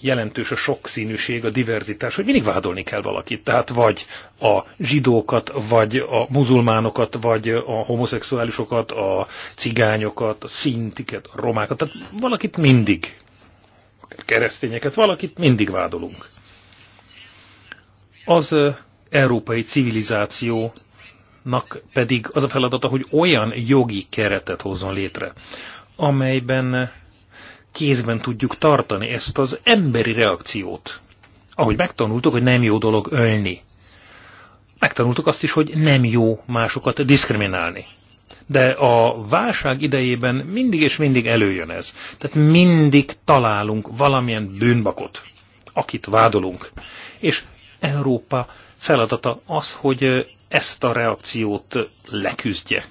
jelentős a sokszínűség, a diverzitás, hogy mindig vádolni kell valakit. Tehát vagy a zsidókat, vagy a muzulmánokat, vagy a homoszexuálisokat, a cigányokat, a szintiket, a romákat. Tehát valakit mindig, akár keresztényeket, valakit mindig vádolunk. Az európai civilizációnak pedig az a feladata, hogy olyan jogi keretet hozzon létre, amelyben kézben tudjuk tartani ezt az emberi reakciót. Ahogy megtanultuk, hogy nem jó dolog ölni. Megtanultuk azt is, hogy nem jó másokat diszkriminálni. De a válság idejében mindig és mindig előjön ez. Tehát mindig találunk valamilyen bűnbakot, akit vádolunk. És Európa feladata az, hogy ezt a reakciót leküzdje.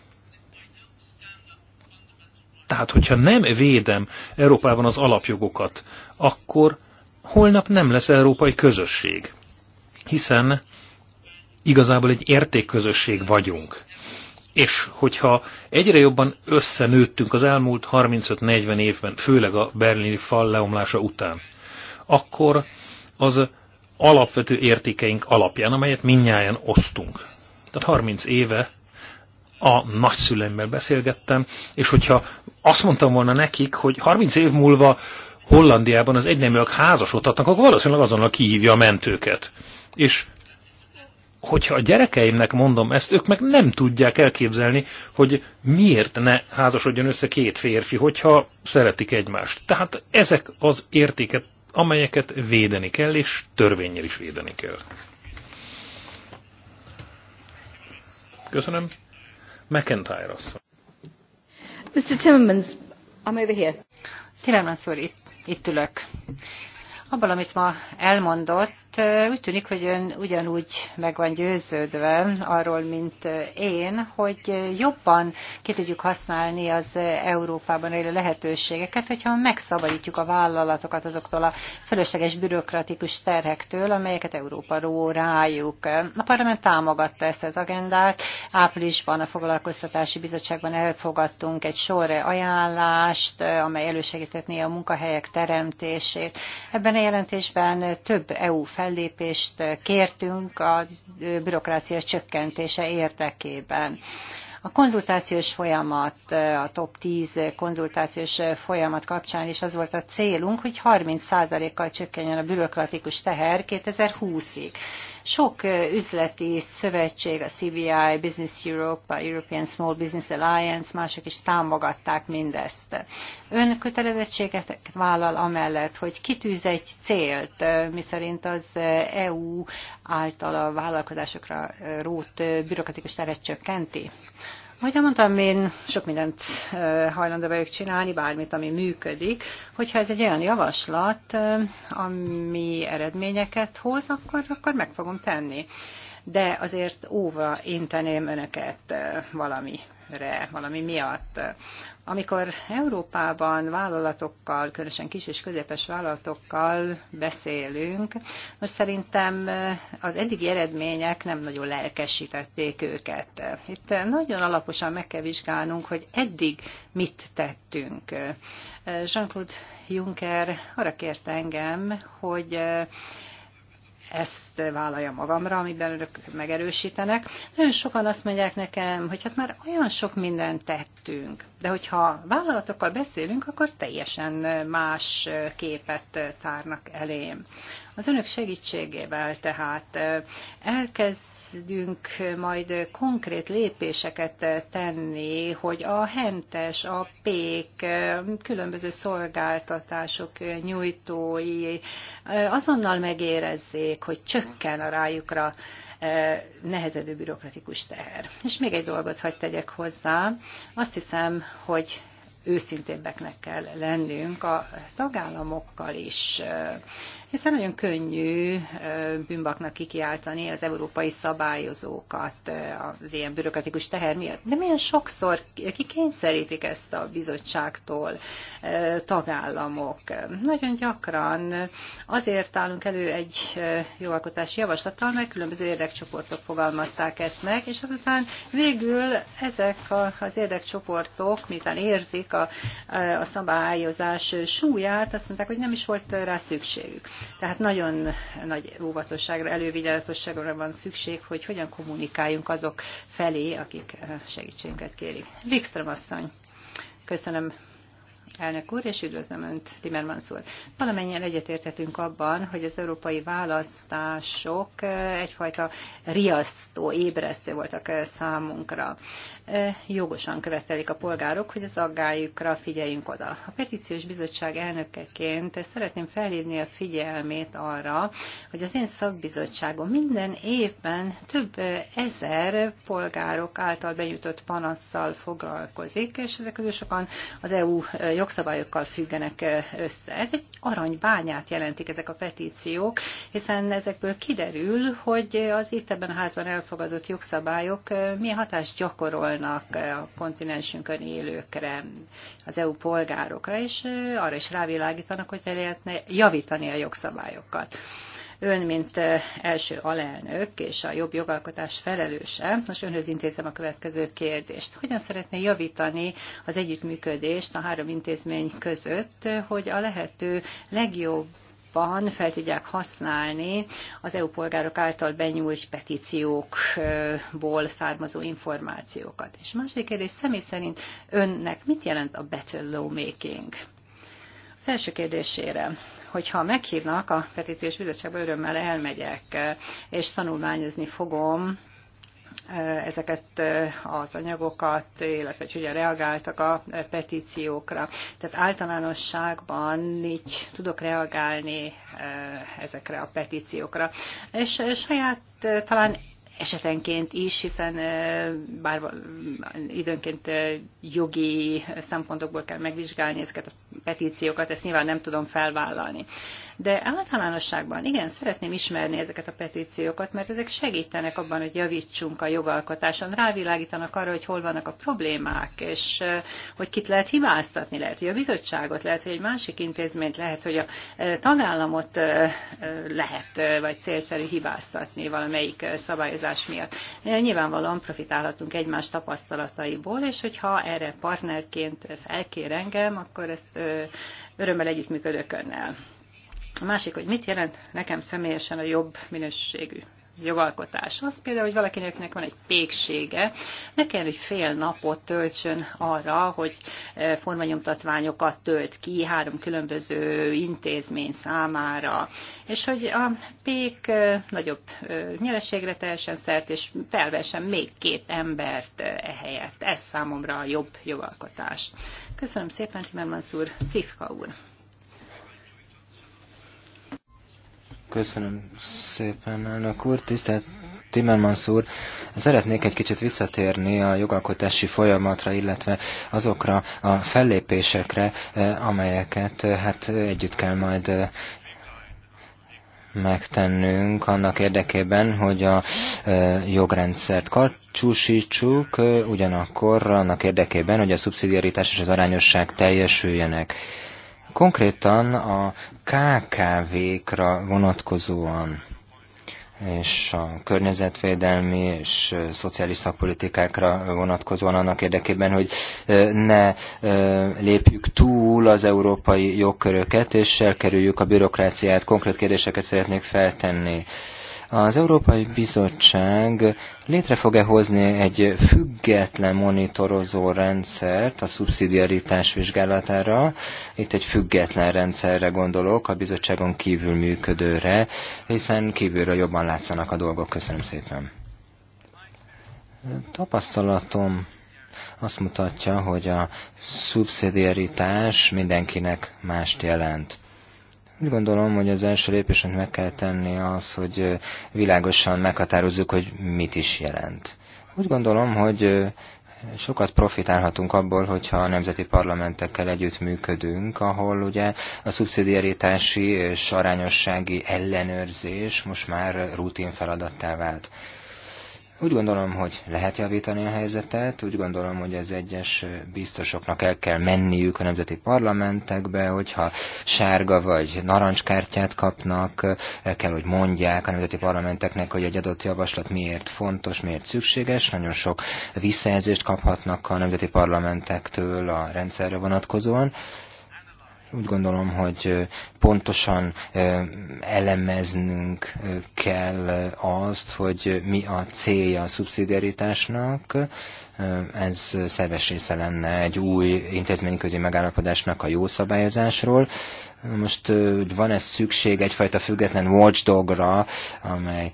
Tehát, hogyha nem védem Európában az alapjogokat, akkor holnap nem lesz európai közösség. Hiszen igazából egy értékközösség vagyunk. És hogyha egyre jobban összenőttünk az elmúlt 35-40 évben, főleg a berlini fal leomlása után, akkor az alapvető értékeink alapján, amelyet minnyáján osztunk. Tehát 30 éve a nagyszüleimmel beszélgettem, és hogyha azt mondtam volna nekik, hogy 30 év múlva Hollandiában az egyneműek házasodhatnak, akkor valószínűleg azonnal kihívja a mentőket. És hogyha a gyerekeimnek mondom ezt, ők meg nem tudják elképzelni, hogy miért ne házasodjon össze két férfi, hogyha szeretik egymást. Tehát ezek az értéket, amelyeket védeni kell, és törvényel is védeni kell. Köszönöm. McIntyre asszony. Mr. Timmermans, I'm over here. Timmermans úr, itt, itt ülök. Abban, amit ma elmondott, Hát, úgy tűnik, hogy ön ugyanúgy meg van győződve arról, mint én, hogy jobban ki tudjuk használni az Európában élő lehetőségeket, hogyha megszabadítjuk a vállalatokat azoktól a fölösleges bürokratikus terhektől, amelyeket Európa ró rájuk. A parlament támogatta ezt az agendát. Áprilisban a Foglalkoztatási Bizottságban elfogadtunk egy sor ajánlást, amely elősegítetné a munkahelyek teremtését. Ebben a jelentésben több EU fel fellépést kértünk a bürokrácia csökkentése érdekében. A konzultációs folyamat, a top 10 konzultációs folyamat kapcsán is az volt a célunk, hogy 30%-kal csökkenjen a bürokratikus teher 2020-ig. Sok üzleti szövetség, a CBI, Business Europe, a European Small Business Alliance, mások is támogatták mindezt. Ön kötelezettséget vállal amellett, hogy kitűz egy célt, miszerint az EU által a vállalkozásokra rót bürokratikus teret csökkenti? Ahogy mondtam, én sok mindent hajlandó vagyok csinálni, bármit, ami működik. Hogyha ez egy olyan javaslat, ami eredményeket hoz, akkor, akkor meg fogom tenni. De azért óva inteném önöket valami re valami miatt. Amikor Európában vállalatokkal, különösen kis és közepes vállalatokkal beszélünk, most szerintem az eddigi eredmények nem nagyon lelkesítették őket. Itt nagyon alaposan meg kell vizsgálnunk, hogy eddig mit tettünk. Jean-Claude Juncker arra kérte engem, hogy ezt vállalja magamra, amiben önök megerősítenek. Nagyon sokan azt mondják nekem, hogy hát már olyan sok mindent tettünk. De hogyha vállalatokkal beszélünk, akkor teljesen más képet tárnak elém. Az önök segítségével tehát elkezdünk majd konkrét lépéseket tenni, hogy a hentes, a pék, különböző szolgáltatások nyújtói azonnal megérezzék, hogy csökken a rájukra nehezedő bürokratikus teher. És még egy dolgot hadd tegyek hozzá. Azt hiszem, hogy őszintébbeknek kell lennünk a tagállamokkal is, hiszen nagyon könnyű bűnbaknak kikiáltani az európai szabályozókat az ilyen bürokratikus teher miatt. De milyen sokszor kikényszerítik ezt a bizottságtól tagállamok? Nagyon gyakran azért állunk elő egy jogalkotási javaslattal, mert különböző érdekcsoportok fogalmazták ezt meg, és azután végül ezek az érdekcsoportok, miután érzik a, a szabályozás súlyát, azt mondták, hogy nem is volt rá szükségük. Tehát nagyon nagy óvatosságra, elővigyázatosságra van szükség, hogy hogyan kommunikáljunk azok felé, akik segítségünket kérik. Wikström asszony, köszönöm elnök úr, és üdvözlöm Önt, Timmermans úr. Valamennyien egyetérthetünk abban, hogy az európai választások egyfajta riasztó, ébresztő voltak számunkra. Jogosan követelik a polgárok, hogy az aggájukra figyeljünk oda. A petíciós bizottság elnökeként szeretném felhívni a figyelmét arra, hogy az én szakbizottságom minden évben több ezer polgárok által benyújtott panasszal foglalkozik, és ezek közül sokan az EU jogszabályokkal függenek eh, össze. Ez egy aranybányát jelentik ezek a petíciók, hiszen ezekből kiderül, hogy az itt ebben a házban elfogadott jogszabályok eh, milyen hatást gyakorolnak eh, a kontinensünkön élőkre, az EU polgárokra, és arra is rávilágítanak, hogy lehetne javítani a jogszabályokat. Ön, mint első alelnök és a jobb jogalkotás felelőse, most önhöz intézem a következő kérdést. Hogyan szeretné javítani az együttműködést a három intézmény között, hogy a lehető legjobb fel tudják használni az EU polgárok által benyújt petíciókból származó információkat. És másik kérdés, személy szerint önnek mit jelent a better lawmaking? Az első kérdésére hogyha meghívnak a petíciós bizottságba, örömmel elmegyek, és tanulmányozni fogom e, ezeket e, az anyagokat, illetve hogy hogyan reagáltak a petíciókra. Tehát általánosságban így tudok reagálni e, ezekre a petíciókra. És saját talán esetenként is, hiszen bár időnként jogi szempontokból kell megvizsgálni ezeket a petíciókat, ezt nyilván nem tudom felvállalni de általánosságban igen, szeretném ismerni ezeket a petíciókat, mert ezek segítenek abban, hogy javítsunk a jogalkotáson, rávilágítanak arra, hogy hol vannak a problémák, és hogy kit lehet hibáztatni, lehet, hogy a bizottságot, lehet, hogy egy másik intézményt, lehet, hogy a tagállamot lehet, vagy célszerű hibáztatni valamelyik szabályozás miatt. Nyilvánvalóan profitálhatunk egymás tapasztalataiból, és hogyha erre partnerként felkér engem, akkor ezt örömmel együttműködök önnel. A másik, hogy mit jelent nekem személyesen a jobb minőségű jogalkotás. Az például, hogy valakinek van egy péksége, ne kell, hogy fél napot töltsön arra, hogy eh, formanyomtatványokat tölt ki három különböző intézmény számára, és hogy a pék eh, nagyobb eh, nyereségre teljesen szert, és felvessen még két embert ehelyett. Ez számomra a jobb jogalkotás. Köszönöm szépen, Timmermans úr, Cifka úr. Köszönöm szépen, elnök úr. Tisztelt Timmermans úr, szeretnék egy kicsit visszatérni a jogalkotási folyamatra, illetve azokra a fellépésekre, eh, amelyeket eh, hát együtt kell majd eh, megtennünk annak érdekében, hogy a jogrendszert karcsúsítsuk, ugyanakkor annak érdekében, hogy a szubszidiaritás és az arányosság teljesüljenek konkrétan a KKV-kra vonatkozóan és a környezetvédelmi és szociális szakpolitikákra vonatkozóan annak érdekében, hogy ne lépjük túl az európai jogköröket, és elkerüljük a bürokráciát. Konkrét kérdéseket szeretnék feltenni az Európai Bizottság létre fog-e hozni egy független monitorozó rendszert a szubszidiaritás vizsgálatára? Itt egy független rendszerre gondolok, a bizottságon kívül működőre, hiszen kívülről jobban látszanak a dolgok. Köszönöm szépen. Tapasztalatom azt mutatja, hogy a szubszidiaritás mindenkinek mást jelent. Úgy gondolom, hogy az első lépésünk meg kell tenni az, hogy világosan meghatározzuk, hogy mit is jelent. Úgy gondolom, hogy sokat profitálhatunk abból, hogyha a nemzeti parlamentekkel együtt működünk, ahol ugye a szubszidiaritási és arányossági ellenőrzés most már rutin feladattá vált. Úgy gondolom, hogy lehet javítani a helyzetet, úgy gondolom, hogy az egyes biztosoknak el kell menniük a nemzeti parlamentekbe, hogyha sárga vagy narancskártyát kapnak, el kell, hogy mondják a nemzeti parlamenteknek, hogy egy adott javaslat miért fontos, miért szükséges. Nagyon sok visszajelzést kaphatnak a nemzeti parlamentektől a rendszerre vonatkozóan. Úgy gondolom, hogy pontosan elemeznünk kell azt, hogy mi a célja a szubszidiaritásnak. Ez szerves része lenne egy új intézményközi megállapodásnak a jó szabályozásról. Most van-e szükség egyfajta független watchdogra, amely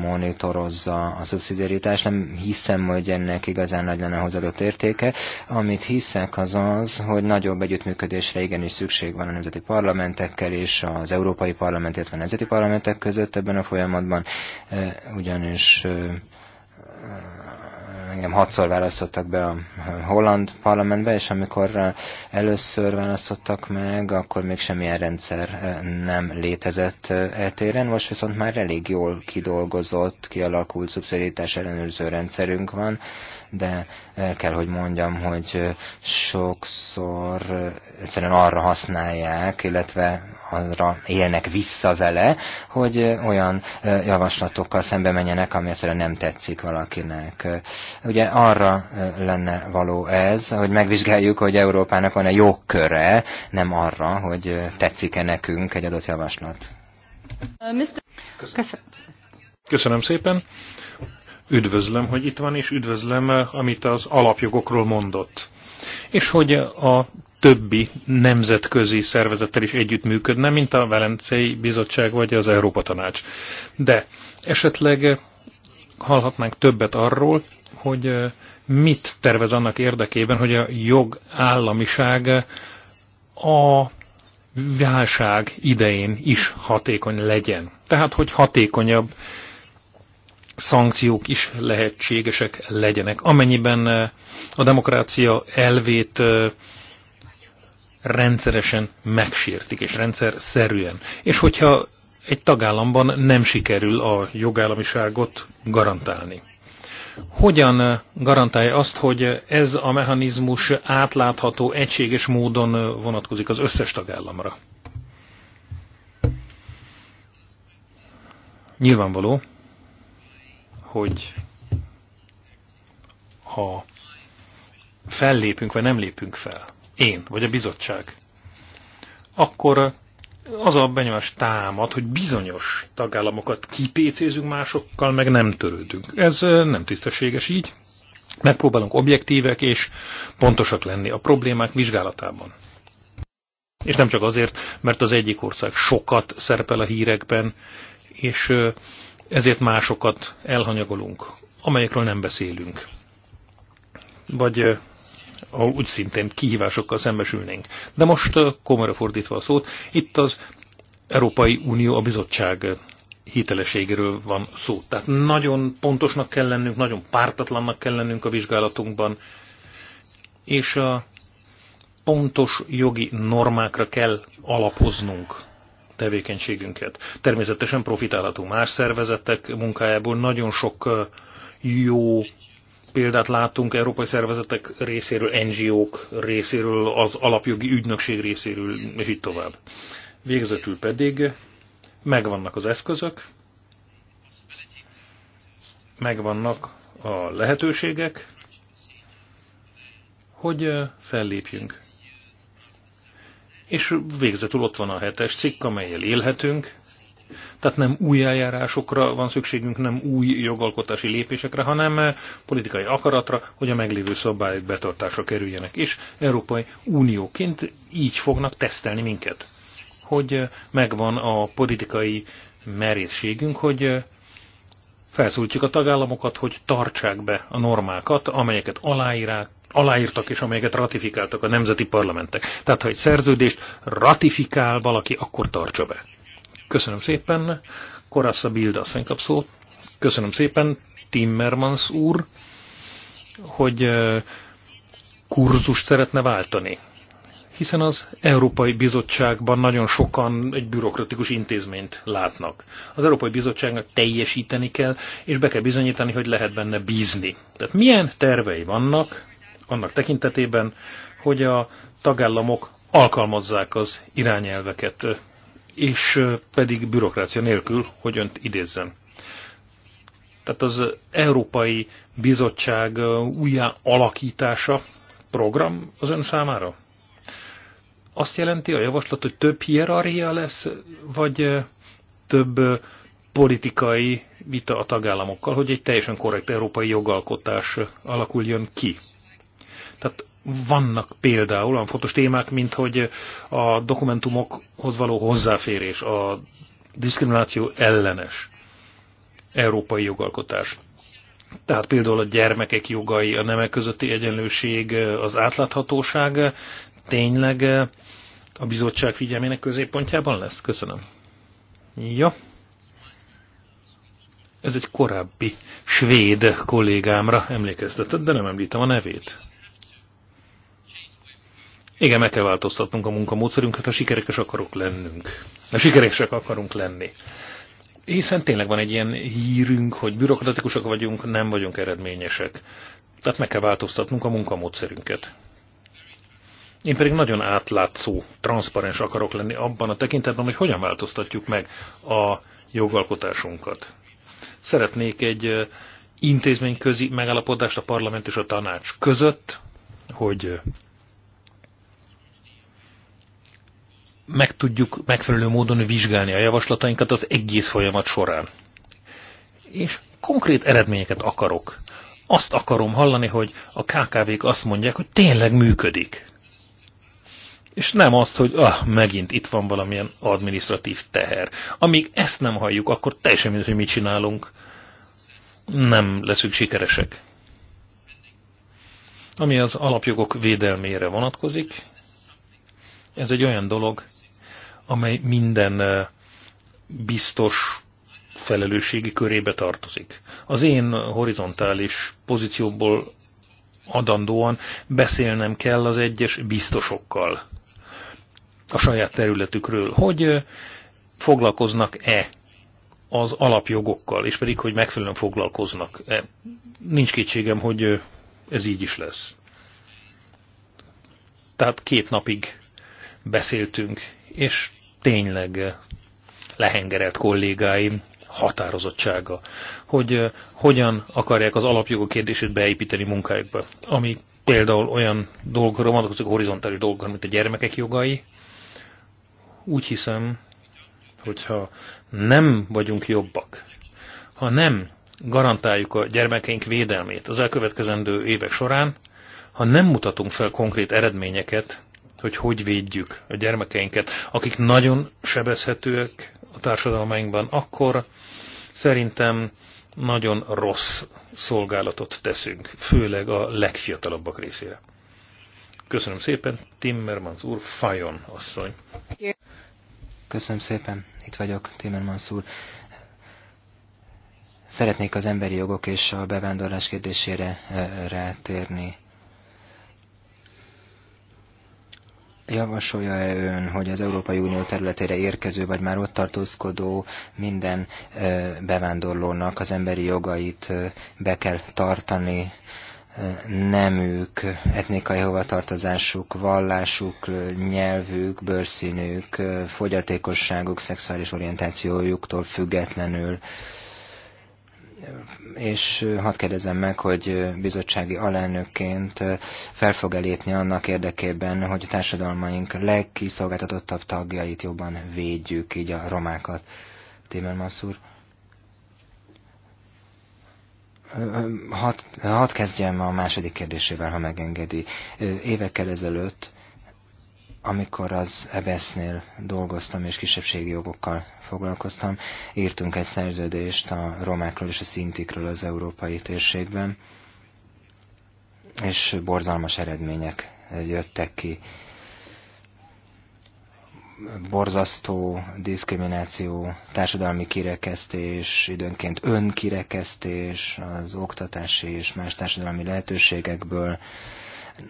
monitorozza a szubszidiaritást? Nem hiszem, hogy ennek igazán nagy lenne hozzáadott értéke. Amit hiszek az az, hogy nagyobb együttműködésre igenis szükség van a nemzeti parlamentekkel és az Európai Parlament, illetve a nemzeti parlamentek között ebben a folyamatban, ugyanis engem hatszor választottak be a holland parlamentbe, és amikor először választottak meg, akkor még semmilyen rendszer nem létezett eltéren. Most viszont már elég jól kidolgozott, kialakult szubszidítás ellenőrző rendszerünk van, de el eh, kell, hogy mondjam, hogy eh, sokszor eh, egyszerűen arra használják, illetve arra élnek vissza vele, hogy olyan javaslatokkal szembe menjenek, ami egyszerűen nem tetszik valakinek. Ugye arra lenne való ez, hogy megvizsgáljuk, hogy Európának van-e jogköre, nem arra, hogy tetszik-e nekünk egy adott javaslat. Uh, Köszönöm. Köszönöm szépen. Üdvözlöm, hogy itt van, és üdvözlöm, amit az alapjogokról mondott. És hogy a többi nemzetközi szervezettel is együttműködne, mint a Velencei Bizottság vagy az Európa Tanács. De esetleg hallhatnánk többet arról, hogy mit tervez annak érdekében, hogy a jogállamiság a válság idején is hatékony legyen. Tehát, hogy hatékonyabb szankciók is lehetségesek legyenek, amennyiben eh, a demokrácia elvét eh, rendszeresen megsértik, és rendszer szerűen. És hogyha egy tagállamban nem sikerül a jogállamiságot garantálni. Hogyan eh, garantálja azt, hogy ez a mechanizmus átlátható, egységes módon vonatkozik az összes tagállamra? Nyilvánvaló, hogy ha fellépünk, vagy nem lépünk fel, én, vagy a bizottság, akkor az a benyomás támad, hogy bizonyos tagállamokat kipécézünk másokkal, meg nem törődünk. Ez nem tisztességes így. Megpróbálunk objektívek és pontosak lenni a problémák vizsgálatában. És nem csak azért, mert az egyik ország sokat szerepel a hírekben, és ezért másokat elhanyagolunk, amelyekről nem beszélünk. Vagy úgy szintén kihívásokkal szembesülnénk. De most komolyra fordítva a szót, itt az Európai Unió a bizottság hitelességéről van szó. Tehát nagyon pontosnak kell lennünk, nagyon pártatlannak kell lennünk a vizsgálatunkban, és a pontos jogi normákra kell alapoznunk tevékenységünket. Természetesen profitálhatunk más szervezetek munkájából, nagyon sok jó példát láttunk európai szervezetek részéről, NGO-k részéről, az alapjogi ügynökség részéről, és így tovább. Végzetül pedig megvannak az eszközök, megvannak a lehetőségek, hogy fellépjünk és végzetül ott van a hetes cikk, amelyel élhetünk, tehát nem új eljárásokra van szükségünk, nem új jogalkotási lépésekre, hanem politikai akaratra, hogy a meglévő szabályok betartásra kerüljenek. És Európai Unióként így fognak tesztelni minket, hogy megvan a politikai merészségünk, hogy felszólítjuk a tagállamokat, hogy tartsák be a normákat, amelyeket aláírák, aláírtak és amelyeket ratifikáltak a nemzeti parlamentek. Tehát, ha egy szerződést ratifikál valaki, akkor tartsa be. Köszönöm szépen. Korassa Bilda azt kap szót. Köszönöm szépen Timmermans úr, hogy kurzust szeretne váltani. Hiszen az Európai Bizottságban nagyon sokan egy bürokratikus intézményt látnak. Az Európai Bizottságnak teljesíteni kell, és be kell bizonyítani, hogy lehet benne bízni. Tehát milyen tervei vannak annak tekintetében, hogy a tagállamok alkalmazzák az irányelveket, és pedig bürokrácia nélkül, hogy önt idézzem. Tehát az Európai Bizottság újjá alakítása program az ön számára? Azt jelenti a javaslat, hogy több hierarchia lesz, vagy több politikai vita a tagállamokkal, hogy egy teljesen korrekt európai jogalkotás alakuljon ki? Tehát vannak például olyan fontos témák, mint hogy a dokumentumokhoz való hozzáférés, a diszkrimináció ellenes európai jogalkotás. Tehát például a gyermekek jogai, a nemek közötti egyenlőség, az átláthatóság tényleg a bizottság figyelmének középpontjában lesz? Köszönöm. Ja. Ez egy korábbi svéd kollégámra emlékeztetett, de nem említem a nevét. Igen, meg kell változtatnunk a munkamódszerünket, ha sikeresek akarok lennünk. Ha sikeresek akarunk lenni. Hiszen tényleg van egy ilyen hírünk, hogy bürokratikusak vagyunk, nem vagyunk eredményesek. Tehát meg kell változtatnunk a munkamódszerünket. Én pedig nagyon átlátszó, transzparens akarok lenni abban a tekintetben, hogy hogyan változtatjuk meg a jogalkotásunkat. Szeretnék egy intézményközi megállapodást a parlament és a tanács között, hogy meg tudjuk megfelelő módon vizsgálni a javaslatainkat az egész folyamat során. És konkrét eredményeket akarok. Azt akarom hallani, hogy a KKV-k azt mondják, hogy tényleg működik. És nem azt, hogy ah, megint itt van valamilyen administratív teher. Amíg ezt nem halljuk, akkor teljesen mindegy, hogy mit csinálunk. Nem leszünk sikeresek. Ami az alapjogok védelmére vonatkozik, ez egy olyan dolog, amely minden biztos felelősségi körébe tartozik. Az én horizontális pozícióból adandóan beszélnem kell az egyes biztosokkal a saját területükről, hogy foglalkoznak-e az alapjogokkal, és pedig, hogy megfelelően foglalkoznak. -e. Nincs kétségem, hogy ez így is lesz. Tehát két napig beszéltünk, és tényleg lehengerelt kollégáim határozottsága, hogy eh, hogyan akarják az alapjogok kérdését beépíteni munkájukba, ami például olyan dolgokra vonatkozik, horizontális dolgokra, mint a gyermekek jogai. Úgy hiszem, hogyha nem vagyunk jobbak, ha nem garantáljuk a gyermekeink védelmét az elkövetkezendő évek során, ha nem mutatunk fel konkrét eredményeket, hogy hogy védjük a gyermekeinket, akik nagyon sebezhetőek a társadalmainkban, akkor szerintem nagyon rossz szolgálatot teszünk, főleg a legfiatalabbak részére. Köszönöm szépen, Timmermans úr, Fajon asszony. Köszönöm szépen, itt vagyok, Timmermans úr. Szeretnék az emberi jogok és a bevándorlás kérdésére eh, rátérni. Javasolja-e ön, hogy az Európai Unió területére érkező, vagy már ott tartózkodó minden bevándorlónak az emberi jogait be kell tartani, nemük, etnikai hovatartozásuk, vallásuk, nyelvük, bőrszínük, fogyatékosságuk, szexuális orientációjuktól függetlenül és hadd kérdezem meg, hogy bizottsági alelnökként fel fog elépni annak érdekében, hogy a társadalmaink legkiszolgáltatottabb tagjait jobban védjük, így a romákat. Timmermans úr. Hadd had kezdjem a második kérdésével, ha megengedi. Évekkel ezelőtt amikor az EBS-nél e dolgoztam és kisebbségi jogokkal foglalkoztam, írtunk egy szerződést a romákról és a szintikről az európai térségben, és borzalmas eredmények jöttek ki. Borzasztó diszkrimináció, társadalmi kirekesztés, időnként önkirekesztés az oktatási és más társadalmi lehetőségekből,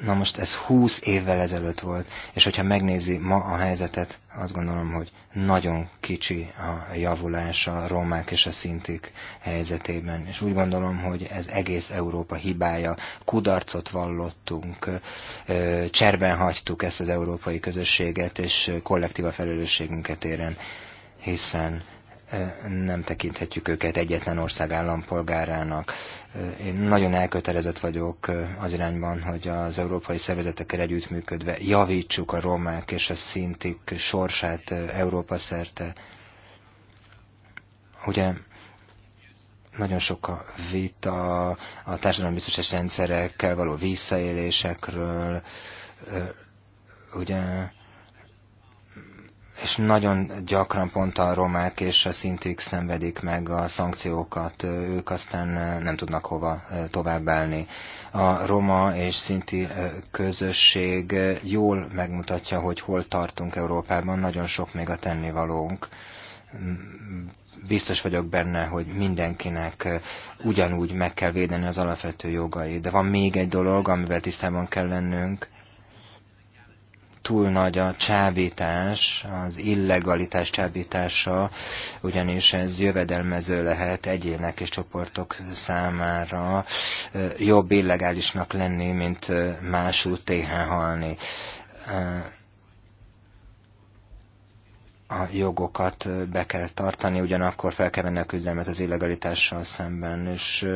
Na most ez 20 évvel ezelőtt volt, és hogyha megnézi ma a helyzetet, azt gondolom, hogy nagyon kicsi a javulás a romák és a szintik helyzetében. És úgy gondolom, hogy ez egész Európa hibája. Kudarcot vallottunk, cserben hagytuk ezt az európai közösséget, és kollektíva felelősségünket éren, hiszen E, nem tekinthetjük őket egyetlen ország állampolgárának. E, én nagyon elkötelezett vagyok e, az irányban, hogy az európai szervezetekkel együttműködve javítsuk a romák és a szintik sorsát Európa szerte. Ugye nagyon sok a vita a társadalombiztosás rendszerekkel való visszaélésekről, ugye és nagyon gyakran pont a romák és a szintik szenvedik meg a szankciókat, ők aztán nem tudnak hova tovább állni. A roma és szinti közösség jól megmutatja, hogy hol tartunk Európában, nagyon sok még a tennivalónk. Mm, biztos vagyok benne, hogy mindenkinek ugyanúgy meg kell védeni az alapvető jogait, de van még egy dolog, amivel tisztában kell lennünk, túl nagy a csábítás, az illegalitás csábítása, ugyanis ez jövedelmező lehet egyének és csoportok számára jobb illegálisnak lenni, mint másút téhen halni a jogokat be kell tartani, ugyanakkor fel kell venni a küzdelmet az illegalitással szemben, és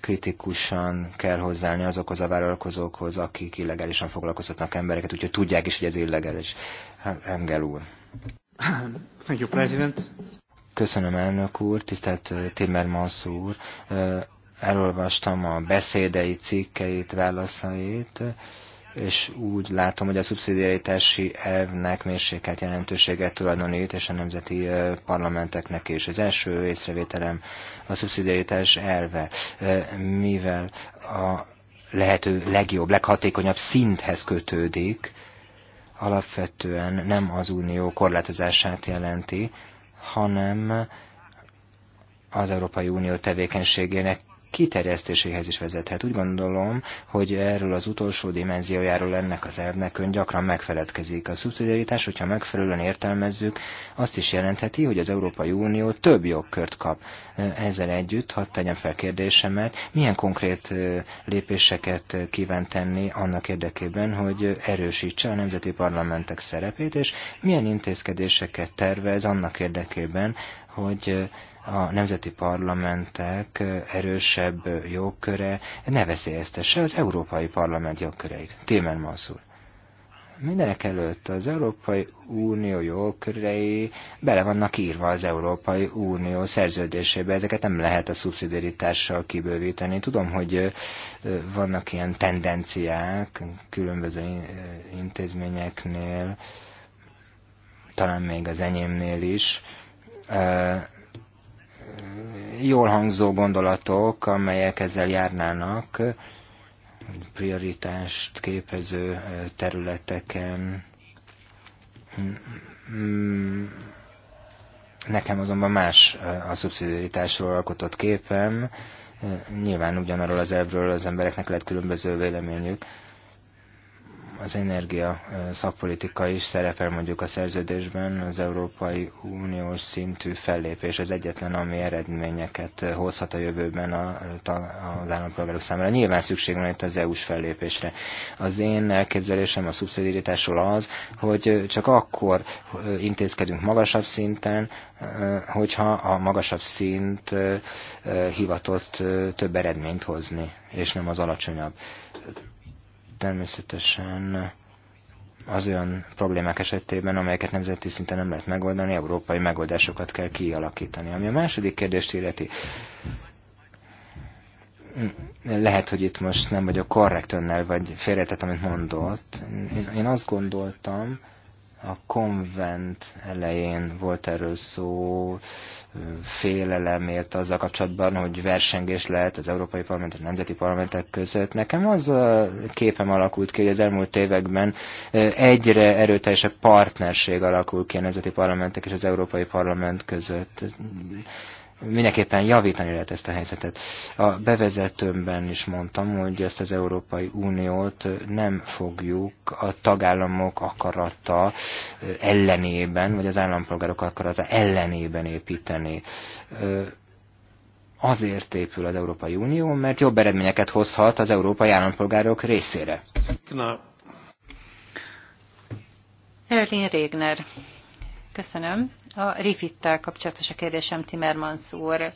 kritikusan kell hozzáállni azokhoz a vállalkozókhoz, akik illegálisan foglalkoztatnak embereket, úgyhogy tudják is, hogy ez illegális. Engel úr. Thank you, President. Köszönöm, elnök úr, tisztelt Timmermans úr. Elolvastam a beszédei, cikkeit, válaszait és úgy látom, hogy a szubszidiaritási elvnek mérsékelt jelentőséget tulajdonít, és a nemzeti parlamenteknek is. Az első észrevételem a szubszidiaritás elve, mivel a lehető legjobb, leghatékonyabb szinthez kötődik, alapvetően nem az unió korlátozását jelenti, hanem az Európai Unió tevékenységének kiterjesztéséhez is vezethet. Úgy gondolom, hogy erről az utolsó dimenziójáról ennek az elvnek ön gyakran megfeledkezik. A szubszidiaritás, hogyha megfelelően értelmezzük, azt is jelentheti, hogy az Európai Unió több jogkört kap. Ezzel együtt, hadd tegyem fel kérdésemet, milyen konkrét lépéseket kíván tenni annak érdekében, hogy erősítse a nemzeti parlamentek szerepét, és milyen intézkedéseket tervez annak érdekében, hogy a nemzeti parlamentek erősebb jogköre ne veszélyeztesse az Európai Parlament jogköreit. Timmermans Mansur. Mindenek előtt az Európai Unió jogkörei bele vannak írva az Európai Unió szerződésébe, ezeket nem lehet a szubszidiaritással kibővíteni. Tudom, hogy vannak ilyen tendenciák különböző intézményeknél, talán még az enyémnél is, jól hangzó gondolatok, amelyek ezzel járnának, prioritást képező területeken. Mm, nekem azonban más a szubszidiaritásról alkotott képem. Nyilván ugyanarról az elvről az embereknek lehet különböző véleményük az energia szakpolitika is szerepel mondjuk a szerződésben, az Európai Uniós szintű fellépés az egyetlen, ami eredményeket hozhat a jövőben az állampolgárok számára. Nyilván szükség van itt az EU-s fellépésre. Az én elképzelésem a szubszidiaritásról az, hogy csak akkor intézkedünk magasabb szinten, hogyha a magasabb szint hivatott több eredményt hozni, és nem az alacsonyabb. Természetesen az olyan problémák esetében, amelyeket nemzeti szinten nem lehet megoldani, európai megoldásokat kell kialakítani. Ami a második kérdést illeti, lehet, hogy itt most nem vagyok korrekt önnel, vagy félretett, amit mondott. Én, én azt gondoltam, a konvent elején volt erről szó, félelemért azzal kapcsolatban, hogy versengés lehet az Európai Parlament és a Nemzeti Parlamentek között. Nekem az a képem alakult ki, hogy az elmúlt években egyre erőteljesebb partnerség alakul ki a Nemzeti Parlamentek és az Európai Parlament között mindenképpen javítani lehet ezt a helyzetet. A bevezetőmben is mondtam, hogy ezt az Európai Uniót nem fogjuk a tagállamok akarata eh, ellenében, vagy az állampolgárok akarata ellenében építeni eh, azért épül az Európai Unió, mert jobb eredményeket hozhat az európai állampolgárok részére. Na. Evelyn Régner. Köszönöm. A refittel kapcsolatos a kérdésem Timmermans úr.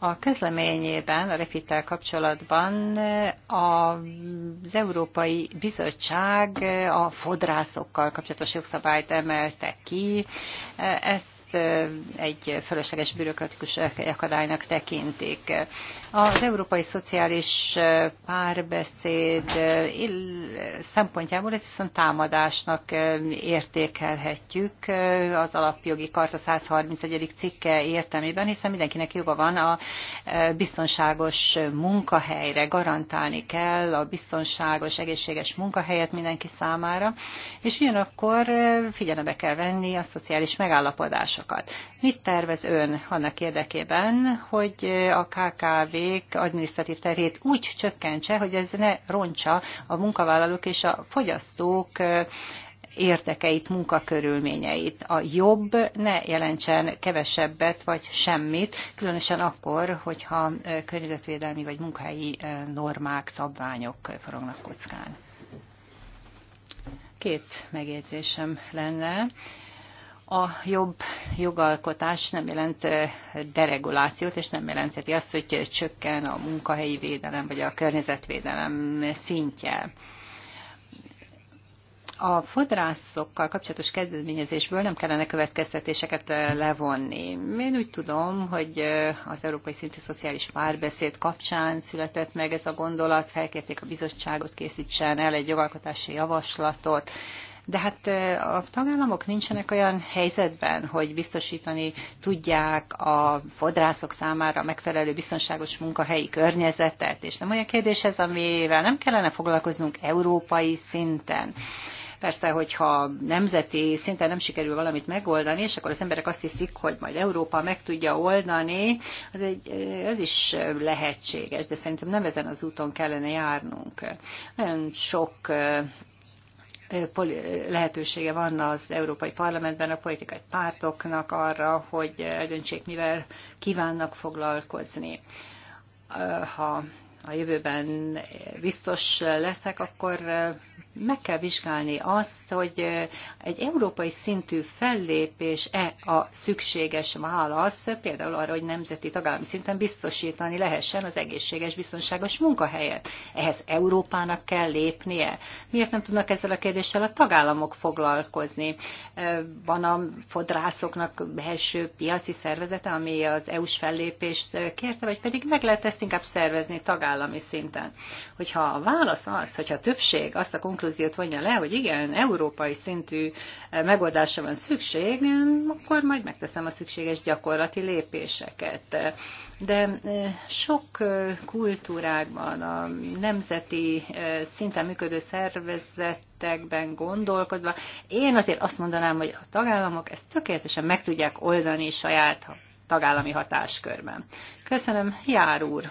A közleményében, a refittel kapcsolatban az Európai Bizottság a fodrászokkal kapcsolatos jogszabályt emelte ki. Ez egy fölösleges bürokratikus akadálynak tekintik. Az európai szociális párbeszéd szempontjából ezt viszont támadásnak értékelhetjük az alapjogi karta 131. cikke értelmében, hiszen mindenkinek joga van a biztonságos munkahelyre, garantálni kell a biztonságos, egészséges munkahelyet mindenki számára, és ugyanakkor figyelembe kell venni a szociális megállapodás? forrásokat. Mit tervez ön annak érdekében, hogy a KKV-k adminisztratív terhét úgy csökkentse, hogy ez ne rontsa a munkavállalók és a fogyasztók érdekeit, munkakörülményeit. A jobb ne jelentsen kevesebbet vagy semmit, különösen akkor, hogyha környezetvédelmi vagy munkahelyi normák, szabványok forognak kockán. Két megjegyzésem lenne a jobb jogalkotás nem jelent deregulációt, és nem jelenteti azt, hogy csökken a munkahelyi védelem vagy a környezetvédelem szintje. A fodrászokkal kapcsolatos kezdeményezésből nem kellene következtetéseket levonni. Én úgy tudom, hogy az Európai Szintű Szociális Párbeszéd kapcsán született meg ez a gondolat, felkérték a bizottságot, készítsen el egy jogalkotási javaslatot, de hát a tagállamok nincsenek olyan helyzetben, hogy biztosítani tudják a fodrászok számára megfelelő biztonságos munkahelyi környezetet, és nem olyan kérdés ez, amivel nem kellene foglalkoznunk európai szinten. Persze, hogyha nemzeti szinten nem sikerül valamit megoldani, és akkor az emberek azt hiszik, hogy majd Európa meg tudja oldani, az, egy, az is lehetséges, de szerintem nem ezen az úton kellene járnunk. Nagyon sok lehetősége van az Európai Parlamentben a politikai pártoknak arra, hogy eldöntsék, mivel kívánnak foglalkozni. Ha a jövőben biztos leszek, akkor meg kell vizsgálni azt, hogy egy európai szintű fellépés-e a szükséges válasz, például arra, hogy nemzeti tagállami szinten biztosítani lehessen az egészséges, biztonságos munkahelyet. Ehhez Európának kell lépnie. Miért nem tudnak ezzel a kérdéssel a tagállamok foglalkozni? Van a fodrászoknak belső piaci szervezete, ami az EU-s fellépést kérte, vagy pedig meg lehet ezt inkább szervezni tagállamokat? tagállami szinten. Hogyha a válasz az, hogyha a többség azt a konklúziót vonja le, hogy igen, európai szintű eh, megoldásra van szükség, akkor majd megteszem a szükséges gyakorlati lépéseket. De eh, sok eh, kultúrákban, a nemzeti szinten működő szervezetekben gondolkodva, én azért azt mondanám, hogy a tagállamok ezt tökéletesen meg tudják oldani saját tagállami hatáskörben. Köszönöm, Jár úr!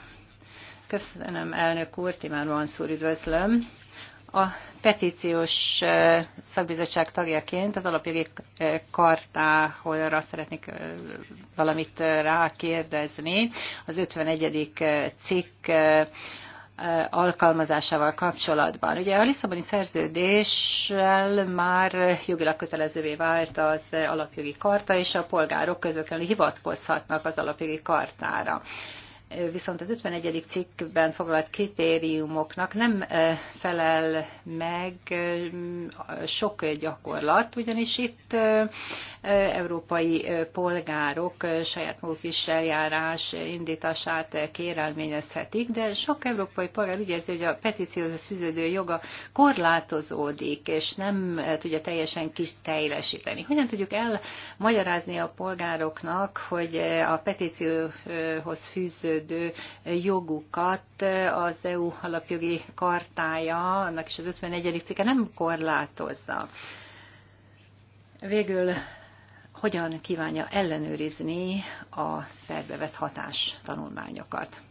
Köszönöm, elnök úr, Timán Manszúr, üdvözlöm. A petíciós eh, szakbizottság tagjaként az alapjogi eh, kartára szeretnék eh, valamit rákérdezni. Az 51. cikk alkalmazásával kapcsolatban. Ugye a Lisszaboni szerződéssel már jogilag kötelezővé vált az alapjogi karta, és a polgárok közvetlenül hivatkozhatnak az alapjogi kartára viszont az 51. cikkben foglalt kritériumoknak nem felel meg sok gyakorlat, ugyanis itt európai polgárok saját maguk is eljárás indítását kérelményezhetik, de sok európai polgár úgy érzi, hogy a petícióhoz fűződő joga korlátozódik, és nem tudja teljesen kis teljesíteni. Hogyan tudjuk elmagyarázni a polgároknak, hogy a petícióhoz fűződő kötődő jogukat az EU alapjogi kartája, annak is az 51. cikke nem korlátozza. Végül hogyan kívánja ellenőrizni a tervevett hatás tanulmányokat.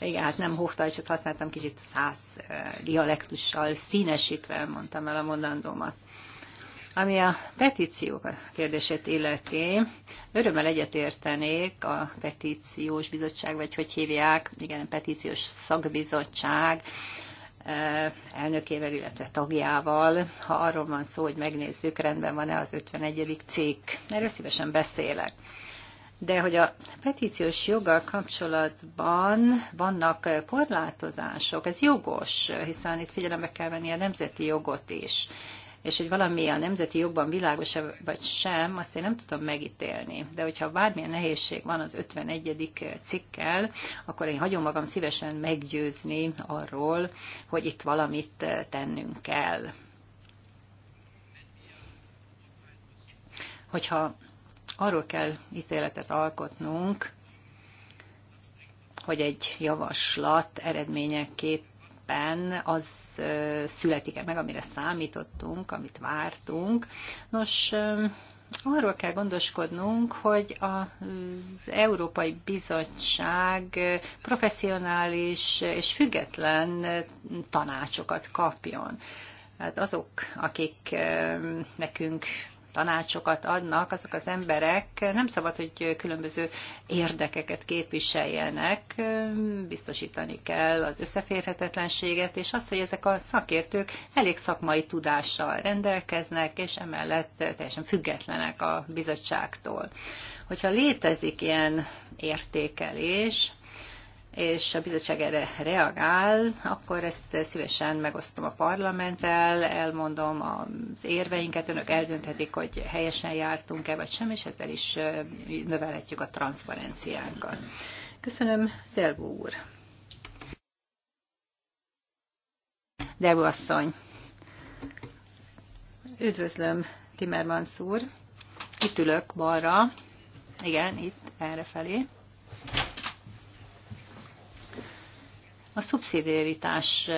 Igen, hát nem csak használtam, kicsit száz eh, dialektussal színesítve mondtam el a mondandómat. Ami a petíció kérdését illeti, örömmel egyetértenék a petíciós bizottság, vagy hogy hívják, igen, a petíciós szakbizottság eh, elnökével, illetve tagjával, ha arról van szó, hogy megnézzük, rendben van-e az 51. cikk. Erről szívesen beszélek. De hogy a petíciós joggal kapcsolatban vannak korlátozások, ez jogos, hiszen itt figyelembe kell venni a nemzeti jogot is és hogy valami a nemzeti jogban világos -e vagy sem, azt én nem tudom megítélni. De hogyha bármilyen nehézség van az 51. cikkel, akkor én hagyom magam szívesen meggyőzni arról, hogy itt valamit tennünk kell. Hogyha arról kell ítéletet alkotnunk, hogy egy javaslat eredményeképp éppen az születik-e meg, amire számítottunk, amit vártunk. Nos, arról kell gondoskodnunk, hogy az Európai Bizottság professzionális és független tanácsokat kapjon. Hát azok, akik nekünk tanácsokat adnak, azok az emberek nem szabad, hogy különböző érdekeket képviseljenek, biztosítani kell az összeférhetetlenséget, és azt, hogy ezek a szakértők elég szakmai tudással rendelkeznek, és emellett teljesen függetlenek a bizottságtól. Hogyha létezik ilyen értékelés, és a bizottság erre reagál, akkor ezt szívesen megosztom a parlamenttel, elmondom az érveinket, önök eldönthetik, hogy helyesen jártunk-e vagy sem, és ezzel is növelhetjük a transzparenciánkat. Köszönöm, Delbú úr. Delbú asszony. Üdvözlöm, Timmermans úr. Itt ülök balra. Igen, itt, erre felé. A szubszidiaritás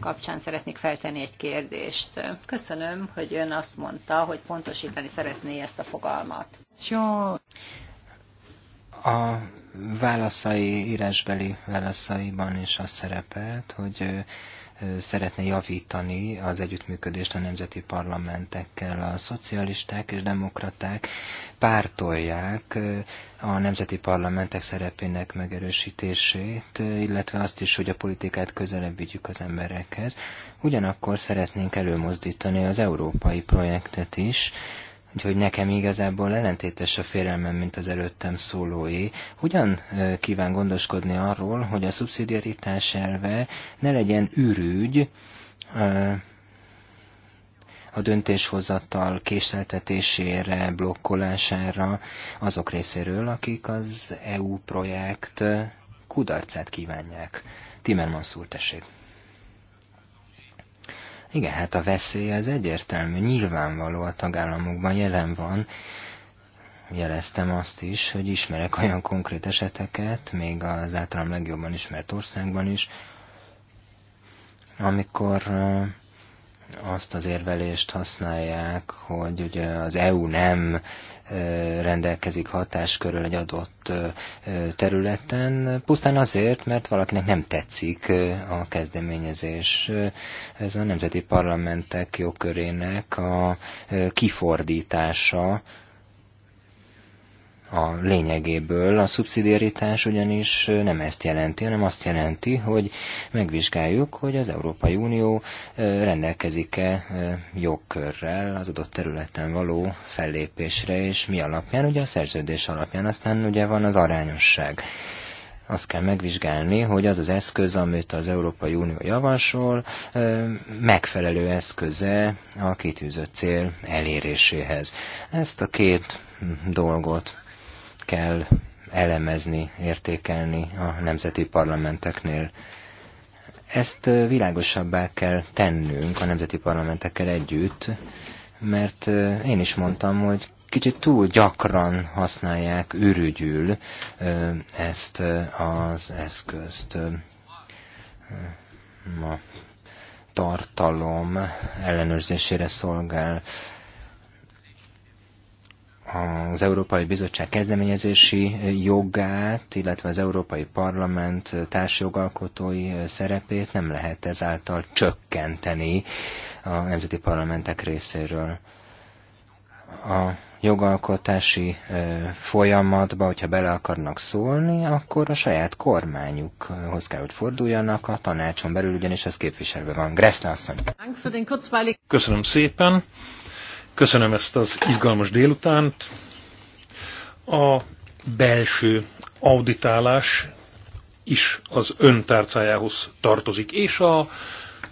kapcsán szeretnék feltenni egy kérdést. Köszönöm, hogy ön azt mondta, hogy pontosítani szeretné ezt a fogalmat. Jó. A válaszai, írásbeli válaszaiban is az szerepelt, hogy szeretne javítani az együttműködést a nemzeti parlamentekkel. A szocialisták és demokraták pártolják a nemzeti parlamentek szerepének megerősítését, illetve azt is, hogy a politikát közelebb vigyük az emberekhez. Ugyanakkor szeretnénk előmozdítani az európai projektet is, Úgyhogy nekem igazából ellentétes a félelmem, mint az előttem szólói. Hogyan kíván gondoskodni arról, hogy a szubszidiaritás elve ne legyen ürügy a döntéshozattal késleltetésére, blokkolására azok részéről, akik az EU projekt kudarcát kívánják. Timmermans úr, tessék! Igen, hát a veszély az egyértelmű, nyilvánvaló a tagállamokban jelen van. Jeleztem azt is, hogy ismerek olyan konkrét eseteket, még az általam legjobban ismert országban is, amikor azt az érvelést használják, hogy ugye az EU nem rendelkezik hatáskörül egy adott területen, pusztán azért, mert valakinek nem tetszik a kezdeményezés. Ez a nemzeti parlamentek jogkörének a kifordítása a lényegéből. A szubszidiaritás ugyanis nem ezt jelenti, hanem azt jelenti, hogy megvizsgáljuk, hogy az Európai Unió rendelkezik-e jogkörrel az adott területen való fellépésre, és mi alapján, ugye a szerződés alapján, aztán ugye van az arányosság. Azt kell megvizsgálni, hogy az az eszköz, amit az Európai Unió javasol, megfelelő eszköze a kitűzött cél eléréséhez. Ezt a két dolgot kell elemezni, értékelni a nemzeti parlamenteknél. Ezt világosabbá kell tennünk a nemzeti parlamentekkel együtt, mert én is mondtam, hogy kicsit túl gyakran használják ürügyül ezt az eszközt. Ma tartalom ellenőrzésére szolgál az Európai Bizottság kezdeményezési jogát, illetve az Európai Parlament társjogalkotói szerepét nem lehet ezáltal csökkenteni a nemzeti parlamentek részéről. A jogalkotási folyamatba, hogyha bele akarnak szólni, akkor a saját kormányukhoz kell, hogy forduljanak, a tanácson belül ugyanis ez képviselve van. Gressle asszony. Köszönöm szépen Köszönöm ezt az izgalmas délutánt. A belső auditálás is az öntárcájához tartozik, és a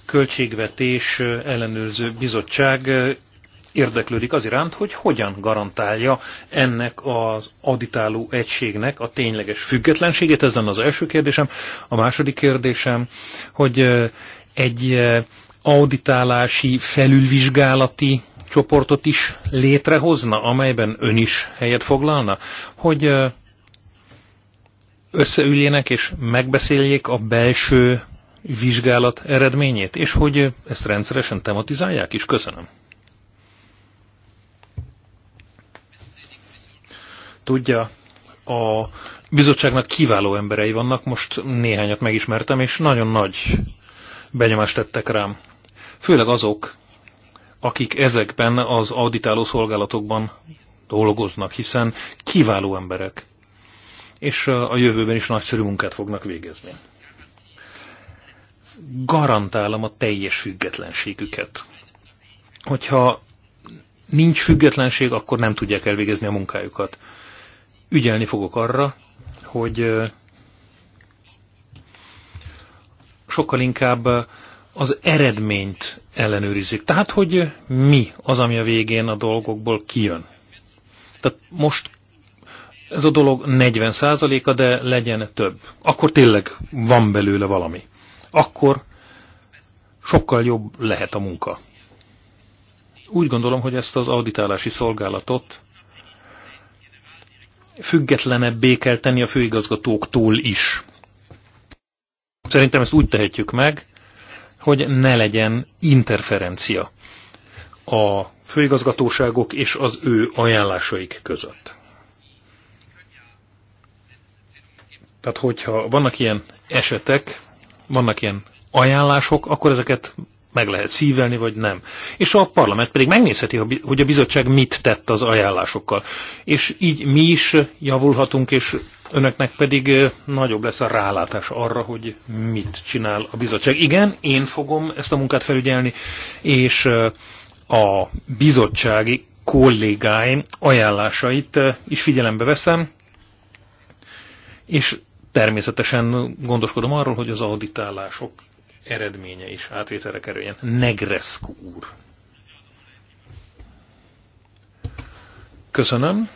Költségvetés Ellenőrző Bizottság érdeklődik az iránt, hogy hogyan garantálja ennek az auditáló egységnek a tényleges függetlenségét. Ez lenne az első kérdésem. A második kérdésem, hogy eh, egy eh, auditálási felülvizsgálati csoportot is létrehozna, amelyben ön is helyet foglalna, hogy összeüljenek és megbeszéljék a belső vizsgálat eredményét, és hogy ezt rendszeresen tematizálják is. Köszönöm. Tudja, a bizottságnak kiváló emberei vannak, most néhányat megismertem, és nagyon nagy benyomást tettek rám. Főleg azok, akik ezekben az auditáló szolgálatokban dolgoznak, hiszen kiváló emberek, és a jövőben is nagyszerű munkát fognak végezni. Garantálom a teljes függetlenségüket. Hogyha nincs függetlenség, akkor nem tudják elvégezni a munkájukat. Ügyelni fogok arra, hogy sokkal inkább az eredményt ellenőrizik. Tehát, hogy mi az, ami a végén a dolgokból kijön. Tehát most ez a dolog 40%-a, de legyen több. Akkor tényleg van belőle valami. Akkor sokkal jobb lehet a munka. Úgy gondolom, hogy ezt az auditálási szolgálatot függetlenebbé kell tenni a főigazgatóktól is. Szerintem ezt úgy tehetjük meg, hogy ne legyen interferencia a főigazgatóságok és az ő ajánlásaik között. Tehát hogyha vannak ilyen esetek, vannak ilyen ajánlások, akkor ezeket meg lehet szívelni, vagy nem. És a parlament pedig megnézheti, hogy a bizottság mit tett az ajánlásokkal. És így mi is javulhatunk, és önöknek pedig nagyobb lesz a rálátás arra, hogy mit csinál a bizottság. Igen, én fogom ezt a munkát felügyelni, és a bizottsági kollégáim ajánlásait is figyelembe veszem, és természetesen gondoskodom arról, hogy az auditálások eredménye is átvételre kerüljen. Negreszku úr. Köszönöm.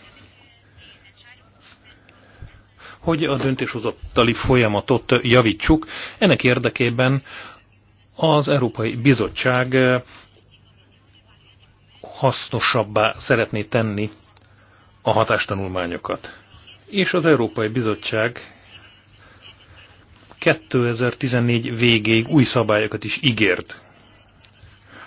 Hogy a döntéshozatali folyamatot javítsuk, ennek érdekében az Európai Bizottság eh, hasznosabbá szeretné tenni a hatástanulmányokat. És az Európai Bizottság 2014 végéig új szabályokat is ígért.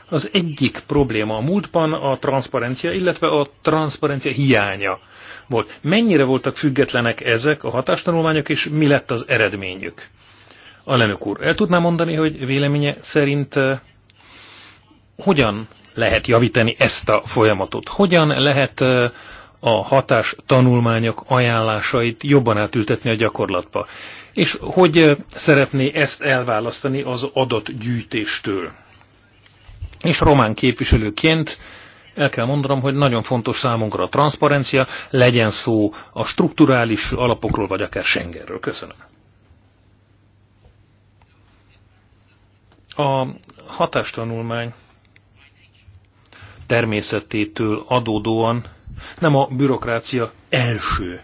Az egyik probléma a múltban a transzparencia, illetve a transzparencia hiánya volt. Mennyire voltak függetlenek ezek a hatástanulmányok, és mi lett az eredményük? Alelnök úr, el tudná mondani, hogy véleménye szerint eh, hogyan lehet javítani ezt a folyamatot? Hogyan lehet eh, a hatás tanulmányok ajánlásait jobban átültetni a gyakorlatba? és hogy szeretné ezt elválasztani az adatgyűjtéstől. És román képviselőként el kell mondanom, hogy nagyon fontos számunkra a transzparencia, legyen szó a strukturális alapokról, vagy akár Schengenről. Köszönöm. A hatástanulmány természetétől adódóan nem a bürokrácia első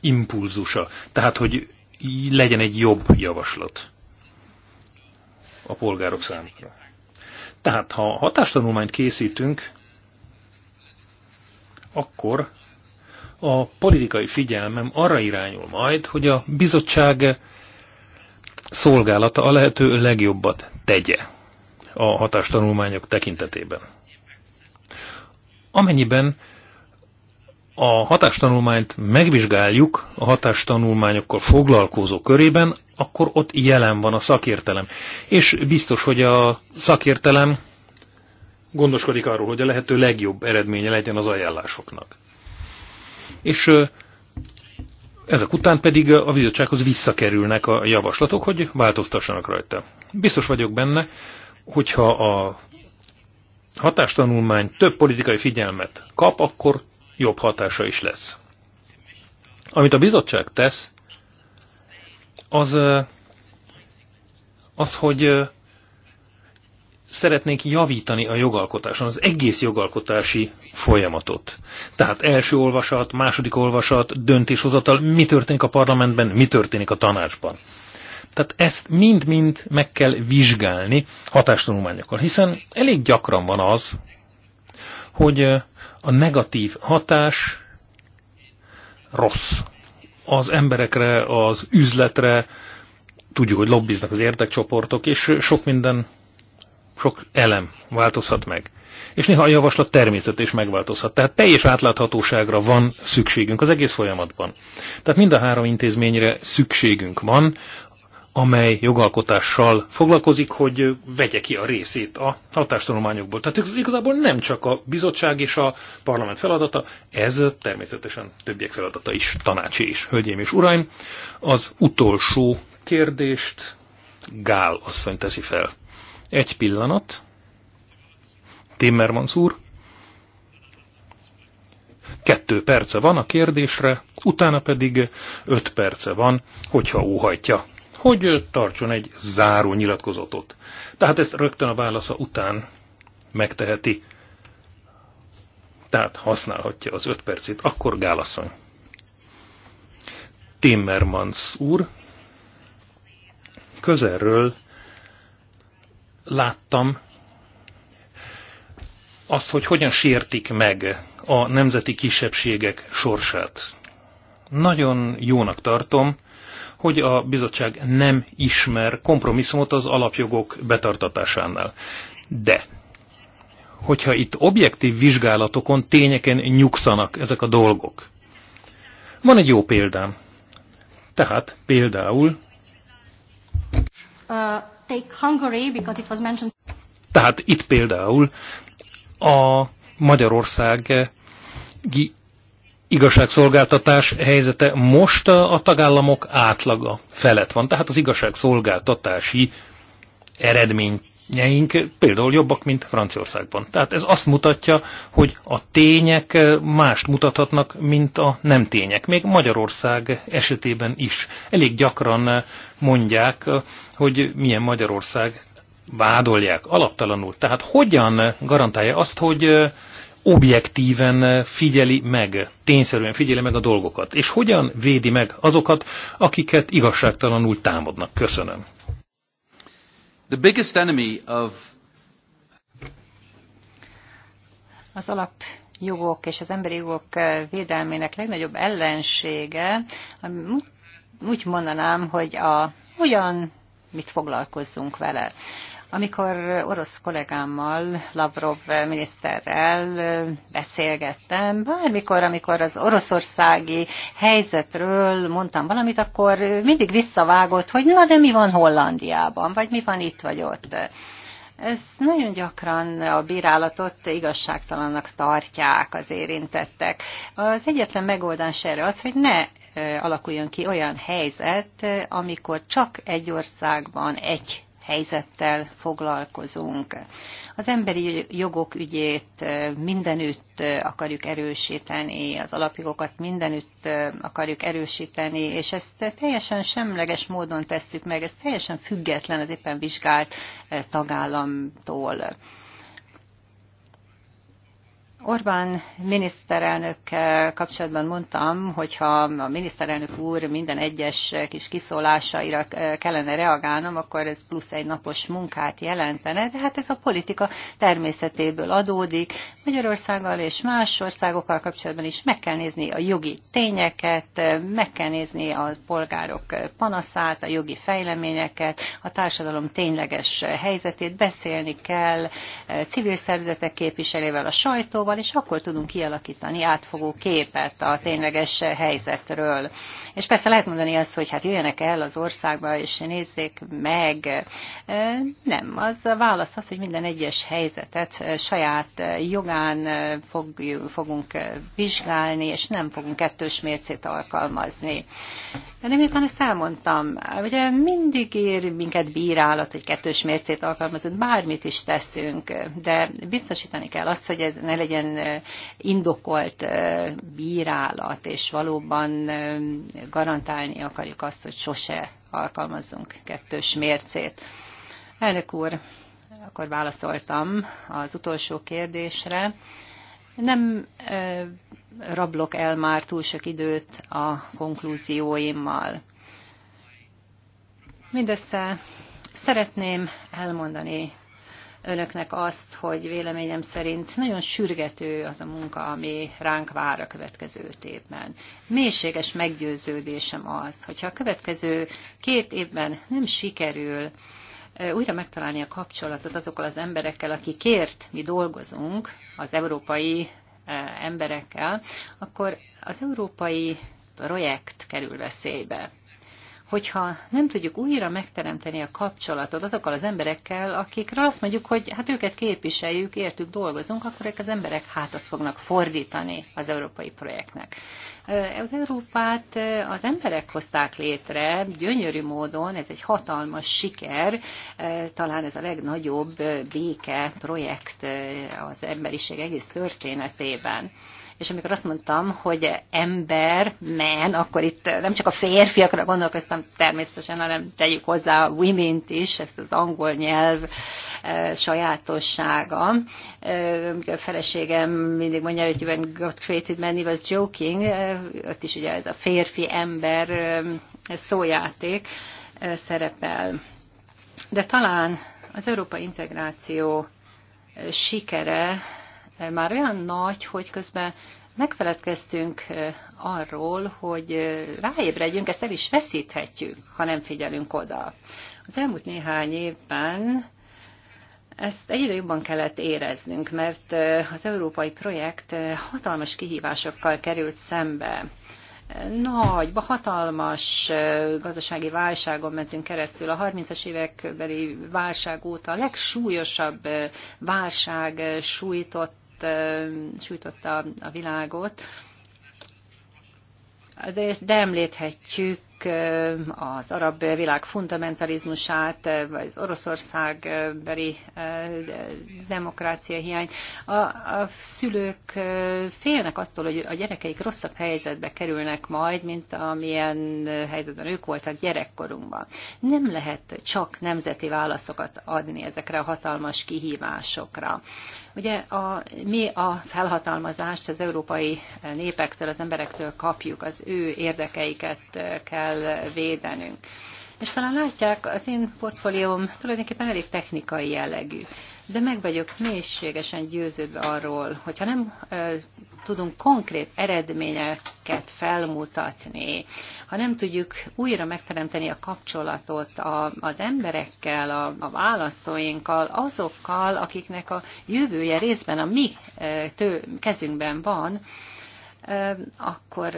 impulzusa. Tehát, hogy legyen egy jobb javaslat a polgárok számára. Tehát, ha hatástanulmányt készítünk, akkor a politikai figyelmem arra irányul majd, hogy a bizottság szolgálata a lehető legjobbat tegye a hatástanulmányok tekintetében. Amennyiben a hatástanulmányt megvizsgáljuk a hatástanulmányokkal foglalkozó körében, akkor ott jelen van a szakértelem. És biztos, hogy a szakértelem gondoskodik arról, hogy a lehető legjobb eredménye legyen az ajánlásoknak. És ezek után pedig a bizottsághoz visszakerülnek a javaslatok, hogy változtassanak rajta. Biztos vagyok benne, hogyha a hatástanulmány több politikai figyelmet kap, akkor jobb hatása is lesz. Amit a bizottság tesz, az, az hogy szeretnék javítani a jogalkotáson, az egész jogalkotási folyamatot. Tehát első olvasat, második olvasat, döntéshozatal, mi történik a parlamentben, mi történik a tanácsban. Tehát ezt mind-mind meg kell vizsgálni hatástanulmányokkal, hiszen elég gyakran van az, hogy a negatív hatás rossz. Az emberekre, az üzletre, tudjuk, hogy lobbiznak az érdekcsoportok, és sok minden, sok elem változhat meg. És néha a javaslat természet is megváltozhat. Tehát teljes átláthatóságra van szükségünk az egész folyamatban. Tehát mind a három intézményre szükségünk van amely jogalkotással foglalkozik, hogy vegye ki a részét a hatástanulmányokból. Tehát ez igazából nem csak a bizottság és a parlament feladata, ez természetesen többiek feladata is, tanácsi is. Hölgyeim és uraim, az utolsó kérdést Gál asszony teszi fel. Egy pillanat. Timmermans úr. Kettő perce van a kérdésre, utána pedig öt perce van, hogyha óhajtja hogy tartson egy záró nyilatkozatot. Tehát ezt rögtön a válasza után megteheti. Tehát használhatja az öt percét. Akkor gálaszony. Timmermans úr, közelről láttam azt, hogy hogyan sértik meg a nemzeti kisebbségek sorsát. Nagyon jónak tartom, hogy a bizottság nem ismer kompromisszumot az alapjogok betartatásánál. De hogyha itt objektív vizsgálatokon, tényeken nyugszanak ezek a dolgok. Van egy jó példám. Tehát például... Uh, Tehát itt például a Magyarország igazságszolgáltatás helyzete most a tagállamok átlaga felett van. Tehát az igazságszolgáltatási eredményeink például jobbak, mint Franciaországban. Tehát ez azt mutatja, hogy a tények mást mutathatnak, mint a nem tények. Még Magyarország esetében is. Elég gyakran mondják, hogy milyen Magyarország vádolják alaptalanul. Tehát hogyan garantálja azt, hogy objektíven figyeli meg, tényszerűen figyeli meg a dolgokat, és hogyan védi meg azokat, akiket igazságtalanul támadnak. Köszönöm. The biggest enemy of... Az alap jogok és az emberi jogok védelmének legnagyobb ellensége, úgy mondanám, hogy a hogyan mit foglalkozzunk vele. Amikor orosz kollégámmal, Lavrov miniszterrel beszélgettem, bármikor, amikor az oroszországi helyzetről mondtam valamit, akkor mindig visszavágott, hogy na de mi van Hollandiában, vagy mi van itt vagy ott. Ez nagyon gyakran a bírálatot igazságtalannak tartják az érintettek. Az egyetlen megoldás erre az, hogy ne alakuljon ki olyan helyzet, amikor csak egy országban egy helyzettel foglalkozunk. Az emberi jogok ügyét mindenütt akarjuk erősíteni, az alapjogokat mindenütt akarjuk erősíteni, és ezt teljesen semleges módon tesszük meg, ez teljesen független az éppen vizsgált tagállamtól. Orbán miniszterelnökkel kapcsolatban mondtam, hogyha a miniszterelnök úr minden egyes kis kiszólásaira eh, kellene reagálnom, akkor ez plusz egy napos munkát jelentene, de hát ez a politika természetéből adódik. Magyarországgal és más országokkal kapcsolatban is meg kell nézni a jogi tényeket, meg kell nézni a polgárok panaszát, a jogi fejleményeket, a társadalom tényleges helyzetét, beszélni kell eh, civil szervezetek képviselével, a sajtóval, országban, és akkor tudunk kialakítani átfogó képet a tényleges helyzetről. És persze lehet mondani azt, hogy hát jöjjenek el az országba, és nézzék meg. Nem, az a válasz az, hogy minden egyes helyzetet saját jogán fogunk vizsgálni, és nem fogunk kettős mércét alkalmazni. De miután ezt elmondtam, ugye mindig ér minket bírálat, hogy kettős mércét alkalmazunk, bármit is teszünk, de biztosítani kell azt, hogy ez ne legyen legyen indokolt bírálat, és valóban garantálni akarjuk azt, hogy sose alkalmazzunk kettős mércét. Elnök úr, akkor válaszoltam az utolsó kérdésre. Nem rablok el már túl sok időt a konklúzióimmal. Mindössze szeretném elmondani önöknek azt, hogy véleményem szerint nagyon sürgető az a munka, ami ránk vár a következő öt évben. Mélységes meggyőződésem az, hogyha a következő két évben nem sikerül újra megtalálni a kapcsolatot azokkal az emberekkel, akikért mi dolgozunk, az európai emberekkel, akkor az európai projekt kerül veszélybe hogyha nem tudjuk újra megteremteni a kapcsolatot azokkal az emberekkel, akikre azt mondjuk, hogy hát őket képviseljük, értük, dolgozunk, akkor ezek az emberek hátat fognak fordítani az európai projektnek. Az Európát az emberek hozták létre, gyönyörű módon, ez egy hatalmas siker, talán ez a legnagyobb béke projekt az emberiség egész történetében és amikor azt mondtam, hogy ember, men, akkor itt nem csak a férfiakra gondolkoztam természetesen, hanem tegyük hozzá a women is, ezt az angol nyelv e, sajátossága. E, a feleségem mindig mondja, hogy when God created men, he was joking, e, ott is ugye ez a férfi ember e, szójáték e, szerepel. De talán az európai integráció e, sikere már olyan nagy, hogy közben megfeledkeztünk arról, hogy ráébredjünk, ezt el is veszíthetjük, ha nem figyelünk oda. Az elmúlt néhány évben ezt egyre jobban kellett éreznünk, mert az európai projekt hatalmas kihívásokkal került szembe nagy, hatalmas gazdasági válságon mentünk keresztül. A 30-as évekbeli válság óta a legsúlyosabb válság sújtott sújtotta a világot. De, de említhetjük az arab világ fundamentalizmusát, vagy az Oroszország beli demokrácia hiány. A, a szülők félnek attól, hogy a gyerekeik rosszabb helyzetbe kerülnek majd, mint amilyen helyzetben ők voltak gyerekkorunkban. Nem lehet csak nemzeti válaszokat adni ezekre a hatalmas kihívásokra. Ugye a, mi a felhatalmazást az európai népektől, az emberektől kapjuk, az ő érdekeiket kell védenünk. És talán látják, az én portfólióm tulajdonképpen elég technikai jellegű de meg vagyok mélységesen győződve arról, hogyha nem tudunk konkrét eredményeket felmutatni, ha nem tudjuk újra megteremteni a kapcsolatot a, az emberekkel, a, a választóinkkal, azokkal, akiknek a jövője részben a mi tő, kezünkben van, akkor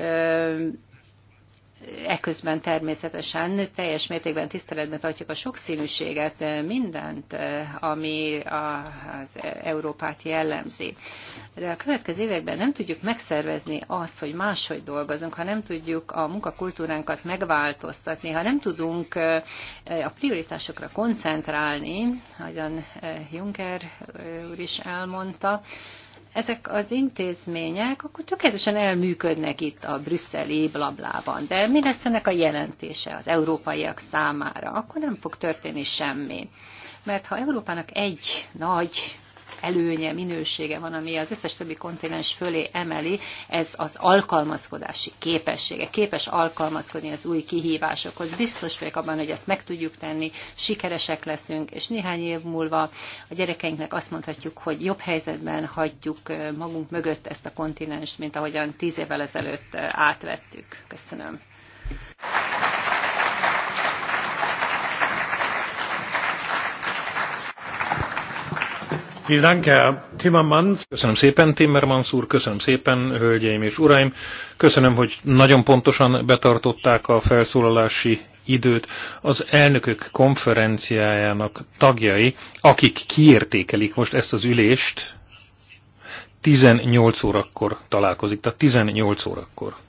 Eközben természetesen teljes mértékben tiszteletben tartjuk a sokszínűséget, mindent, ami az Európát jellemzi. De a következő években nem tudjuk megszervezni azt, hogy máshogy dolgozunk, ha nem tudjuk a munkakultúránkat megváltoztatni, ha nem tudunk a prioritásokra koncentrálni, ahogyan Juncker úr is elmondta, ezek az intézmények akkor tökéletesen elműködnek itt a brüsszeli blablában. De mi lesz ennek a jelentése az európaiak számára? Akkor nem fog történni semmi. Mert ha Európának egy nagy előnye, minősége van, ami az összes többi kontinens fölé emeli, ez az alkalmazkodási képessége. Képes alkalmazkodni az új kihívásokhoz. Biztos vagyok abban, hogy ezt meg tudjuk tenni, sikeresek leszünk, és néhány év múlva a gyerekeinknek azt mondhatjuk, hogy jobb helyzetben hagyjuk magunk mögött ezt a kontinens, mint ahogyan tíz évvel ezelőtt átvettük. Köszönöm. Köszönöm szépen, Timmermans úr, köszönöm szépen, hölgyeim és uraim. Köszönöm, hogy nagyon pontosan betartották a felszólalási időt. Az elnökök konferenciájának tagjai, akik kiértékelik most ezt az ülést, 18 órakor találkozik, tehát 18 órakor.